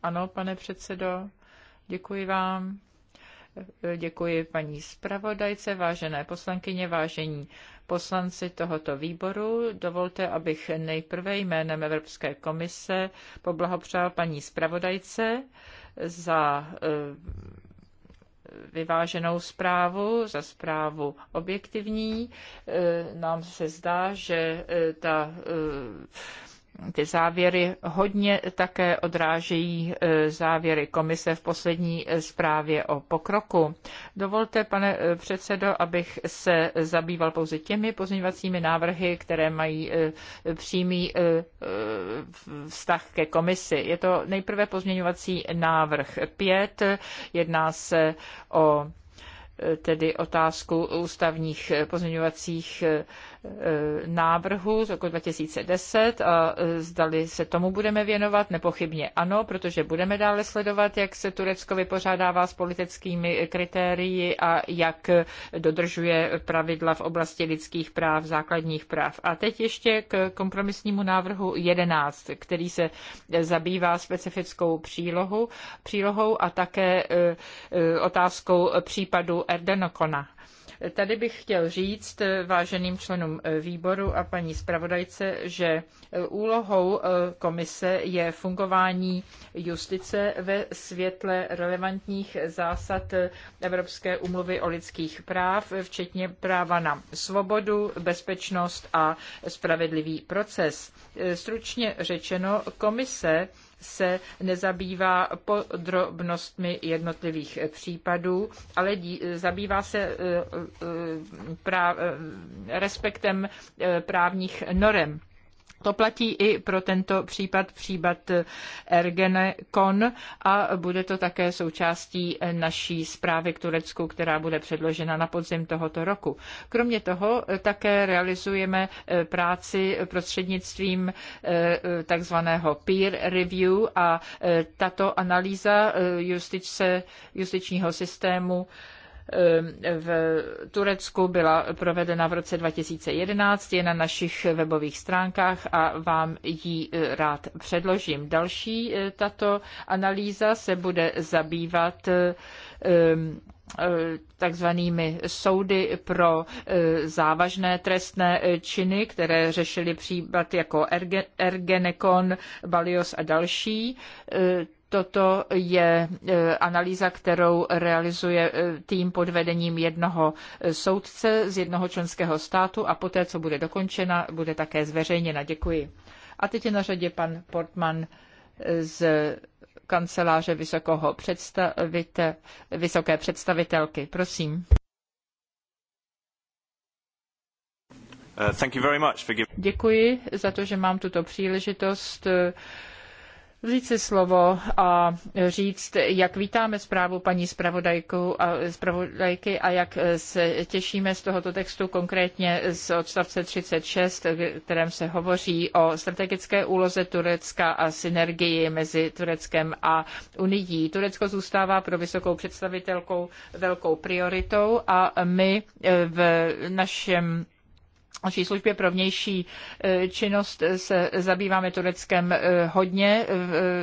Ano, pane předsedo, děkuji vám. Děkuji paní zpravodajce, vážené poslankyně, vážení poslanci tohoto výboru. Dovolte, abych nejprve jménem Evropské komise poblahopřál paní zpravodajce za eh, vyváženou zprávu, za zprávu objektivní. Eh, nám se zdá, že eh, ta ty závěry hodně také odrážejí e, závěry komise v poslední e, zprávě o pokroku. Dovolte, pane e, předsedo, abych se zabýval pouze těmi pozměňovacími návrhy, které mají přímý vztah ke komisi. Je to nejprve pozměňovací návrh 5. Jedná se o tedy otázku ústavních pozměňovacích návrhů Eh, návrhu z roku 2010 a eh, zdali se tomu budeme věnovat. Nepochybně ano, protože budeme dále sledovat, jak se Turecko vypořádává s politickými kritérii a jak dodržuje pravidla v oblasti lidských práv, základních práv. A teď ještě k kompromisnímu návrhu 11, který se zabývá specifickou přílohu, přílohou a také eh, otázkou případu Erdenokona. Tady bych chtěl říct eh, váženým členům eh, výboru a paní zpravodajce, že eh, úlohou komise je fungování justice ve světle relevantních zásad Evropské umluvy o lidských práv, včetně práva na svobodu, bezpečnost a spravedlivý proces. Stručně řečeno, komise se nezabývá podrobnostmi jednotlivých případů, ale dí, zabývá se eh, eh, eh, respektem právních norem. To platí i pro tento případ, případ Ergenekon a bude to také součástí naší zprávy k Turecku, která bude předložena na podzim tohoto roku. Kromě toho také realizujeme eh, práci prostřednictvím eh, takzvaného peer review a eh, tato analýza justice, justičního systému Ehm, v Turecku byla provedena v roce 2011, je na našich webových stránkách a vám ji e, rád předložím. Další e, tato analýza se bude zabývat e, ehm, takzvanými soudy pro závažné trestné činy, které řešili případ jako Ergenekon, Balios a další. Toto je e, analýza, kterou realizuje e, tým pod vedením jednoho e, soudce z jednoho členského státu a poté, co bude dokončena, bude také zveřejněna. Děkuji. A teď je na řadě pan Portman z kanceláře vysokého představite, vysoké představitelky. Prosím. Uh, Děkuji za to, že mám tuto příležitost vzít si slovo a říct, jak vítáme zprávu paní zpravodajku a, zpravodajky a jak se těšíme z tohoto textu, konkrétně z odstavce 36, v kterém se hovoří o strategické úloze Turecka a synergii mezi Tureckem a Unií. Turecko zůstává pro vysokou představitelkou velkou prioritou a my v našem naší službě pro vnější eh, činnost se zabýváme Tureckem eh, hodně, eh,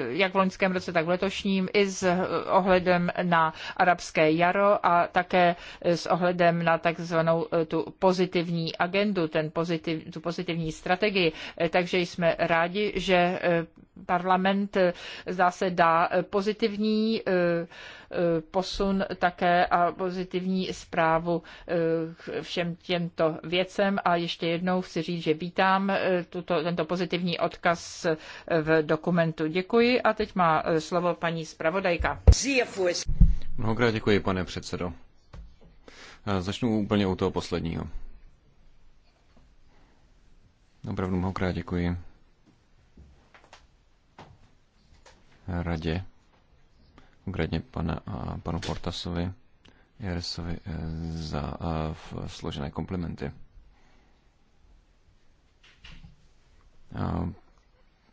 jak v loňském roce, tak v letošním, i s ohledem na arabské jaro a také s ohledem na takzvanou tu pozitivní agendu, ten pozitiv, tu pozitivní strategii. Takže jsme rádi, že parlament zase dá pozitivní posun také a pozitivní zprávu k eh, všem těmto věcem. A ještě jednou chci říct, že vítám eh, tuto, tento pozitivní odkaz eh, v dokumentu. Děkuji a teď má slovo paní zpravodajka. Mnohokrát děkuji, pane předsedo. Začnu úplně u toho posledního. Opravdu mnohokrát děkuji. Radě konkrétně pana, panu Portasovi Jaresovi e, za složené komplimenty. A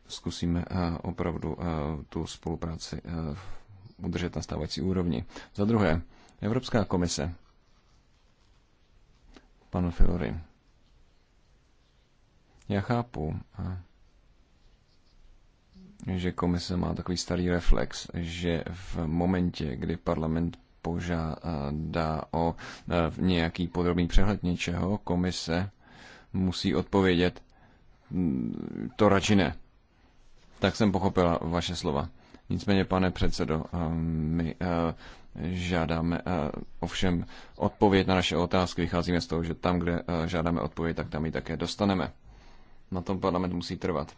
zkusíme e, opravdu e, tu spolupráci udržet na stávající úrovni. Za druhé, Evropská komise. Panu Filory. Já chápu. A že komise má takový starý reflex, že v momentě, kdy parlament požádá o e, nějaký podrobný přehled něčeho, komise musí odpovědět, hm, to radši ne. Tak jsem pochopila vaše slova. Nicméně, pane předsedo, e, my e, žádáme ovšem odpověď na naše otázky. Vycházíme z toho, že tam, kde žádáme odpověď, tak tam ji také dostaneme. Na tom parlament musí trvat.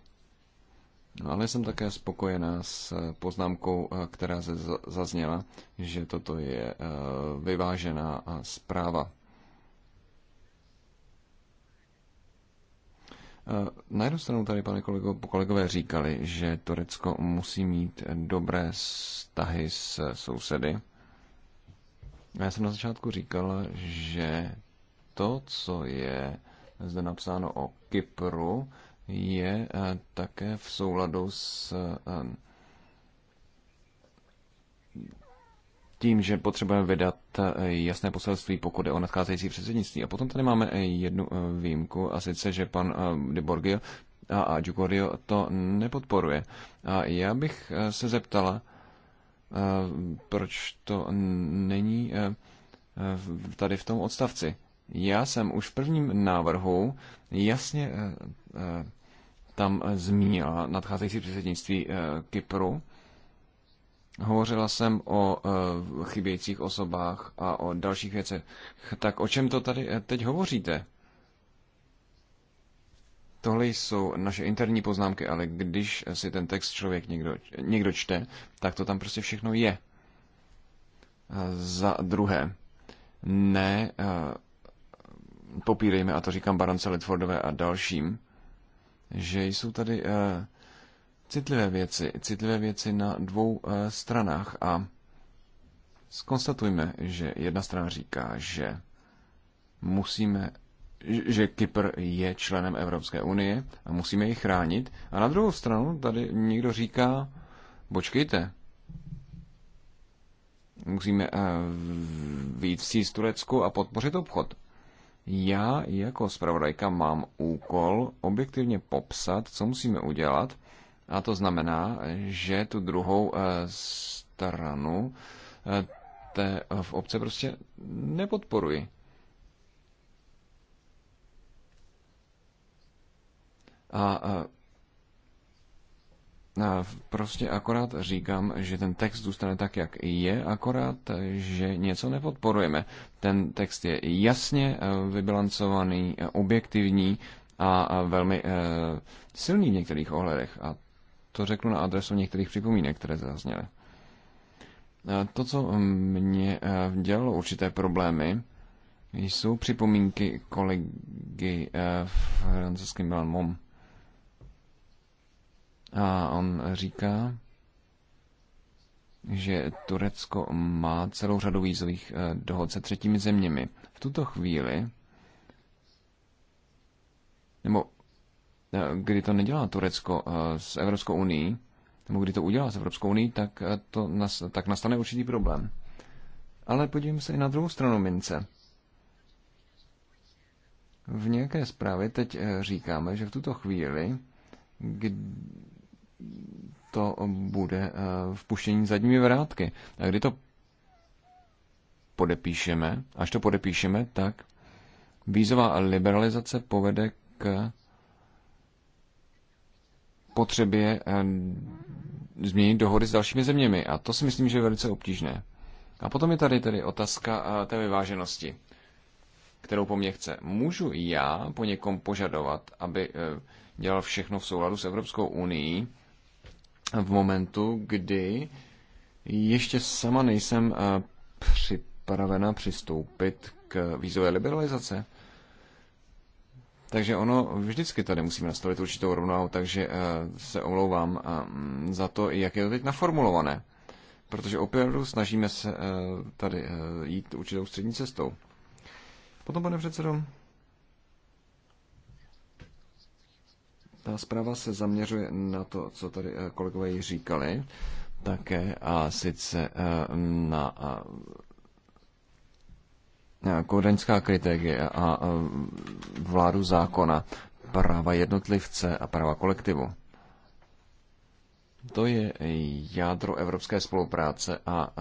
No, ale jsem také spokojená s eh, poznámkou, eh, která se zazněla, že toto je eh, vyvážená zpráva. Na jednu stranu tady, pane kolego, kolegové říkali, že Turecko musí mít dobré vztahy s sousedy. Já jsem na začátku říkal, že to, co je zde napsáno o Kypru, je eh, také v souladu s eh, tím, že potřebujeme vydat eh, jasné poselství, pokud je o nadcházející předsednictví. A potom tady máme jednu výjimku, a sice, že pan de Borgio a Giugorio to nepodporuje. A já bych se zeptala, proč to není tady v tom odstavci. Já jsem už v prvním návrhu jasně tam eh, zmínila nadcházející předsednictví eh, Kypru. Hovořila jsem o eh, chybějících osobách a o dalších věcech. Tak o čem to tady teď hovoříte? Tohle jsou naše interní poznámky, ale když si ten text člověk někdo, někdo čte, tak to tam prostě všechno je. Za druhé, ne popírejme, a to říkám Barance Litfordové a dalším, že jsou tady eh, citlivé věci, citlivé věci na dvou eh, stranách a skonstatujme, že jedna strana říká, že musíme že Kypr je členem Evropské unie a musíme ji chránit. A na druhou stranu tady někdo říká, počkejte, musíme uh, vyjít vstříc Turecku a podpořit obchod. Já jako zpravodajka mám úkol objektivně popsat, co musíme udělat, a to znamená, že tu druhou eh, stranu eh, té v obce prostě nepodporuji. A eh, Prostě akorát říkám, že ten text zůstane tak, jak je, akorát, že něco nepodporujeme. Ten text je jasně eh, vybilancovaný, eh, objektivní a velmi eh, silný v některých ohledech. A to řeknu na adresu některých připomínek, které zazněly. To, co mě dělalo určité problémy, jsou připomínky kolegy Milan Mom a on říká, že Turecko má celou řadu vízových eh, dohod se třetími zeměmi. V tuto chvíli, nebo eh, kdy to nedělá Turecko eh, s Evropskou unii, nebo kdy to udělá s Evropskou unii, tak, to nas, tak nastane určitý problém. Ale podívejme se i na druhou stranu mince. V nějaké zprávě teď říkáme, že v tuto chvíli, kdy to bude eh, vpuštění zadními vrátky. A kdy to podepíšeme, až to podepíšeme, tak vízová liberalizace povede k potřebě eh, změnit dohody s dalšími zeměmi. A to si myslím, že je velice obtížné. A potom je tady tedy otázka eh, té vyváženosti, kterou po mně chce. Můžu já po někom požadovat, aby dělal všechno v souladu s Evropskou unii, v momentu, kdy ještě sama nejsem eh, připravena přistoupit k vízové liberalizace. Takže ono vždycky tady musíme nastavit určitou rovnováhu, takže eh, se omlouvám eh, za to, jak je to teď naformulované. Protože opravdu snažíme se tady jít určitou střední cestou. Potom, pane předsedo, Ta zpráva se zaměřuje na to, co tady eh, kolegové ji říkali, také a sice eh, na eh, kodeňská kritéria a vládu zákona, práva jednotlivce a práva kolektivu. To je jádro evropské spolupráce a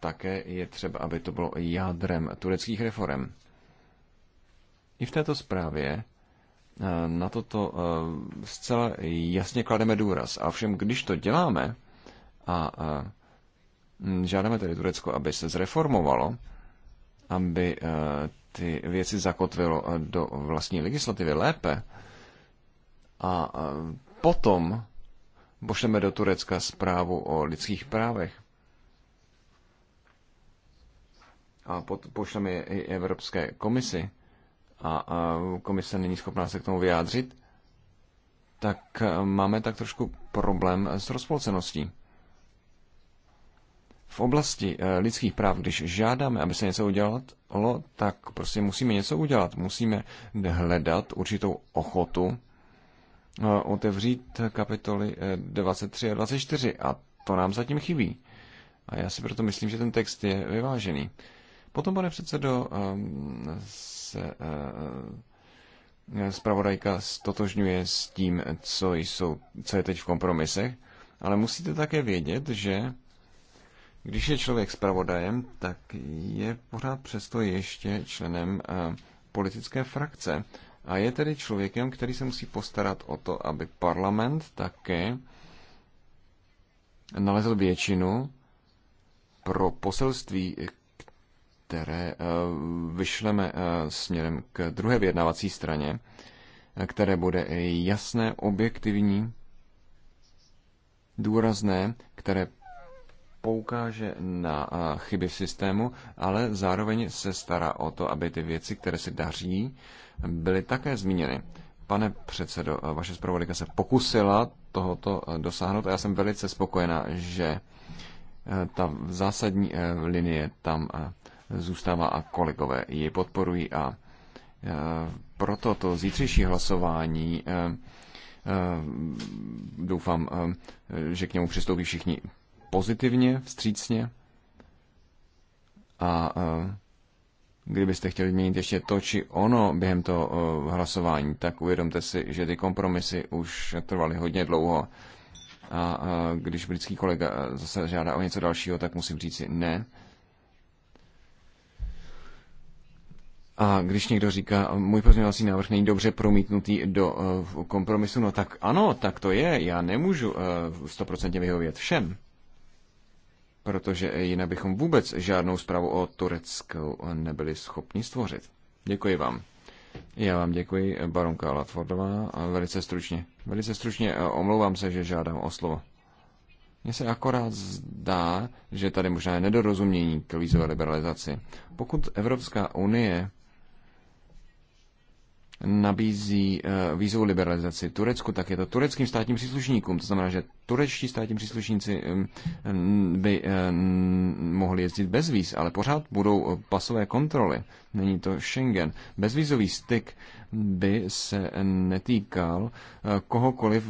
také je třeba, aby to bylo jádrem tureckých reform. I v této zprávě Eh, na toto eh, zcela jasně klademe důraz. A všem, když to děláme a eh, žádáme tedy Turecko, aby se zreformovalo, aby ty věci zakotvilo do vlastní legislativy lépe a potom pošleme do Turecka zprávu o lidských právech a pošleme je i Evropské komisi, a, a komise není schopná se k tomu vyjádřit, tak e, máme tak trošku problém s rozpolceností. V oblasti e, lidských práv, když žádáme, aby se něco udělalo, tak prostě musíme něco udělat. Musíme hledat určitou ochotu e, otevřít kapitoly 23 a 24 a to nám zatím chybí. A já si proto myslím, že ten text je vyvážený. Potom, pane předsedo, ehm, se ehm, zpravodajka stotožňuje s tím, co, jsou, co je teď v kompromisech, ale musíte také vědět, že když je člověk zpravodajem, tak je pořád přesto ještě členem ehm, politické frakce. A je tedy člověkem, který se musí postarat o to, aby parlament také nalezl většinu pro poselství, které eh, vyšleme eh, směrem k druhé vyjednávací straně, eh, které bude jasné, objektivní, důrazné, které poukáže na chyby v systému, ale zároveň se stará o to, aby ty věci, které se daří, byly také zmíněny. Pane předsedo, vaše zpravodajka se pokusila tohoto dosáhnout a já jsem velice spokojená, že ta zásadní linie tam zůstává a kolegové ji podporují a e, proto to zítřejší hlasování e, e, doufám, že k němu přistoupí všichni pozitivně, vstřícně a kdybyste chtěli změnit ještě to či ono během toho hlasování, tak uvědomte si, že ty kompromisy už trvaly hodně dlouho. A když britský kolega zase žádá o něco dalšího, tak musím říci ne. A když někdo říká, můj pozměňovací návrh není dobře promítnutý do eh, kompromisu, no tak ano, tak to je. Já nemůžu eh, stoprocentně vyhovět všem. Protože jinak bychom vůbec žádnou zprávu o tureckou nebyli schopni stvořit. Děkuji vám. Já vám děkuji, baronka Latfordová. Velice stručně. Velice stručně eh, omlouvám se, že žádám o slovo. Mně se akorát zdá, že tady možná je nedorozumění k vízové liberalizaci. Pokud Evropská unie nabízí eh, vízovou liberalizaci Turecku, tak je to tureckým státním příslušníkům. To znamená, že turečtí státní příslušníci by eh, mohli jezdit bez víz, ale pořád budou eh, pasové kontroly. Není to Schengen. Bezvízový styk by se netýkal kohokoliv,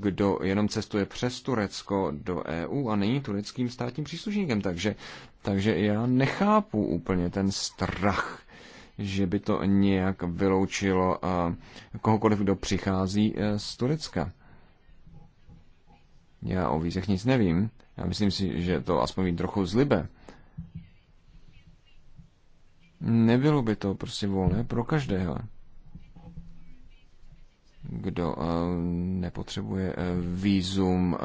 kdo jenom cestuje přes Turecko do EU a není tureckým státním příslušníkem. Takže, takže já nechápu úplně ten strach že by to nějak vyloučilo kohokoliv, kdo přichází e, z Turecka. Já o vízech nic nevím. Já myslím si, že to aspoň být trochu zlibe. Nebylo by to prostě volné pro každého kdo eh, nepotřebuje eh, výzum eh,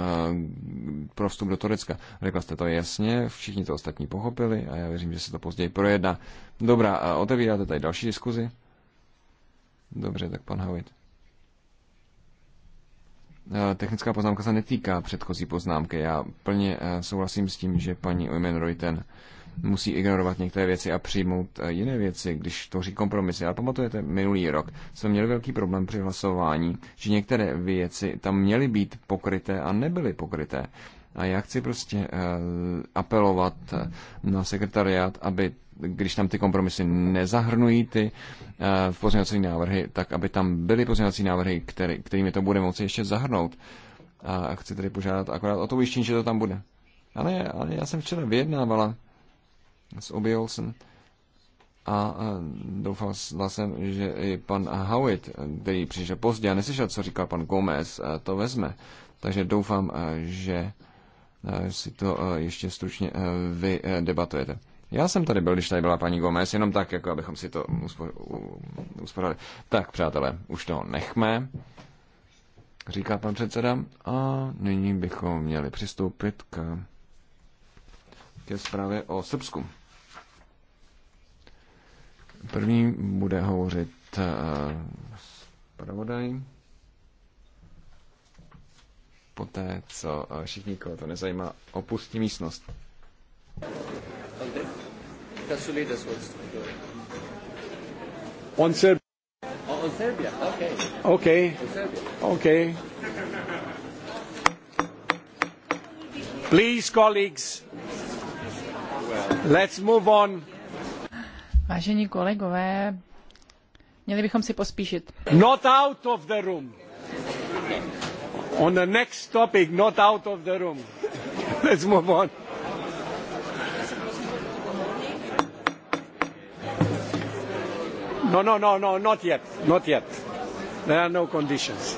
pro vstup do Turecka. Řekla jste to jasně, všichni to ostatní pochopili a já věřím, že se to později projedná. Dobrá, a otevíráte tady další diskuzi? Dobře, tak pan Uh, Technická poznámka se netýká předchozí poznámky. Já plně souhlasím s tím, že paní Oymen Reuten musí ignorovat některé věci a přijmout eh, jiné věci, když tvoří kompromisy. Ale pamatujete, minulý rok jsme měli velký problém při hlasování, že některé věci tam měly být pokryté a nebyly pokryté. A já chci prostě eh, apelovat eh, na sekretariát, aby když tam ty kompromisy nezahrnují ty uh, pozměňovací návrhy, tak aby tam byly pozměňovací návrhy, který, kterými to bude moci ještě zahrnout. A chci tedy požádat akorát o to ujištění, že to tam bude. Ale, ale já jsem včera vyjednávala s Obi Olsen. A doufal jsem, že i pan Howitt, který přišel pozdě a neslyšel, co říkal pan Gomez, e, to vezme. Takže doufám, e, že e, si to ještě stručně vy debatujete. Já jsem tady byl, když tady byla paní Gomez, jenom tak, jako abychom si to uspořádali. Tak, přátelé, už to nechme, říká pan předseda. A nyní bychom měli přistoupit k, ke zprávě o Srbsku. První bude hovořit eh, zpravodaj. Poté, co eh, všichni, koho to nezajímá, opustí místnost. On Serbia. Oh, on Serbia. Okay. Okay. On Serbia. Okay. Please, colleagues, let's move on. Vážení kolegové, měli bychom si pospíšit. Not out of the room. On the next topic, not out of the room. Let's move on. No, no, no, no, not yet, not yet. There are no conditions.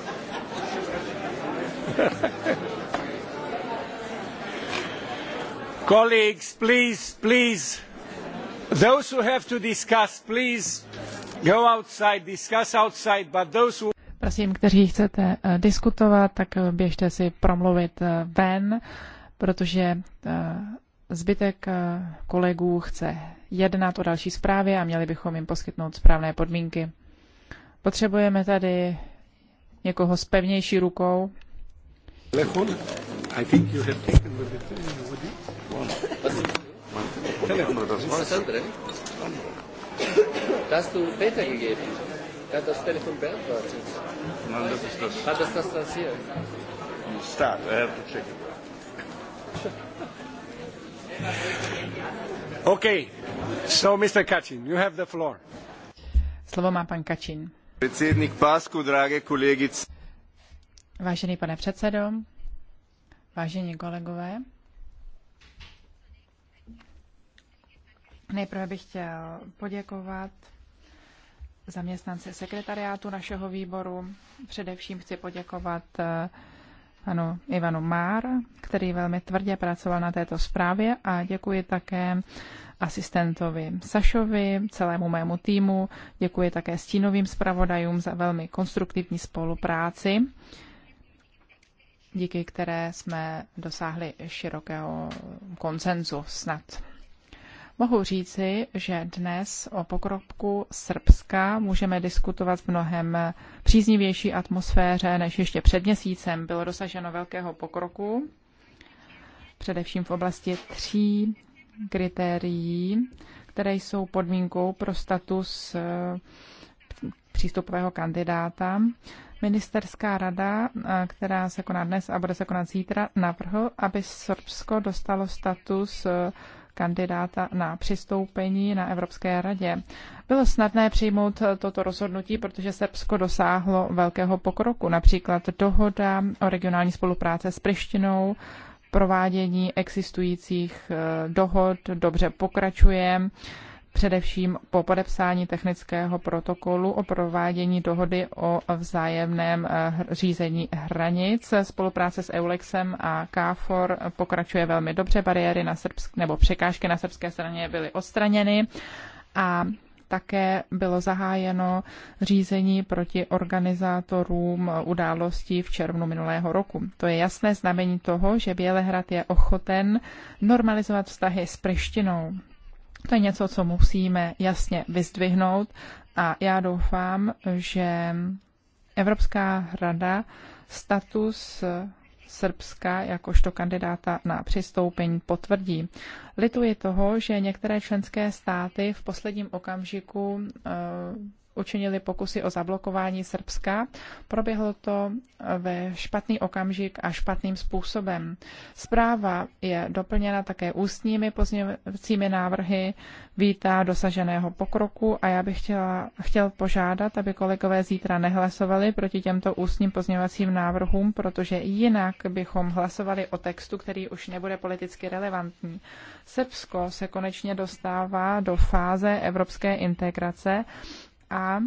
Colleagues, please, please. Those who have to discuss, please go outside, discuss outside, but those who... Prosím, kteří chcete eh, diskutovat, tak eh, běžte si promluvit eh, ven, protože zbytek kolegů chce jednat o další zprávě a měli bychom jim poskytnout správné podmínky. Potřebujeme tady někoho s pevnější rukou. Lechon, I think you have taken the Telefon oder das du? hast du Peter gegeben. Er hat das Telefon beantwortet. Nein, das ist das. Hat das das, das hier? Start, I have to check it. Okay, so Mr. Kacin, you have the floor. Slovo má pan Kacin. Předsednik Pásku, drahé kolegice. Vážený pane předsedo, vážení kolegové, Nejprve bych chtěl poděkovat zaměstnance sekretariátu našeho výboru. Především chci poděkovat eh, panu Ivanu Már, který velmi tvrdě pracoval na této zprávě a děkuji také asistentovi Sašovi, celému mému týmu, děkuji také stínovým zpravodajům za velmi konstruktivní spolupráci, díky které jsme dosáhli širokého koncenzu snad. Mohu říci, že dnes o pokroku Srbska můžeme diskutovat v mnohem příznivější atmosféře než ještě před měsícem. Bylo dosaženo velkého pokroku, především v oblasti tří kritérií, které jsou podmínkou pro status eh, přístupového kandidáta. Ministerská rada, eh, která se koná dnes a bude se konat zítra, navrhl, aby Srbsko dostalo status eh, kandidáta na přistoupení na Evropské radě. Bylo snadné přijmout toto rozhodnutí, protože Srbsko dosáhlo velkého pokroku, například dohoda o regionální spolupráce s Prištinou, provádění existujících eh, dohod dobře pokračuje především po podepsání technického protokolu o provádění dohody o vzájemném eh, řízení hranic. Spolupráce s Eulexem a KFOR pokračuje velmi dobře. Bariéry na srbsk, nebo překážky na srbské straně byly odstraněny a také bylo zahájeno řízení proti organizátorům eh, událostí v červnu minulého roku. To je jasné znamení toho, že Bělehrad je ochoten normalizovat vztahy s Prištinou. To je něco, co musíme jasně vyzdvihnout a já doufám, že Evropská rada status Srbska jakožto kandidáta na přistoupení potvrdí. Lituji toho, že některé členské státy v posledním okamžiku eh, učinili pokusy o zablokování Srbska. Proběhlo to eh, ve špatný okamžik a špatným způsobem. Zpráva je doplněna také ústními pozněvacími návrhy, vítá dosaženého pokroku a já bych chtěla, chtěl požádat, aby kolegové zítra nehlasovali proti těmto ústním pozněvacím návrhům, protože jinak bychom hlasovali o textu, který už nebude politicky relevantní. Srbsko se konečně dostává do fáze evropské integrace a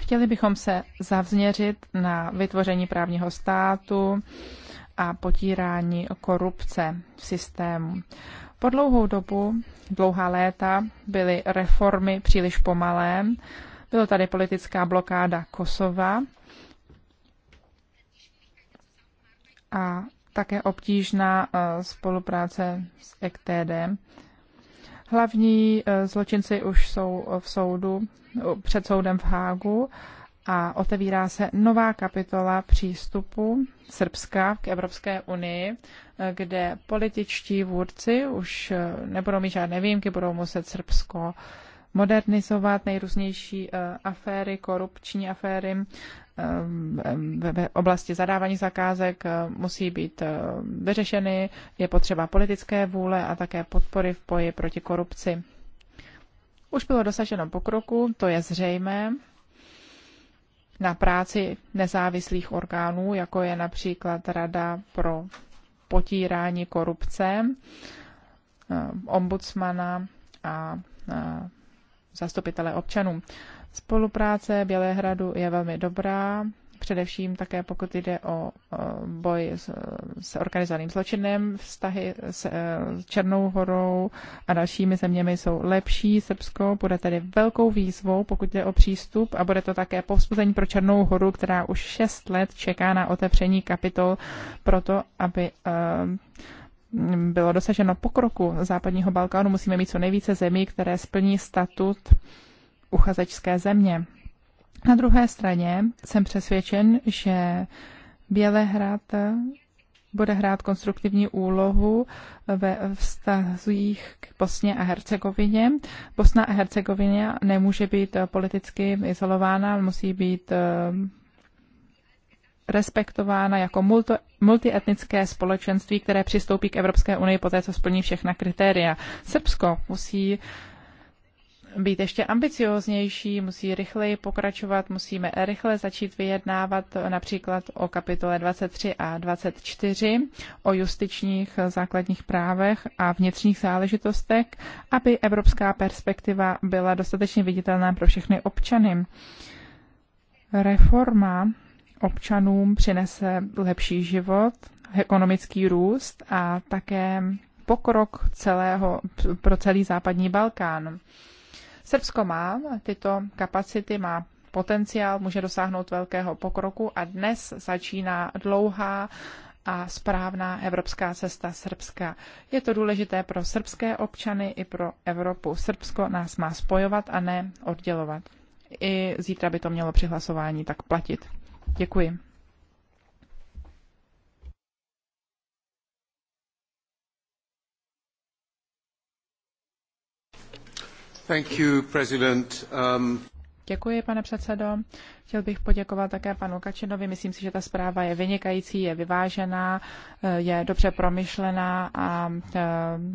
chtěli bychom se zavzněřit na vytvoření právního státu a potírání korupce v systému. Po dlouhou dobu, dlouhá léta, byly reformy příliš pomalé. Byla tady politická blokáda Kosova a také obtížná eh, spolupráce s EKTD Hlavní eh, zločinci už jsou v soudu, před soudem v Hágu a otevírá se nová kapitola přístupu Srbska k Evropské unii, eh, kde političtí vůdci už eh, nebudou mít žádné výjimky, budou muset Srbsko modernizovat nejrůznější aféry, korupční aféry Ehm, v oblasti zadávání zakázek eh, musí být eh, vyřešeny, je potřeba politické vůle a také podpory v boji proti korupci. Už bylo dosaženo pokroku, to je zřejmé, na práci nezávislých orgánů, jako je například Rada pro potírání korupce, eh, ombudsmana a zastupitele občanů. Spolupráce Bělehradu je velmi dobrá, především také pokud jde o boj s, organizovaným zločinem, vztahy e, s Černou horou a dalšími zeměmi jsou lepší. Srbsko bude tedy velkou výzvou, pokud jde o přístup a bude to také povzbuzení pro Černou horu, která už 6 let čeká na otevření kapitol proto, aby e, bylo dosaženo pokroku západního Balkánu. Musíme mít co nejvíce zemí, které splní statut uchazečské země. Na druhé straně jsem přesvědčen, že Bělehrad bude hrát konstruktivní úlohu ve vztazích k Bosně a Hercegovině. Bosna a Hercegovina nemůže být politicky izolována, musí být eh, respektována jako multi, multietnické společenství, které přistoupí k Evropské unii poté, co splní všechna kritéria. Srbsko musí být ještě ambicioznější, musí rychleji pokračovat, musíme rychle začít vyjednávat například o kapitole 23 a 24, o justičních základních právech a vnitřních záležitostech, aby evropská perspektiva byla dostatečně viditelná pro všechny občany. Reforma občanům přinese lepší život, ekonomický růst a také pokrok celého, pro celý západní Balkán. Srbsko má tyto kapacity, má potenciál, může dosáhnout velkého pokroku a dnes začíná dlouhá a správná evropská cesta Srbska. Je to důležité pro srbské občany i pro Evropu. Srbsko nás má spojovat a ne oddělovat. I zítra by to mělo při hlasování tak platit. Děkuji. Um, Děkuji, pane předsedo. Chtěl bych poděkovat také panu Kačinovi. Myslím si, že ta zpráva je vynikající, je vyvážená, eh, je dobře promyšlená a eh,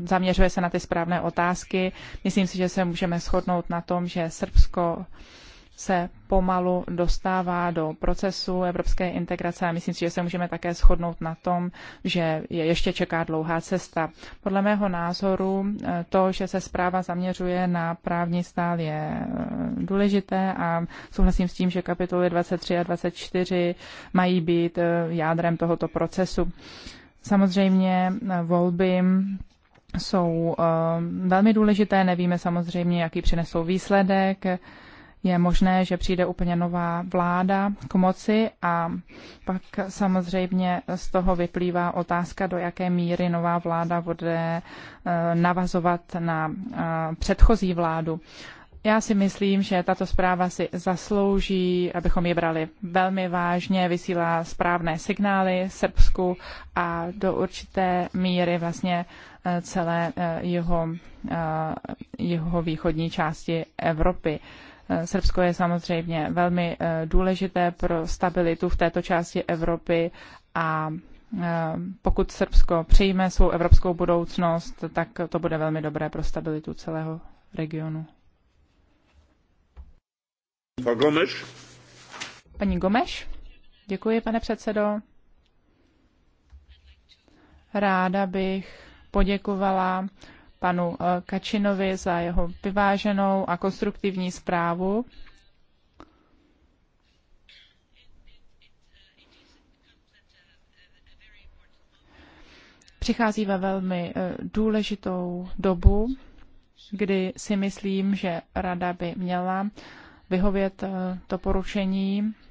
zaměřuje se na ty správné otázky. Myslím si, že se můžeme shodnout na tom, že Srbsko se pomalu dostává do procesu evropské integrace a myslím si, že se můžeme také shodnout na tom, že je ještě čeká dlouhá cesta. Podle mého názoru eh, to, že se zpráva zaměřuje na právní stál je eh, důležité a souhlasím s tím, že kapitoly 23 a 24 mají být eh, jádrem tohoto procesu. Samozřejmě volby jsou velmi důležité, nevíme samozřejmě, jaký přinesou výsledek, je možné, že přijde úplně nová vláda k moci a pak samozřejmě z toho vyplývá otázka, do jaké míry nová vláda bude eh, navazovat na eh, předchozí vládu. Já si myslím, že tato zpráva si zaslouží, abychom ji brali velmi vážně, vysílá správné signály Srbsku a do určité míry vlastně eh, celé jeho, jeho východní části Evropy. Srbsko je samozřejmě velmi eh, důležité pro stabilitu v této části Evropy a eh, pokud Srbsko přijme svou evropskou budoucnost, tak to bude velmi dobré pro stabilitu celého regionu. Gomeš. Paní Gomeš, děkuji, pane předsedo. Ráda bych poděkovala panu eh, Kačinovi za jeho vyváženou a konstruktivní zprávu. Přichází ve velmi eh, důležitou dobu, kdy si myslím, že rada by měla vyhovět doporučením eh,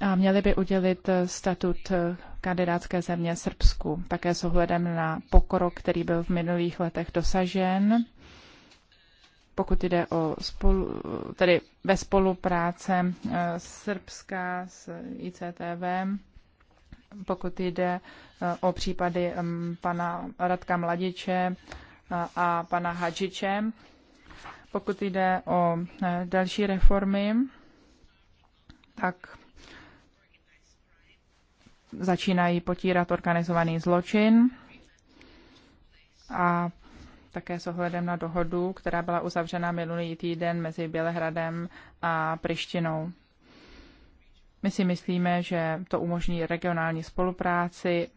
a měli by udělit eh, statut eh, kandidátské země Srbsku, také s ohledem na pokrok, který byl v minulých letech dosažen, pokud jde o spolu, tedy ve spolupráce eh, Srbska s ICTV, pokud jde o případy mm, pana Radka Mladiče a pana Hadžiče, pokud jde o další reformy, tak začínají potírat organizovaný zločin a také s ohledem na dohodu, která byla uzavřena minulý týden mezi Bělehradem a Prištinou. My si myslíme, že to umožní regionální spolupráci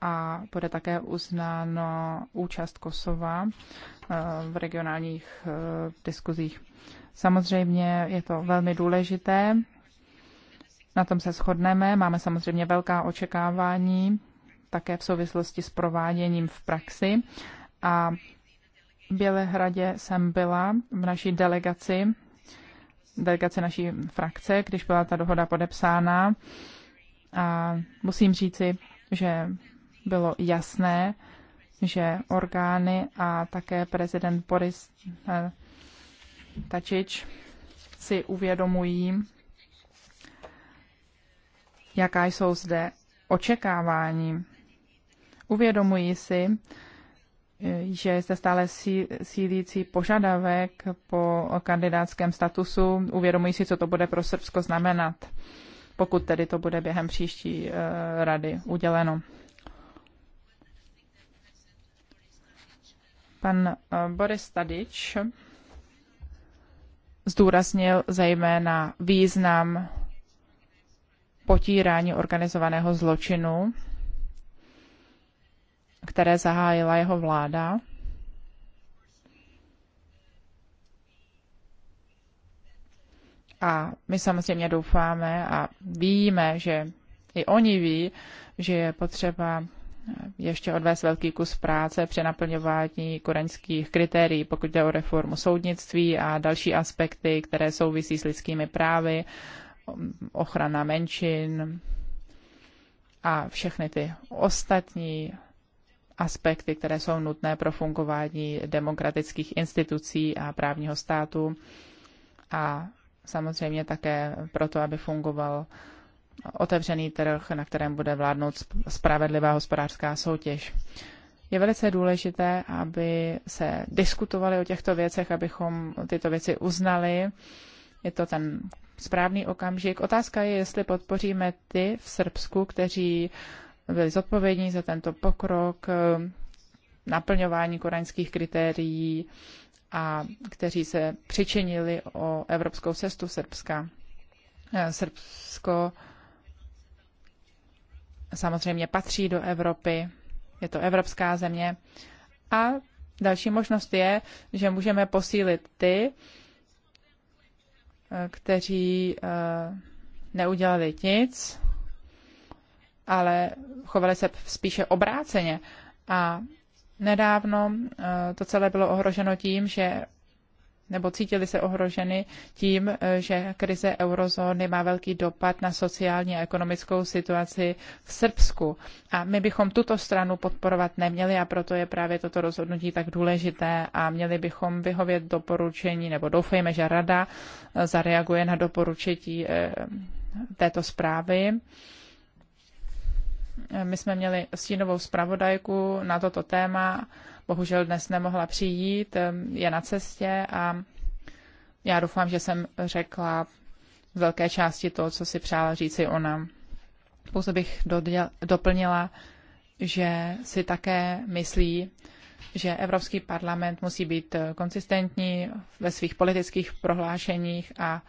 a bude také uznáno účast Kosova eh, v regionálních eh, diskuzích. Samozřejmě je to velmi důležité na tom se shodneme. Máme samozřejmě velká očekávání také v souvislosti s prováděním v praxi. A v Bělehradě jsem byla v naší delegaci, delegaci naší frakce, když byla ta dohoda podepsána. A musím říci, že bylo jasné, že orgány a také prezident Boris eh, Tačič si uvědomují, jaká jsou zde očekávání. Uvědomují si, že je zde stále sílící požadavek po kandidátském statusu. Uvědomují si, co to bude pro Srbsko znamenat, pokud tedy to bude během příští eh, rady uděleno. Pan eh, Boris Tadič zdůraznil zejména význam potírání organizovaného zločinu, které zahájila jeho vláda. A my samozřejmě doufáme a víme, že i oni ví, že je potřeba ještě odvést velký kus práce při naplňování koreňských kritérií, pokud jde o reformu soudnictví a další aspekty, které souvisí s lidskými právy ochrana menšin a všechny ty ostatní aspekty, které jsou nutné pro fungování demokratických institucí a právního státu a samozřejmě také proto, aby fungoval otevřený trh, na kterém bude vládnout spravedlivá hospodářská soutěž. Je velice důležité, aby se diskutovali o těchto věcech, abychom tyto věci uznali. Je to ten správný okamžik. Otázka je, jestli podpoříme ty v Srbsku, kteří byli zodpovědní za tento pokrok, eh, naplňování koraňských kritérií a kteří se přičinili o evropskou cestu Srbska. Eh, Srbsko samozřejmě patří do Evropy, je to evropská země. A další možnost je, že můžeme posílit ty, Eh, kteří eh, neudělali nic, ale chovali se spíše obráceně. A nedávno eh, to celé bylo ohroženo tím, že nebo cítili se ohroženy tím, eh, že krize eurozóny má velký dopad na sociální a ekonomickou situaci v Srbsku. A my bychom tuto stranu podporovat neměli a proto je právě toto rozhodnutí tak důležité a měli bychom vyhovět doporučení, nebo doufejme, že Rada eh, zareaguje na doporučení eh, této zprávy. My jsme měli stínovou zpravodajku na toto téma bohužel dnes nemohla přijít, je na cestě a já doufám, že jsem řekla z velké části to, co si přála říci ona. Pouze bych doplnila, že si také myslí, že Evropský parlament musí být eh, konsistentní ve svých politických prohlášeních a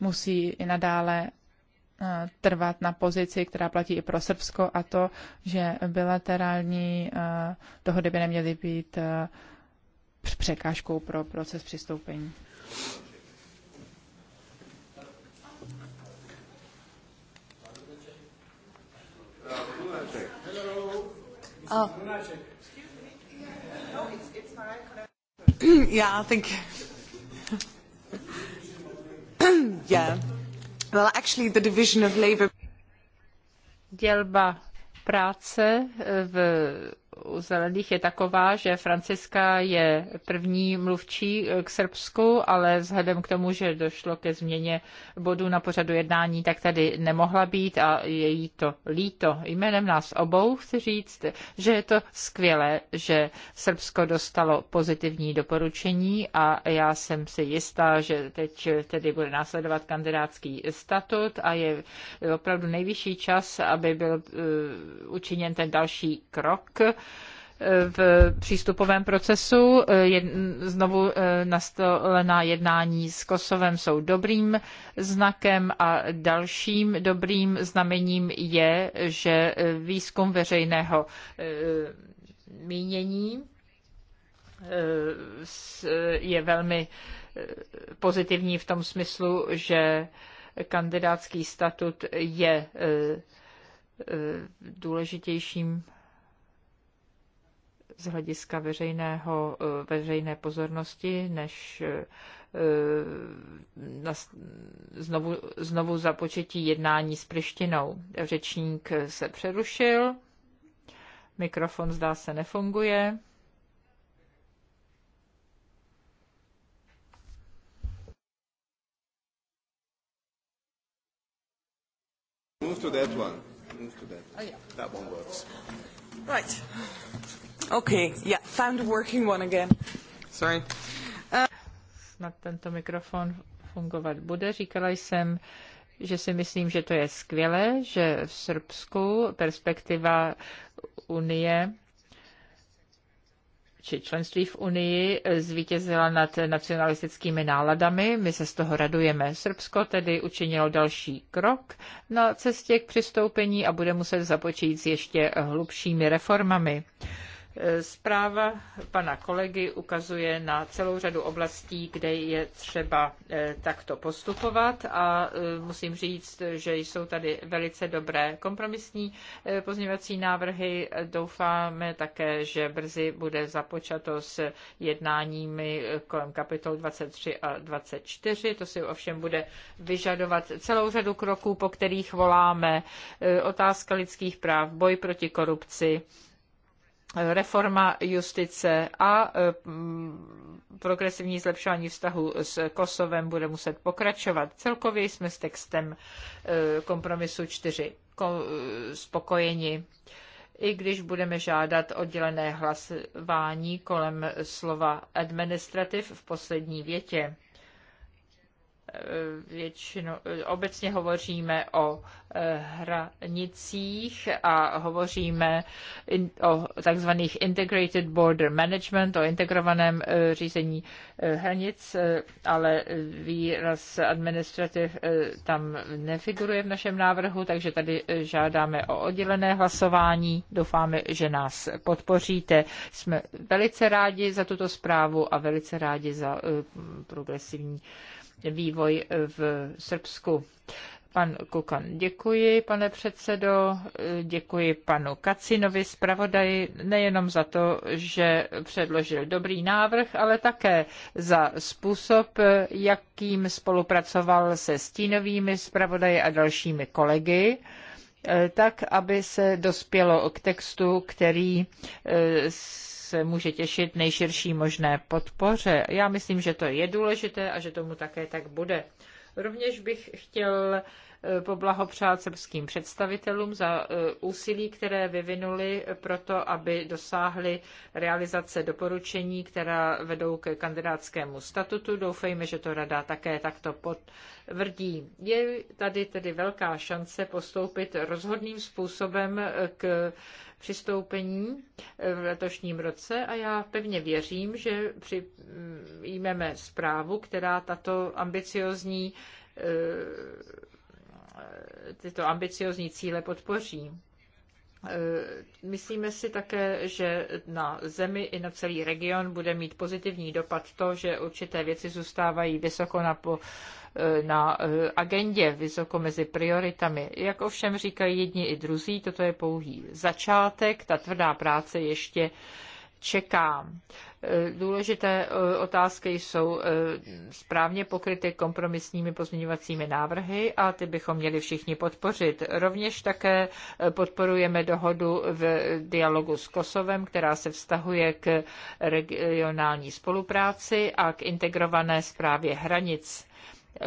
musí i nadále Eh, trvat na pozici, která platí i pro Srbsko, a to, že bilaterální eh, dohody by neměly být eh, překážkou pro proces přistoupení. Oh. yeah, I think. yeah. Well, actually Dělba práce v u zelených je taková, že Franciska je první mluvčí k Srbsku, ale vzhledem k tomu, že došlo ke změně bodu na pořadu jednání, tak tady nemohla být a je jí to líto. Jménem nás obou chci říct, že je to skvělé, že Srbsko dostalo pozitivní doporučení a já jsem si jistá, že teď tedy bude následovat kandidátský statut a je opravdu nejvyšší čas, aby byl eh, učiněn ten další krok, v přístupovém procesu. Znovu eh, nastolená jednání s Kosovem jsou dobrým znakem a dalším dobrým znamením je, že eh, výzkum veřejného eh, mínění je velmi pozitivní v tom smyslu, že kandidátský statut je důležitějším z hlediska veřejného, eh, veřejné pozornosti, než eh, na znovu, znovu započetí jednání s Prištinou. Řečník se přerušil, mikrofon zdá se nefunguje. Move to that one. Move to that. Oh, yeah. That one works. Right. Okay, yeah, found a working one again. Sorry. Snad tento mikrofon fungovat bude. Říkala jsem, že si myslím, že to je skvělé, že v Srbsku perspektiva Unie či členství v Unii zvítězila nad nacionalistickými náladami. My se z toho radujeme. Srbsko tedy učinilo další krok na cestě k přistoupení a bude muset započít s ještě hlubšími reformami. Zpráva pana kolegy ukazuje na celou řadu oblastí, kde je třeba eh, takto postupovat a eh, musím říct, že jsou tady velice dobré kompromisní eh, pozměňovací návrhy. Doufáme také, že brzy bude započato s jednáními kolem kapitol 23 a 24. To si ovšem bude vyžadovat celou řadu kroků, po kterých voláme. Otázka lidských práv, boj proti korupci, reforma justice a mm, progresivní zlepšování vztahu s Kosovem bude muset pokračovat. Celkově jsme s textem e, kompromisu 4 e, spokojeni i když budeme žádat oddělené hlasování kolem slova administrativ v poslední větě většinu, obecně hovoříme o eh, hranicích a hovoříme o takzvaných integrated border management, o integrovaném eh, řízení eh, hranic, ale výraz administrativ tam nefiguruje v našem návrhu, takže tady žádáme o oddělené hlasování. Doufáme, že nás podpoříte. Jsme velice rádi za tuto zprávu a velice rádi za progresivní vývoj v Srbsku. Pan Kukan, děkuji, pane předsedo, děkuji panu Kacinovi, zpravodaji, nejenom za to, že předložil dobrý návrh, ale také za způsob, jakým spolupracoval se stínovými zpravodaji a dalšími kolegy eh, tak, aby se dospělo k textu, který eh, se může těšit nejširší možné podpoře. Já myslím, že to je důležité a že tomu také tak bude. Rovněž bych chtěl poblahopřát srbským představitelům za e, úsilí, které vyvinuli pro to, aby dosáhli realizace doporučení, která vedou ke kandidátskému statutu. Doufejme, že to rada také takto potvrdí. Je tady tedy velká šance postoupit rozhodným způsobem k přistoupení v letošním roce a já pevně věřím, že přijmeme zprávu, která tato ambiciozní e, Eh, tyto ambiciozní cíle podpoří. Eh, myslíme si také, že na zemi i na celý region bude mít pozitivní dopad to, že určité věci zůstávají vysoko na, po, eh, na agendě, vysoko mezi prioritami. Jak ovšem říkají jedni i druzí, toto je pouhý začátek, ta tvrdá práce ještě čeká. Důležité e, otázky jsou e, správně pokryty kompromisními pozměňovacími návrhy a ty bychom měli všichni podpořit. Rovněž také e, podporujeme dohodu v dialogu s Kosovem, která se vztahuje k regionální spolupráci a k integrované správě hranic.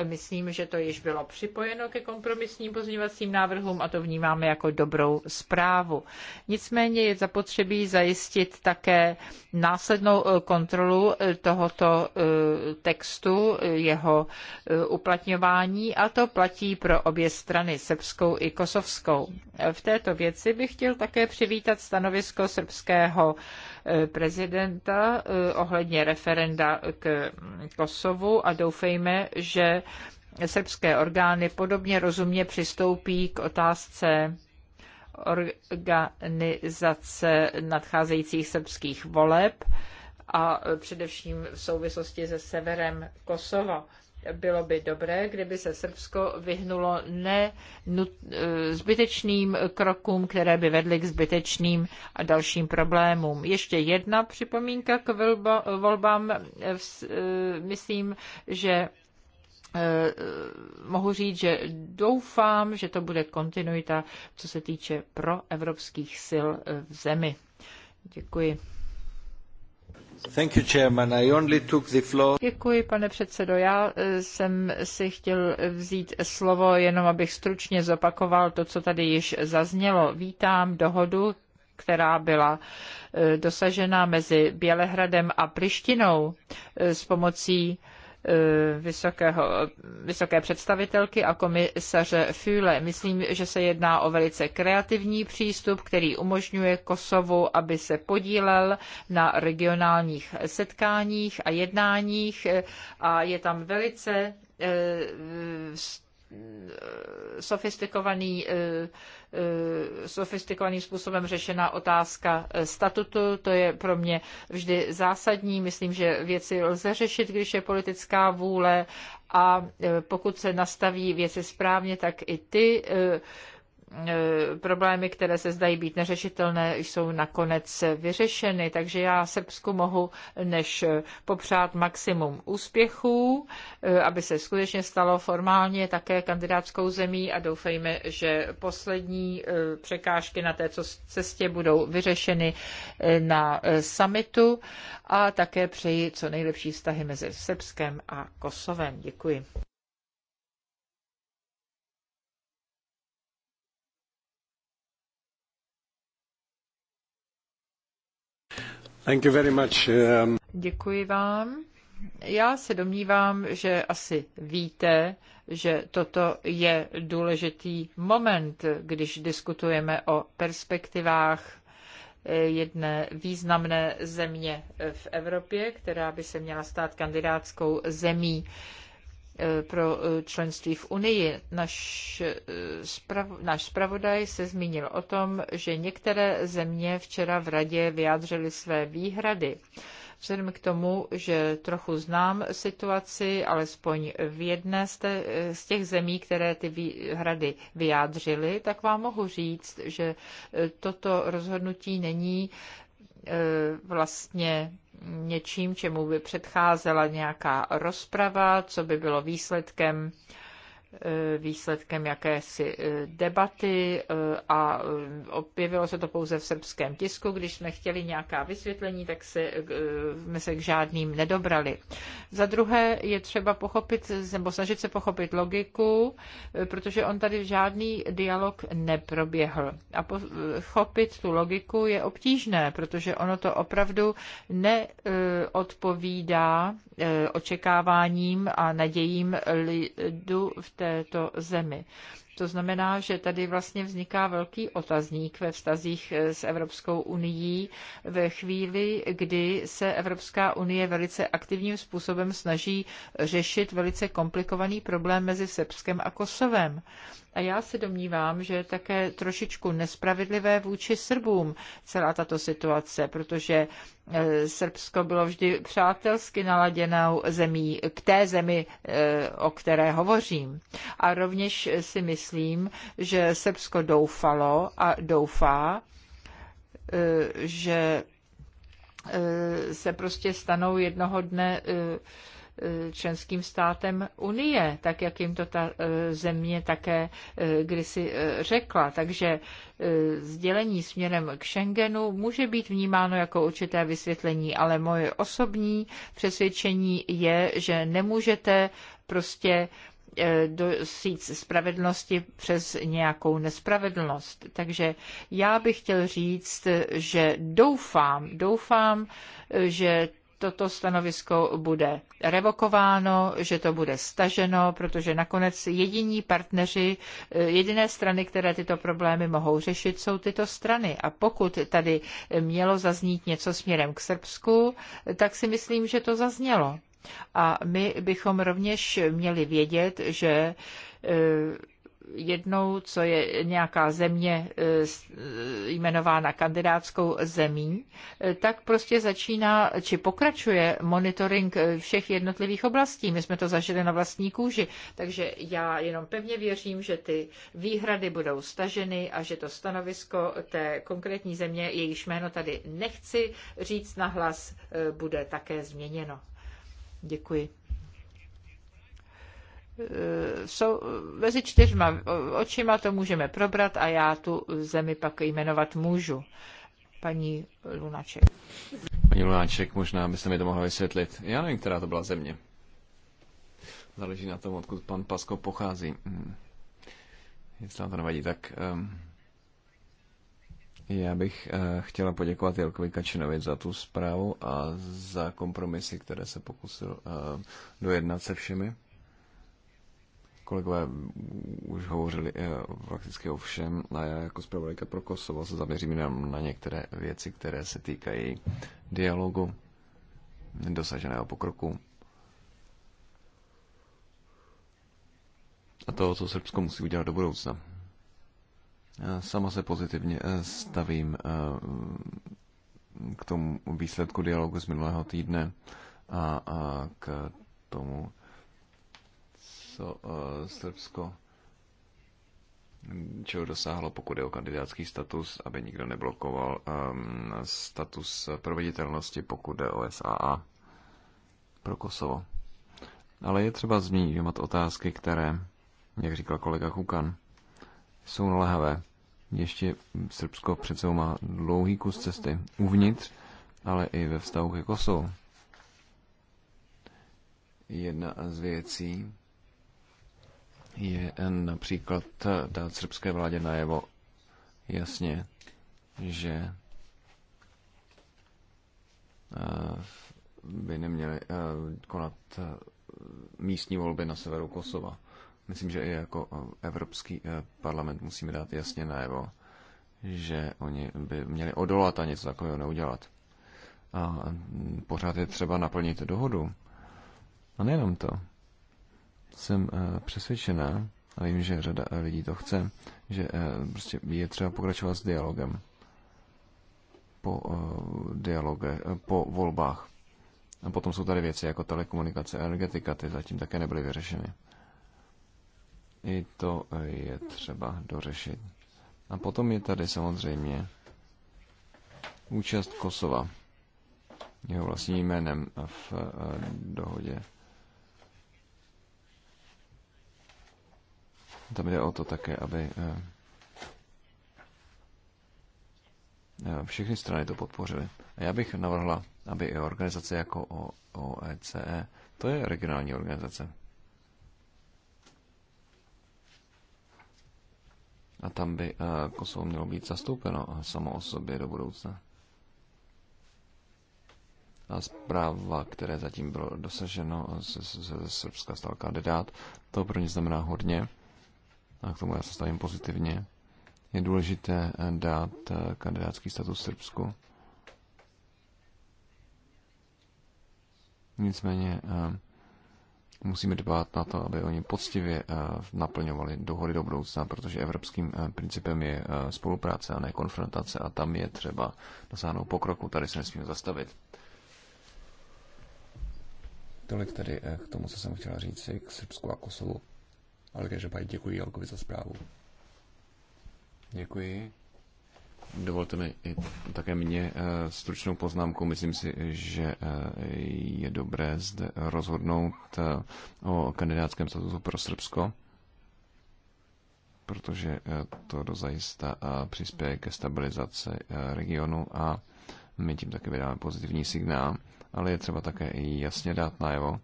Myslím, že to již bylo připojeno ke kompromisním pozměňovacím návrhům a to vnímáme jako dobrou zprávu. Nicméně je zapotřebí zajistit také následnou eh, kontrolu eh, tohoto eh, textu, jeho uplatňování a to platí pro obě strany, srbskou i kosovskou. V této věci bych chtěl také přivítat stanovisko srbského prezidenta eh, ohledně referenda k Kosovu a doufejme, že srbské orgány podobně rozumně přistoupí k otázce organizace nadcházejících srbských voleb a především v souvislosti se severem Kosova bylo by dobré, kdyby se Srbsko vyhnulo ne nut, zbytečným krokům, které by vedly k zbytečným a dalším problémům. Ještě jedna připomínka k volbám. E, myslím, že e, mohu říct, že doufám, že to bude kontinuita, co se týče proevropských sil e, v zemi. Děkuji. Děkuji, pane předsedo. Já eh, jsem si chtěl vzít slovo, jenom abych stručně zopakoval to, co tady již zaznělo. Vítám dohodu, která byla eh, dosažena mezi Bělehradem a Prištinou eh, s pomocí Eh, vysokého, vysoké představitelky a komisaře Füle. Myslím, že se jedná o velice kreativní přístup, který umožňuje Kosovu, aby se podílel na regionálních setkáních a jednáních eh, a je tam velice eh, sofistikovaný, eh, eh, sofistikovaným způsobem řešena otázka eh, statutu. To je pro mě vždy zásadní. Myslím, že věci lze řešit, když je politická vůle a pokud se nastaví věci správně, tak i ty Eh, problémy, které se zdají být neřešitelné, jsou nakonec vyřešeny. Takže já Srbsku mohu než popřát maximum úspěchů, eh, aby se skutečně stalo formálně také kandidátskou zemí a doufejme, že poslední eh, překážky na této cestě budou vyřešeny na summitu a také přeji co nejlepší vztahy mezi Srbskem a Kosovem. Děkuji. Thank you very much. Um... Děkuji vám. Já se domnívám, že asi víte, že toto je důležitý moment, když diskutujeme o perspektivách eh, jedné významné země v Evropě, která by se měla stát kandidátskou zemí pro eh, členství v Unii. Naš, eh, sprav, náš zpravodaj se zmínil o tom, že některé země včera v radě vyjádřily své výhrady. Vzhledem k tomu, že trochu znám situaci, alespoň v jedné z, te, eh, z těch zemí, které ty výhrady vyjádřily, tak vám mohu říct, že toto rozhodnutí není vlastně něčím, čemu by předcházela nějaká rozprava, co by bylo výsledkem Eh, výsledkem jakési eh, debaty eh, a objevilo se to pouze v srbském tisku. Když jsme chtěli nějaká vysvětlení, tak se, jsme se k žádným nedobrali. Za druhé je třeba pochopit, nebo snažit se pochopit logiku, protože on tady žádný dialog neproběhl. A pochopit tu logiku je obtížné, protože ono to opravdu neodpovídá očekáváním a nadějím lidu v této zemi. To znamená, že tady vlastně vzniká velký otazník ve vztazích eh, s Evropskou unii ve chvíli, kdy se Evropská unie velice aktivním způsobem snaží řešit velice komplikovaný problém mezi Srbskem a Kosovem. A já se domnívám, že je také trošičku nespravedlivé vůči Srbům celá tato situace, protože e, Srbsko bylo vždy přátelsky naladěnou zemí k té zemi, e, o které hovořím. A rovněž si myslím, že Srbsko doufalo a doufá, e, že se prostě stanou jednoho dne členským státem Unie, tak jak jim to ta e, země také e, kdysi e, řekla. Takže sdělení směrem k Schengenu může být vnímáno jako určité vysvětlení, ale moje osobní přesvědčení je, že nemůžete prostě dosít spravedlnosti přes nějakou nespravedlnost. Takže já bych chtěl říct, že doufám, doufám, že toto stanovisko bude revokováno, že to bude staženo, protože nakonec jediní partneři, eh, jediné strany, které tyto problémy mohou řešit, jsou tyto strany. A pokud tady mělo zaznít něco směrem k Srbsku, tak si myslím, že to zaznělo. A my bychom rovněž měli vědět, že eh, jednou, co je nějaká země eh, eh, jmenována kandidátskou zemí, eh, tak prostě začíná či pokračuje monitoring všech jednotlivých oblastí. My jsme to zažili na vlastní kůži, takže já jenom pevně věřím, že ty výhrady budou staženy a že to stanovisko té konkrétní země, jejíž jméno tady nechci říct nahlas, bude také změněno. Děkuji. E, jsou, mezi čtyřma očima to můžeme probrat a já tu zemi pak jmenovat můžu. Paní Lunaček. Paní Lunaček, možná byste mi to mohla vysvětlit. Já nevím, která to byla země. Záleží na tom, odkud pan Pasko pochází. Hmm. Jestli vám to nevadí, tak um, já bych uh, chtěla poděkovat Jelkovi Kačinovi za tu zprávu a za kompromisy, které se pokusil uh, dojednat se všemi. Kolegové už hovořili prakticky eh, o všem a já jako zpravodajka pro Kosovo se zaměřím jenom na některé věci, které se týkají dialogu, dosaženého pokroku a toho, co Srbsko musí udělat do budoucna. Sama se pozitivně eh, stavím eh, k tomu výsledku dialogu z minulého týdne a k tomu co eh, Srbsko čeho dosáhlo, pokud je o kandidátský status, aby nikdo neblokoval um, status proveditelnosti, pokud je o SAA pro Kosovo. Ale je třeba zmínit otázky, které, jak říkal kolega Kukan, jsou nalehavé. Ještě Srbsko přece má dlouhý kus cesty uvnitř, ale i ve vztahu ke Kosovu. Jedna z věcí, je například dát eh, srbské vládě najevo jasně, že eh, by neměli eh, konat místní volby na severu Kosova. Myslím, že i jako Evropský parlament musíme dát jasně najevo, že oni by měli odolat a něco takového neudělat. A pořád je třeba naplnit dohodu. A nejenom to. Jsem eh, přesvědčená, a vím, že řada eh, lidí to chce, že eh, prostě je třeba pokračovat s dialogem po dialoge, po volbách. A potom jsou tady věci jako telekomunikace, energetika, ty zatím také nebyly vyřešeny. I to je třeba dořešit. A potom je tady samozřejmě účast Kosova jeho vlastním jménem v dohodě Tam jde o to také, aby eh, eh, všechny strany to podpořily. A já bych navrhla, aby i organizace jako OECE, e, to je regionální organizace, a tam by eh, Kosovo mělo být zastoupeno samo o sobě do budoucna. A zpráva, které zatím bylo dosaženo, se ze Srbska stal kandidát, to pro ně znamená hodně a k tomu já se stavím pozitivně, je důležité eh, dát eh, kandidátský status Srbsku. Nicméně eh, musíme dbát na to, aby oni poctivě naplňovali dohody do budoucna, protože evropským principem je spolupráce a ne konfrontace a tam je třeba dosáhnout pokroku, tady se nesmíme zastavit. Tolik tedy k tomu, co jsem chtěla říct k Srbsku a Kosovu. Ale každopádně děkuji Jelkovi za zprávu. Děkuji. Dovolte mi i také mě eh, stručnou poznámku. Myslím si, že eh, je dobré zde rozhodnout eh, o kandidátském statusu pro Srbsko, protože to dozajista přispěje ke stabilizaci regionu a my tím také vydáme pozitivní signál, ale je třeba také i jasně dát najevo,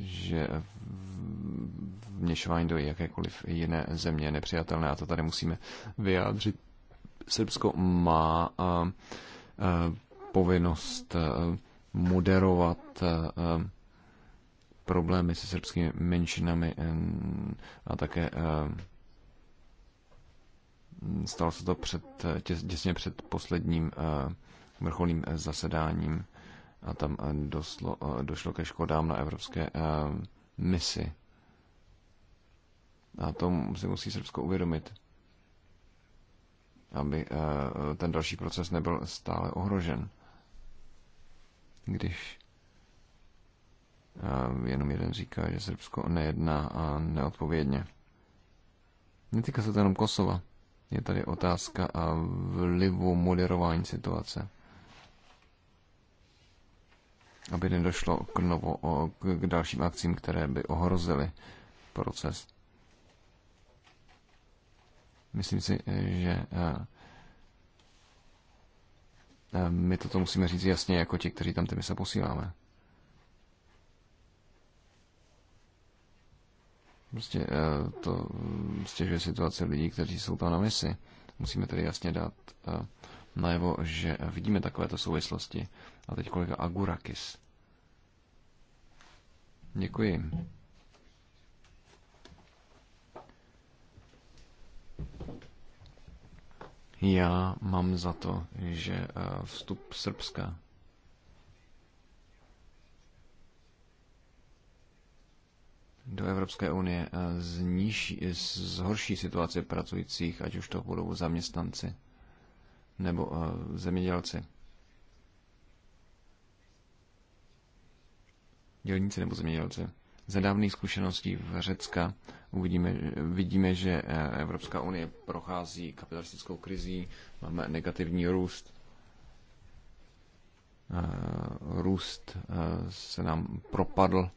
že vměšování do jakékoliv jiné země je nepřijatelné a to tady musíme vyjádřit. Srbsko má povinnost moderovat problémy se srbskými menšinami a také stalo se to před, těsně před posledním vrcholným zasedáním a tam eh, doslo, eh, došlo ke škodám na evropské eh, misi. A to si musí Srbsko uvědomit, aby ten další proces nebyl stále ohrožen. Když jenom jeden říká, že Srbsko nejedná a neodpovědně. Netýká se to jenom Kosova. Je tady otázka a vlivu moderování situace aby nedošlo k, novo, k dalším akcím, které by ohrozily proces. Myslím si, že my toto musíme říct jasně jako ti, kteří tam ty mise posíláme. Prostě to stěžuje situace lidí, kteří jsou tam na misi. Musíme tedy jasně dát najevo, že vidíme takovéto souvislosti. A teď kolega Agurakis. Děkuji. Já mám za to, že eh, vstup Srbska do Evropské unie eh, zniží, zhorší situaci pracujících, ať už to budou zaměstnanci nebo eh, zemědělci. Dělníci nebo zemědělci. Ze dávných zkušeností v Řecka uvidíme, vidíme, že eh, Evropská unie prochází kapitalistickou krizí, máme negativní růst. Eh, růst se nám propadl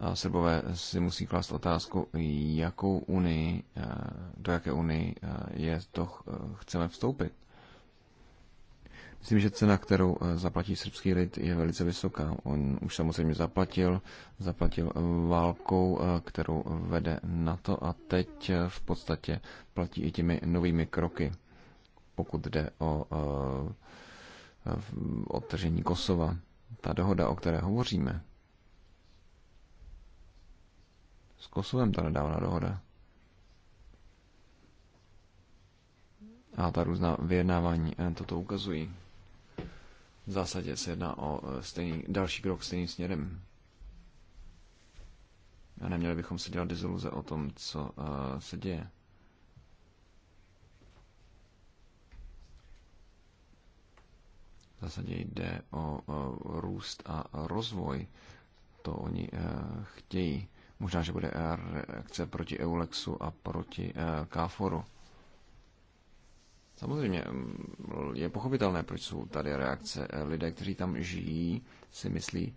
a Srbové si musí klást otázku, jakou unii, eh, do jaké unii eh, je to chceme vstoupit. Myslím, že cena, kterou eh, zaplatí srbský lid, je velice vysoká. On už samozřejmě zaplatil, zaplatil válkou, kterou vede NATO a teď v podstatě platí i těmi novými kroky, pokud jde o odtržení Kosova. Ta dohoda, o které hovoříme, s Kosovem ta nedávná dohoda. A ta různá vyjednávání eh, toto ukazují. V zásadě se jedná o eh, stejný, další krok stejným směrem. A neměli bychom se dělat diziluze o tom, co uh, se děje. V zásadě jde o, o růst a rozvoj. To oni e, chtějí. Možná, že bude reakce proti Eulexu a proti eh, Káforu. Samozřejmě mm, je pochopitelné, proč jsou tady reakce. Eh, lidé, kteří tam žijí, si myslí,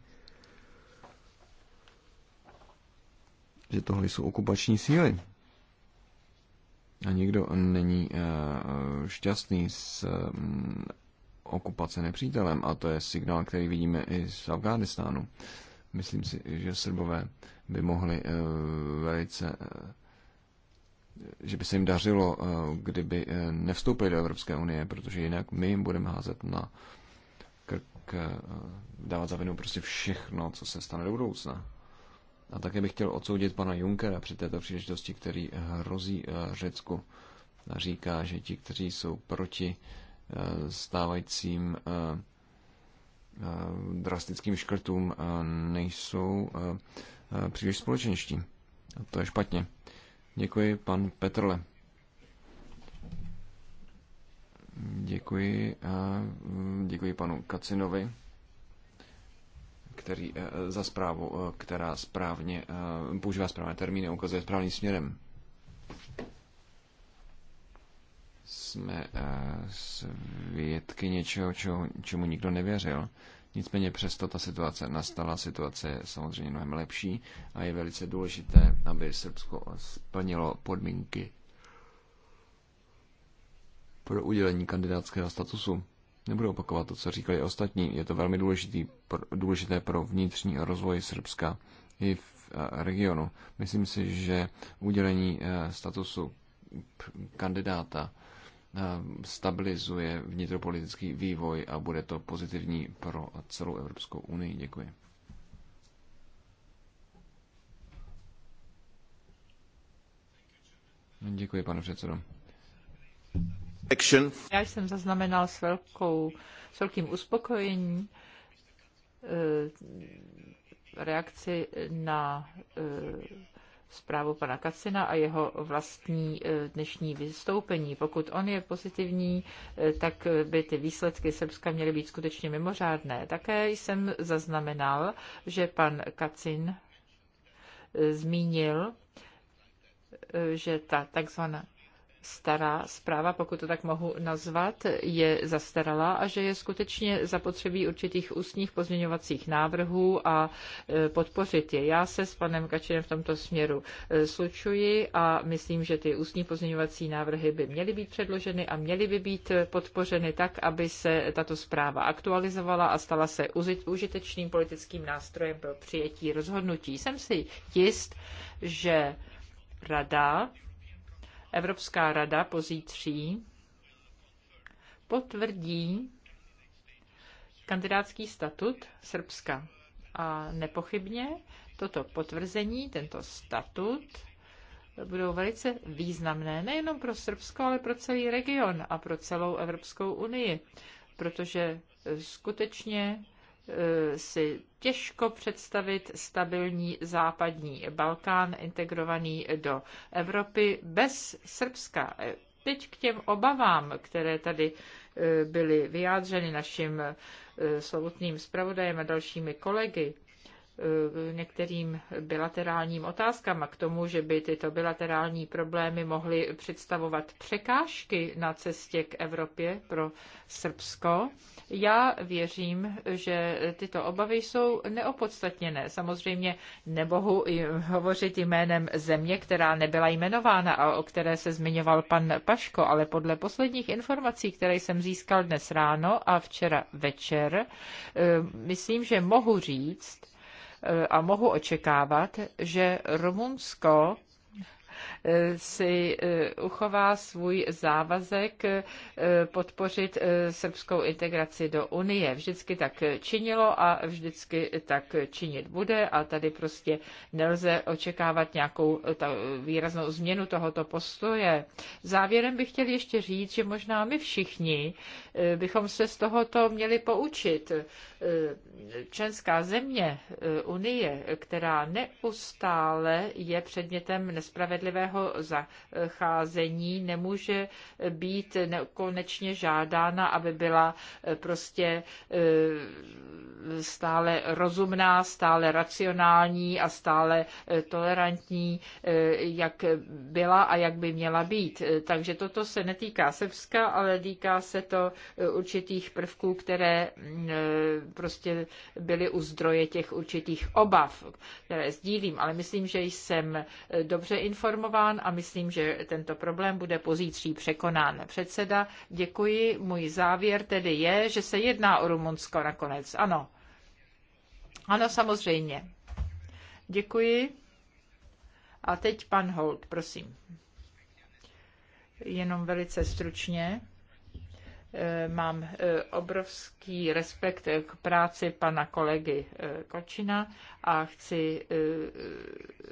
že tohle jsou okupační síly. A nikdo není eh, šťastný s mm, okupace nepřítelem a to je signál, který vidíme i z Afghánistánu. Myslím si, že Srbové by mohli eh, velice eh, že by se jim dařilo, eh, kdyby nevstoupili do Evropské unie, protože jinak my jim budeme házet na krk, dávat za vinu prostě všechno, co se stane do budoucna. A také bych chtěl odsoudit pana Junkera při této příležitosti, který hrozí Řecku. A říká, že ti, kteří jsou proti stávajícím Eh, drastickým škrtům eh, nejsou eh, příliš společenští. A to je špatně. Děkuji, pan Petrle. Děkuji a děkuji panu Kacinovi, který za zprávu, která správně používá správné termíny ukazuje správným směrem. jsme eh, svědky něčeho, čeho, čemu nikdo nevěřil. Nicméně přesto ta situace nastala, situace je samozřejmě mnohem lepší a je velice důležité, aby Srbsko splnilo podmínky pro udělení kandidátského statusu. Nebudu opakovat to, co říkali ostatní, je to velmi důležitý, důležité pro vnitřní rozvoj Srbska i v eh, regionu. Myslím si, že udělení eh, statusu kandidáta Eh, stabilizuje vnitropolitický vývoj a bude to pozitivní pro celou Evropskou unii. Děkuji. Děkuji, pane předsedo. Já jsem zaznamenal s, velkou, s velkým uspokojením eh, reakci na eh, zprávu pana Kacina a jeho vlastní eh, dnešní vystoupení. Pokud on je pozitivní, eh, tak by ty výsledky Srbska měly být skutečně mimořádné. Také jsem zaznamenal, že pan Kacin eh, zmínil, že ta takzvaná stará zpráva, pokud to tak mohu nazvat, je zastarala a že je skutečně zapotřebí určitých ústních pozměňovacích návrhů a e, podpořit je. Já se s panem Kačinem v tomto směru e, slučuji a myslím, že ty ústní pozměňovací návrhy by měly být předloženy a měly by být e, podpořeny tak, aby se tato zpráva aktualizovala a stala se užitečným politickým nástrojem pro přijetí rozhodnutí. Jsem si jist, že Rada Evropská rada pozítří potvrdí kandidátský statut Srbska. A nepochybně toto potvrzení, tento statut, budou velice významné nejenom pro Srbsko, ale pro celý region a pro celou Evropskou unii, protože skutečně Eh, si těžko představit stabilní západní Balkán integrovaný do Evropy bez Srbska. Teď k těm obavám, které tady eh, byly vyjádřeny naším eh, slovutným zpravodajem a dalšími kolegy. Eh, některým bilaterálním otázkám a k tomu, že by tyto bilaterální problémy mohly představovat překážky na cestě k Evropě pro Srbsko, já věřím, že tyto obavy jsou neopodstatněné. Samozřejmě nemohu hovořit jménem země, která nebyla jmenována a o které se zmiňoval pan Paško, ale podle posledních informací, které jsem získal dnes ráno a včera večer, eh, myslím, že mohu říct, Eh, a mohu očekávat, že Rumunsko Eh, si eh, uchová svůj závazek eh, podpořit srbskou integraci do Unie. Vždycky tak činilo a vždycky tak činit bude a tady prostě nelze očekávat nějakou výraznou změnu tohoto postoje. Závěrem bych chtěl ještě říct, že možná my všichni bychom se z tohoto měli poučit. Členská země Unie, která neustále je předmětem nespravedlivé spravedlivého zacházení nemůže být konečně žádána, aby byla eh, prostě eh, stále rozumná, stále racionální a stále eh, tolerantní, jak byla a jak by měla být. Takže toto se netýká Srbska, ale týká se to určitých prvků, které mm, prostě byly u zdroje těch určitých obav, které sdílím, ale myslím, že jsem dobře informovaná informován a myslím, že tento problém bude pozítří překonán. Předseda, děkuji. Můj závěr tedy je, že se jedná o Rumunsko nakonec. Ano. Ano, samozřejmě. Děkuji. A teď pan Holt, prosím. Jenom velice stručně. Eh, mám eh, obrovský respekt eh, k práci pana kolegy Kočina a chci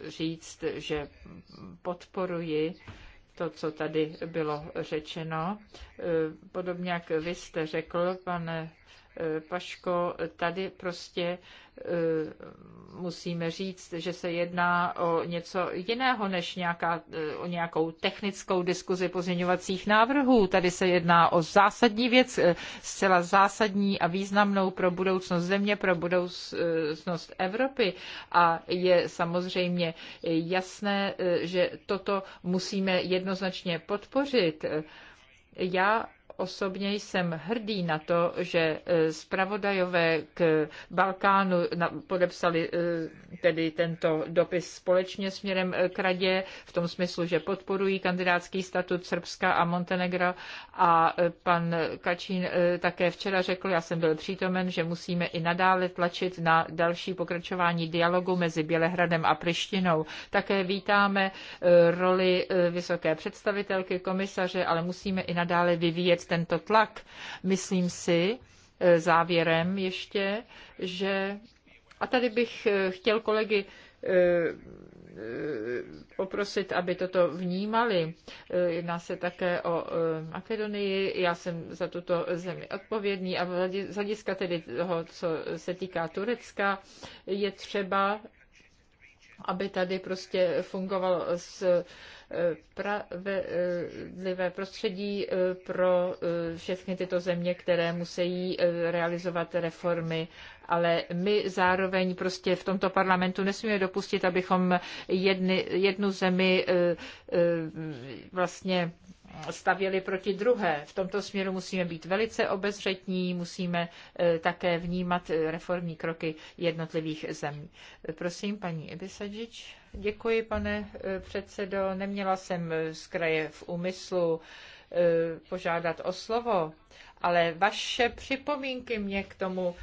říct, že podporuji to, co tady bylo řečeno. Podobně jak vy jste řekl, pane Eh, Paško, tady prostě eh, musíme říct, že se jedná o něco jiného než nějaká, eh, o nějakou technickou diskuzi pozměňovacích návrhů. Tady se jedná o zásadní věc, zcela zásadní a významnou pro budoucnost země, pro budoucnost Evropy. A je samozřejmě jasné, že toto musíme jednoznačně podpořit. Já osobně jsem hrdý na to, že e, zpravodajové k Balkánu podepsali e, tedy tento dopis společně směrem e, k radě v tom smyslu, že podporují kandidátský statut Srbska a Montenegra a pan Kačín také včera řekl, já jsem byl přítomen, že musíme i nadále tlačit na další pokračování dialogu mezi Bělehradem a Prištinou. Také vítáme roli vysoké představitelky, komisaře, ale musíme i nadále vyvíjet tento tlak. Myslím si eh, závěrem ještě, že a tady bych eh, chtěl kolegy eh, poprosit, aby toto vnímali. Jedná se také o Makedonii. Já jsem za tuto zemi odpovědný a z hlediska tedy toho, co se týká Turecka, je třeba aby tady prostě fungovalo s eh, pravedlivé prostředí eh, pro eh, všechny tyto země, které musí realizovat reformy, ale my zároveň prostě v tomto parlamentu nesmíme dopustit, abychom jedny, jednu zemi vlastně Stavěli proti druhé. V tomto směru musíme být velice obezřetní, musíme eh, také vnímat eh, reformní kroky jednotlivých zemí. Prosím, paní Ibisadžič. Děkuji, pane eh, předsedo. Neměla jsem z kraje v úmyslu požádat o slovo, ale vaše připomínky mě k tomu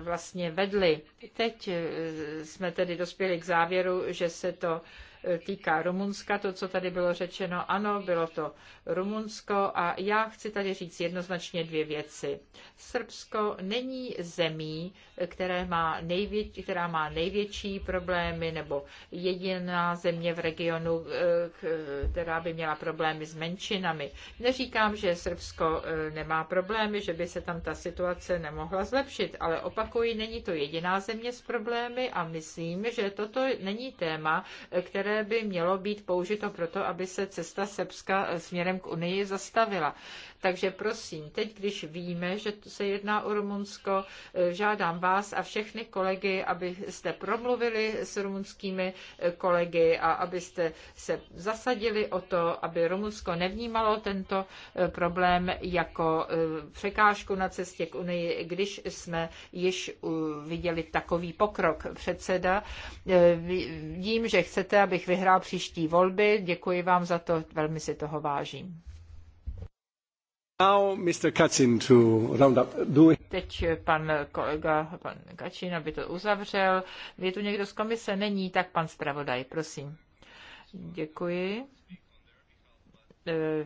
vlastně vedly. Teď jsme tedy dospěli k závěru, že se to týká Rumunska, to, co tady bylo řečeno, ano, bylo to Rumunsko a já chci tady říct jednoznačně dvě věci. Srbsko není zemí, které má největší, která má největší problémy nebo jediná země v regionu, eh, která by měla problémy s menšinami. Neříkám, že Srbsko eh, nemá problémy, že by se tam ta situace nemohla zlepšit, ale opakuji, není to jediná země s problémy a myslím, že toto není téma, které by mělo být použito proto, aby se cesta Srbska směrem k Unii zastavila. Takže prosím, teď, když víme, že se jedná o Rumunsko, eh, žádám vás a všechny kolegy, abyste promluvili s rumunskými eh, kolegy a abyste se zasadili o to, aby Rumunsko nevnímalo tento eh, problém jako překážku na cestě k Unii, když jsme již viděli takový pokrok. Předseda, vím, že chcete, abych vyhrál příští volby. Děkuji vám za to, velmi si toho vážím. Teď pan kolega, pan Kacin, aby to uzavřel. Je tu někdo z komise? Není, tak pan zpravodaj, prosím. Děkuji. Eh,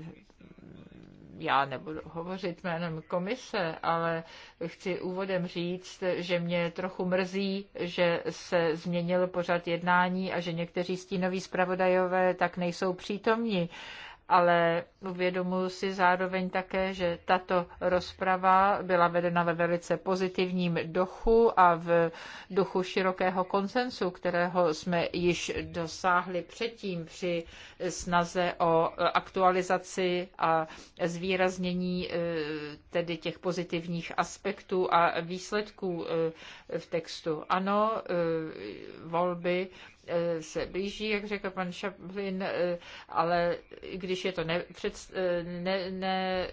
já nebudu hovořit jménem komise, ale chci úvodem říct, že mě trochu mrzí, že se změnil pořad jednání a že někteří stínoví zpravodajové tak nejsou přítomni ale uvědomuji si zároveň také, že tato rozprava byla vedena ve velice pozitivním duchu a v duchu širokého konsensu, kterého jsme již dosáhli předtím při snaze o aktualizaci a zvýraznění eh, tedy těch pozitivních aspektů a výsledků eh, v textu. Ano, eh, volby Eh, se blíží, jak řekl pan Šaplin, eh, ale když je to nepřed, eh, ne, ne,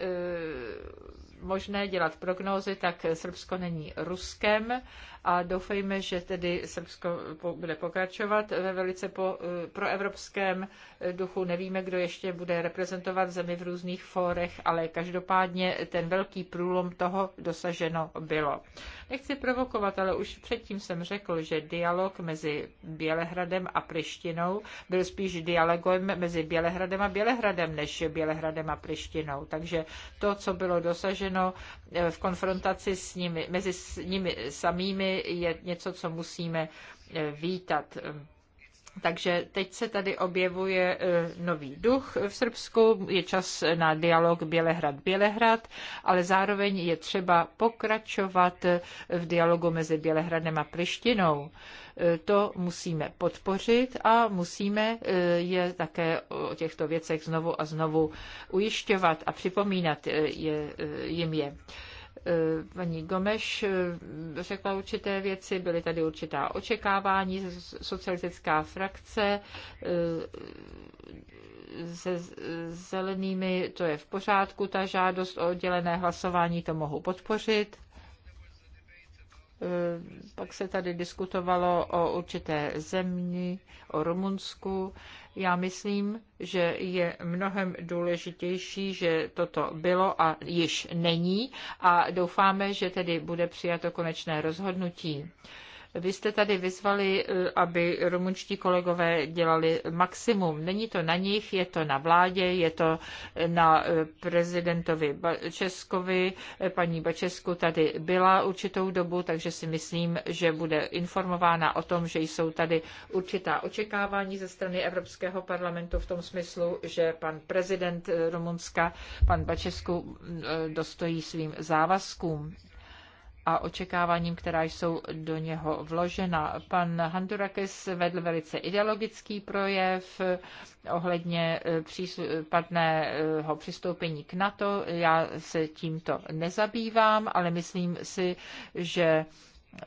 možné dělat prognózy, tak Srbsko není Ruskem a doufejme, že tedy Srbsko bude pokračovat ve velice po, eh, proevropském eh, duchu. Nevíme, kdo ještě bude reprezentovat zemi v různých fórech, ale každopádně ten velký průlom toho dosaženo bylo. Nechci provokovat, ale už předtím jsem řekl, že dialog mezi Bělehradem a Prištinou byl spíš dialogem mezi Bělehradem a Bělehradem než Bělehradem a Prištinou. Takže to, co bylo dosaženo eh, v konfrontaci s nimi, mezi s nimi samými, je něco, co musíme eh, vítat. Takže teď se tady objevuje eh, nový duch v Srbsku, je čas na dialog Bělehrad-Bělehrad, ale zároveň je třeba pokračovat eh, v dialogu mezi Bělehradem a Prištinou. To musíme podpořit a musíme je také o těchto věcech znovu a znovu ujišťovat a připomínat je, jim je. Eh, paní Gomeš eh, řekla určité věci, byly tady určitá očekávání, socialistická frakce eh, se zelenými, to je v pořádku, ta žádost o oddělené hlasování to mohu podpořit. Eh, pak se tady diskutovalo o určité zemi, o Rumunsku. Já myslím, že je mnohem důležitější, že toto bylo a již není a doufáme, že tedy bude přijato konečné rozhodnutí. Vy jste tady vyzvali, eh, aby rumunští kolegové dělali maximum. Není to na nich, je to na vládě, je to eh, na eh, prezidentovi Českovi. Paní Bačesku tady byla určitou dobu, takže si myslím, že bude informována o tom, že jsou tady určitá očekávání ze strany Evropského parlamentu v tom smyslu, že pan prezident Rumunska, pan Bačesku, dostojí svým závazkům a očekáváním, která jsou do něho vložena. Pan Handurakis vedl velice ideologický projev ohledně eh, případného přistoupení k NATO. Já se tímto nezabývám, ale myslím si, že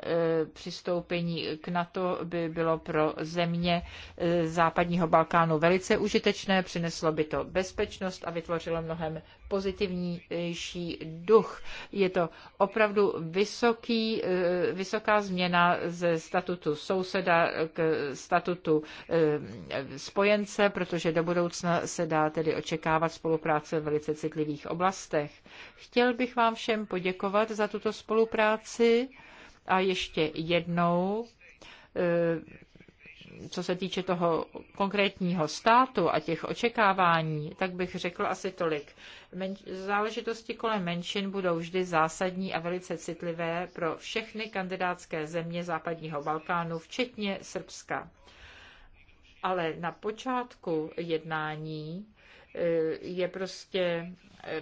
E, přistoupení k NATO by bylo pro země e, západního Balkánu velice užitečné, přineslo by to bezpečnost a vytvořilo mnohem pozitivnější duch. Je to opravdu vysoký, e, vysoká změna ze statutu souseda k statutu spojence, protože do budoucna se dá tedy očekávat spolupráce v velice citlivých oblastech. Chtěl bych vám všem poděkovat za tuto spolupráci. A ještě jednou, eh, co se týče toho konkrétního státu a těch očekávání, tak bych řekl asi tolik. Men- záležitosti kolem menšin budou vždy zásadní a velice citlivé pro všechny kandidátské země západního Balkánu, včetně Srbska. Ale na počátku jednání eh, je prostě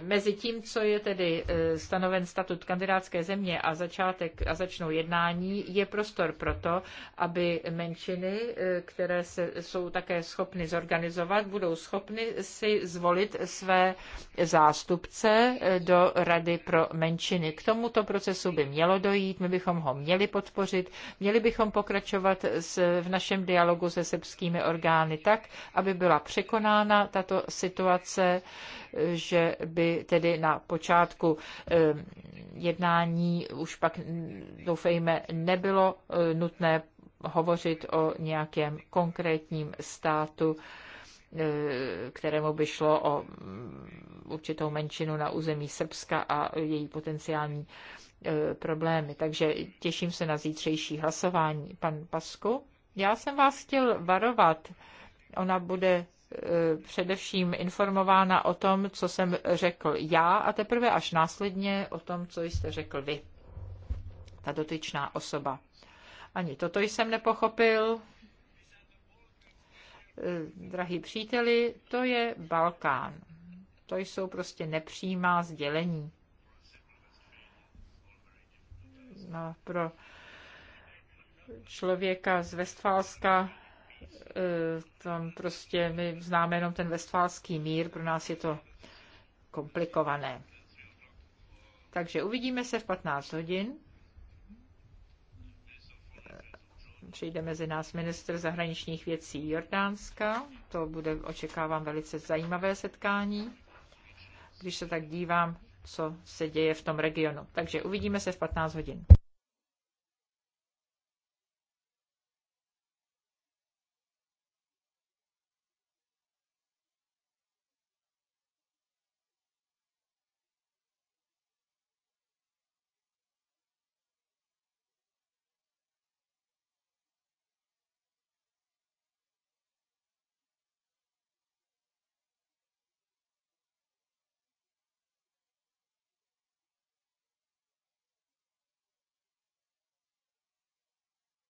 mezi tím, co je tedy e, stanoven statut kandidátské země a, začátek, a začnou jednání, je prostor pro to, aby menšiny, e, které se, jsou také schopny zorganizovat, budou schopny si zvolit své zástupce e, do Rady pro menšiny. K tomuto procesu by mělo dojít, my bychom ho měli podpořit, měli bychom pokračovat s, v našem dialogu se srbskými orgány tak, aby byla překonána tato situace, že by tedy na počátku eh, jednání už pak, mm, doufejme, nebylo eh, nutné hovořit o nějakém konkrétním státu, eh, kterému by šlo o mm, určitou menšinu na území Srbska a její potenciální problémy. Takže těším se na zítřejší hlasování. Pan Pasku, já jsem vás chtěl varovat. Ona bude Eh, především informována o tom, co jsem řekl já a teprve až následně o tom, co jste řekl vy, ta dotyčná osoba. Ani toto jsem nepochopil. Eh, drahí příteli, to je Balkán. To jsou prostě nepřímá sdělení. No, pro člověka z Vestfálska. Eh, tam prostě my známe jenom ten vestfálský mír, pro nás je to komplikované. Takže uvidíme se v 15 hodin. Přijde mezi nás minister zahraničních věcí Jordánska. To bude, očekávám, velice zajímavé setkání, když se tak dívám, co se děje v tom regionu. Takže uvidíme se v 15 hodin.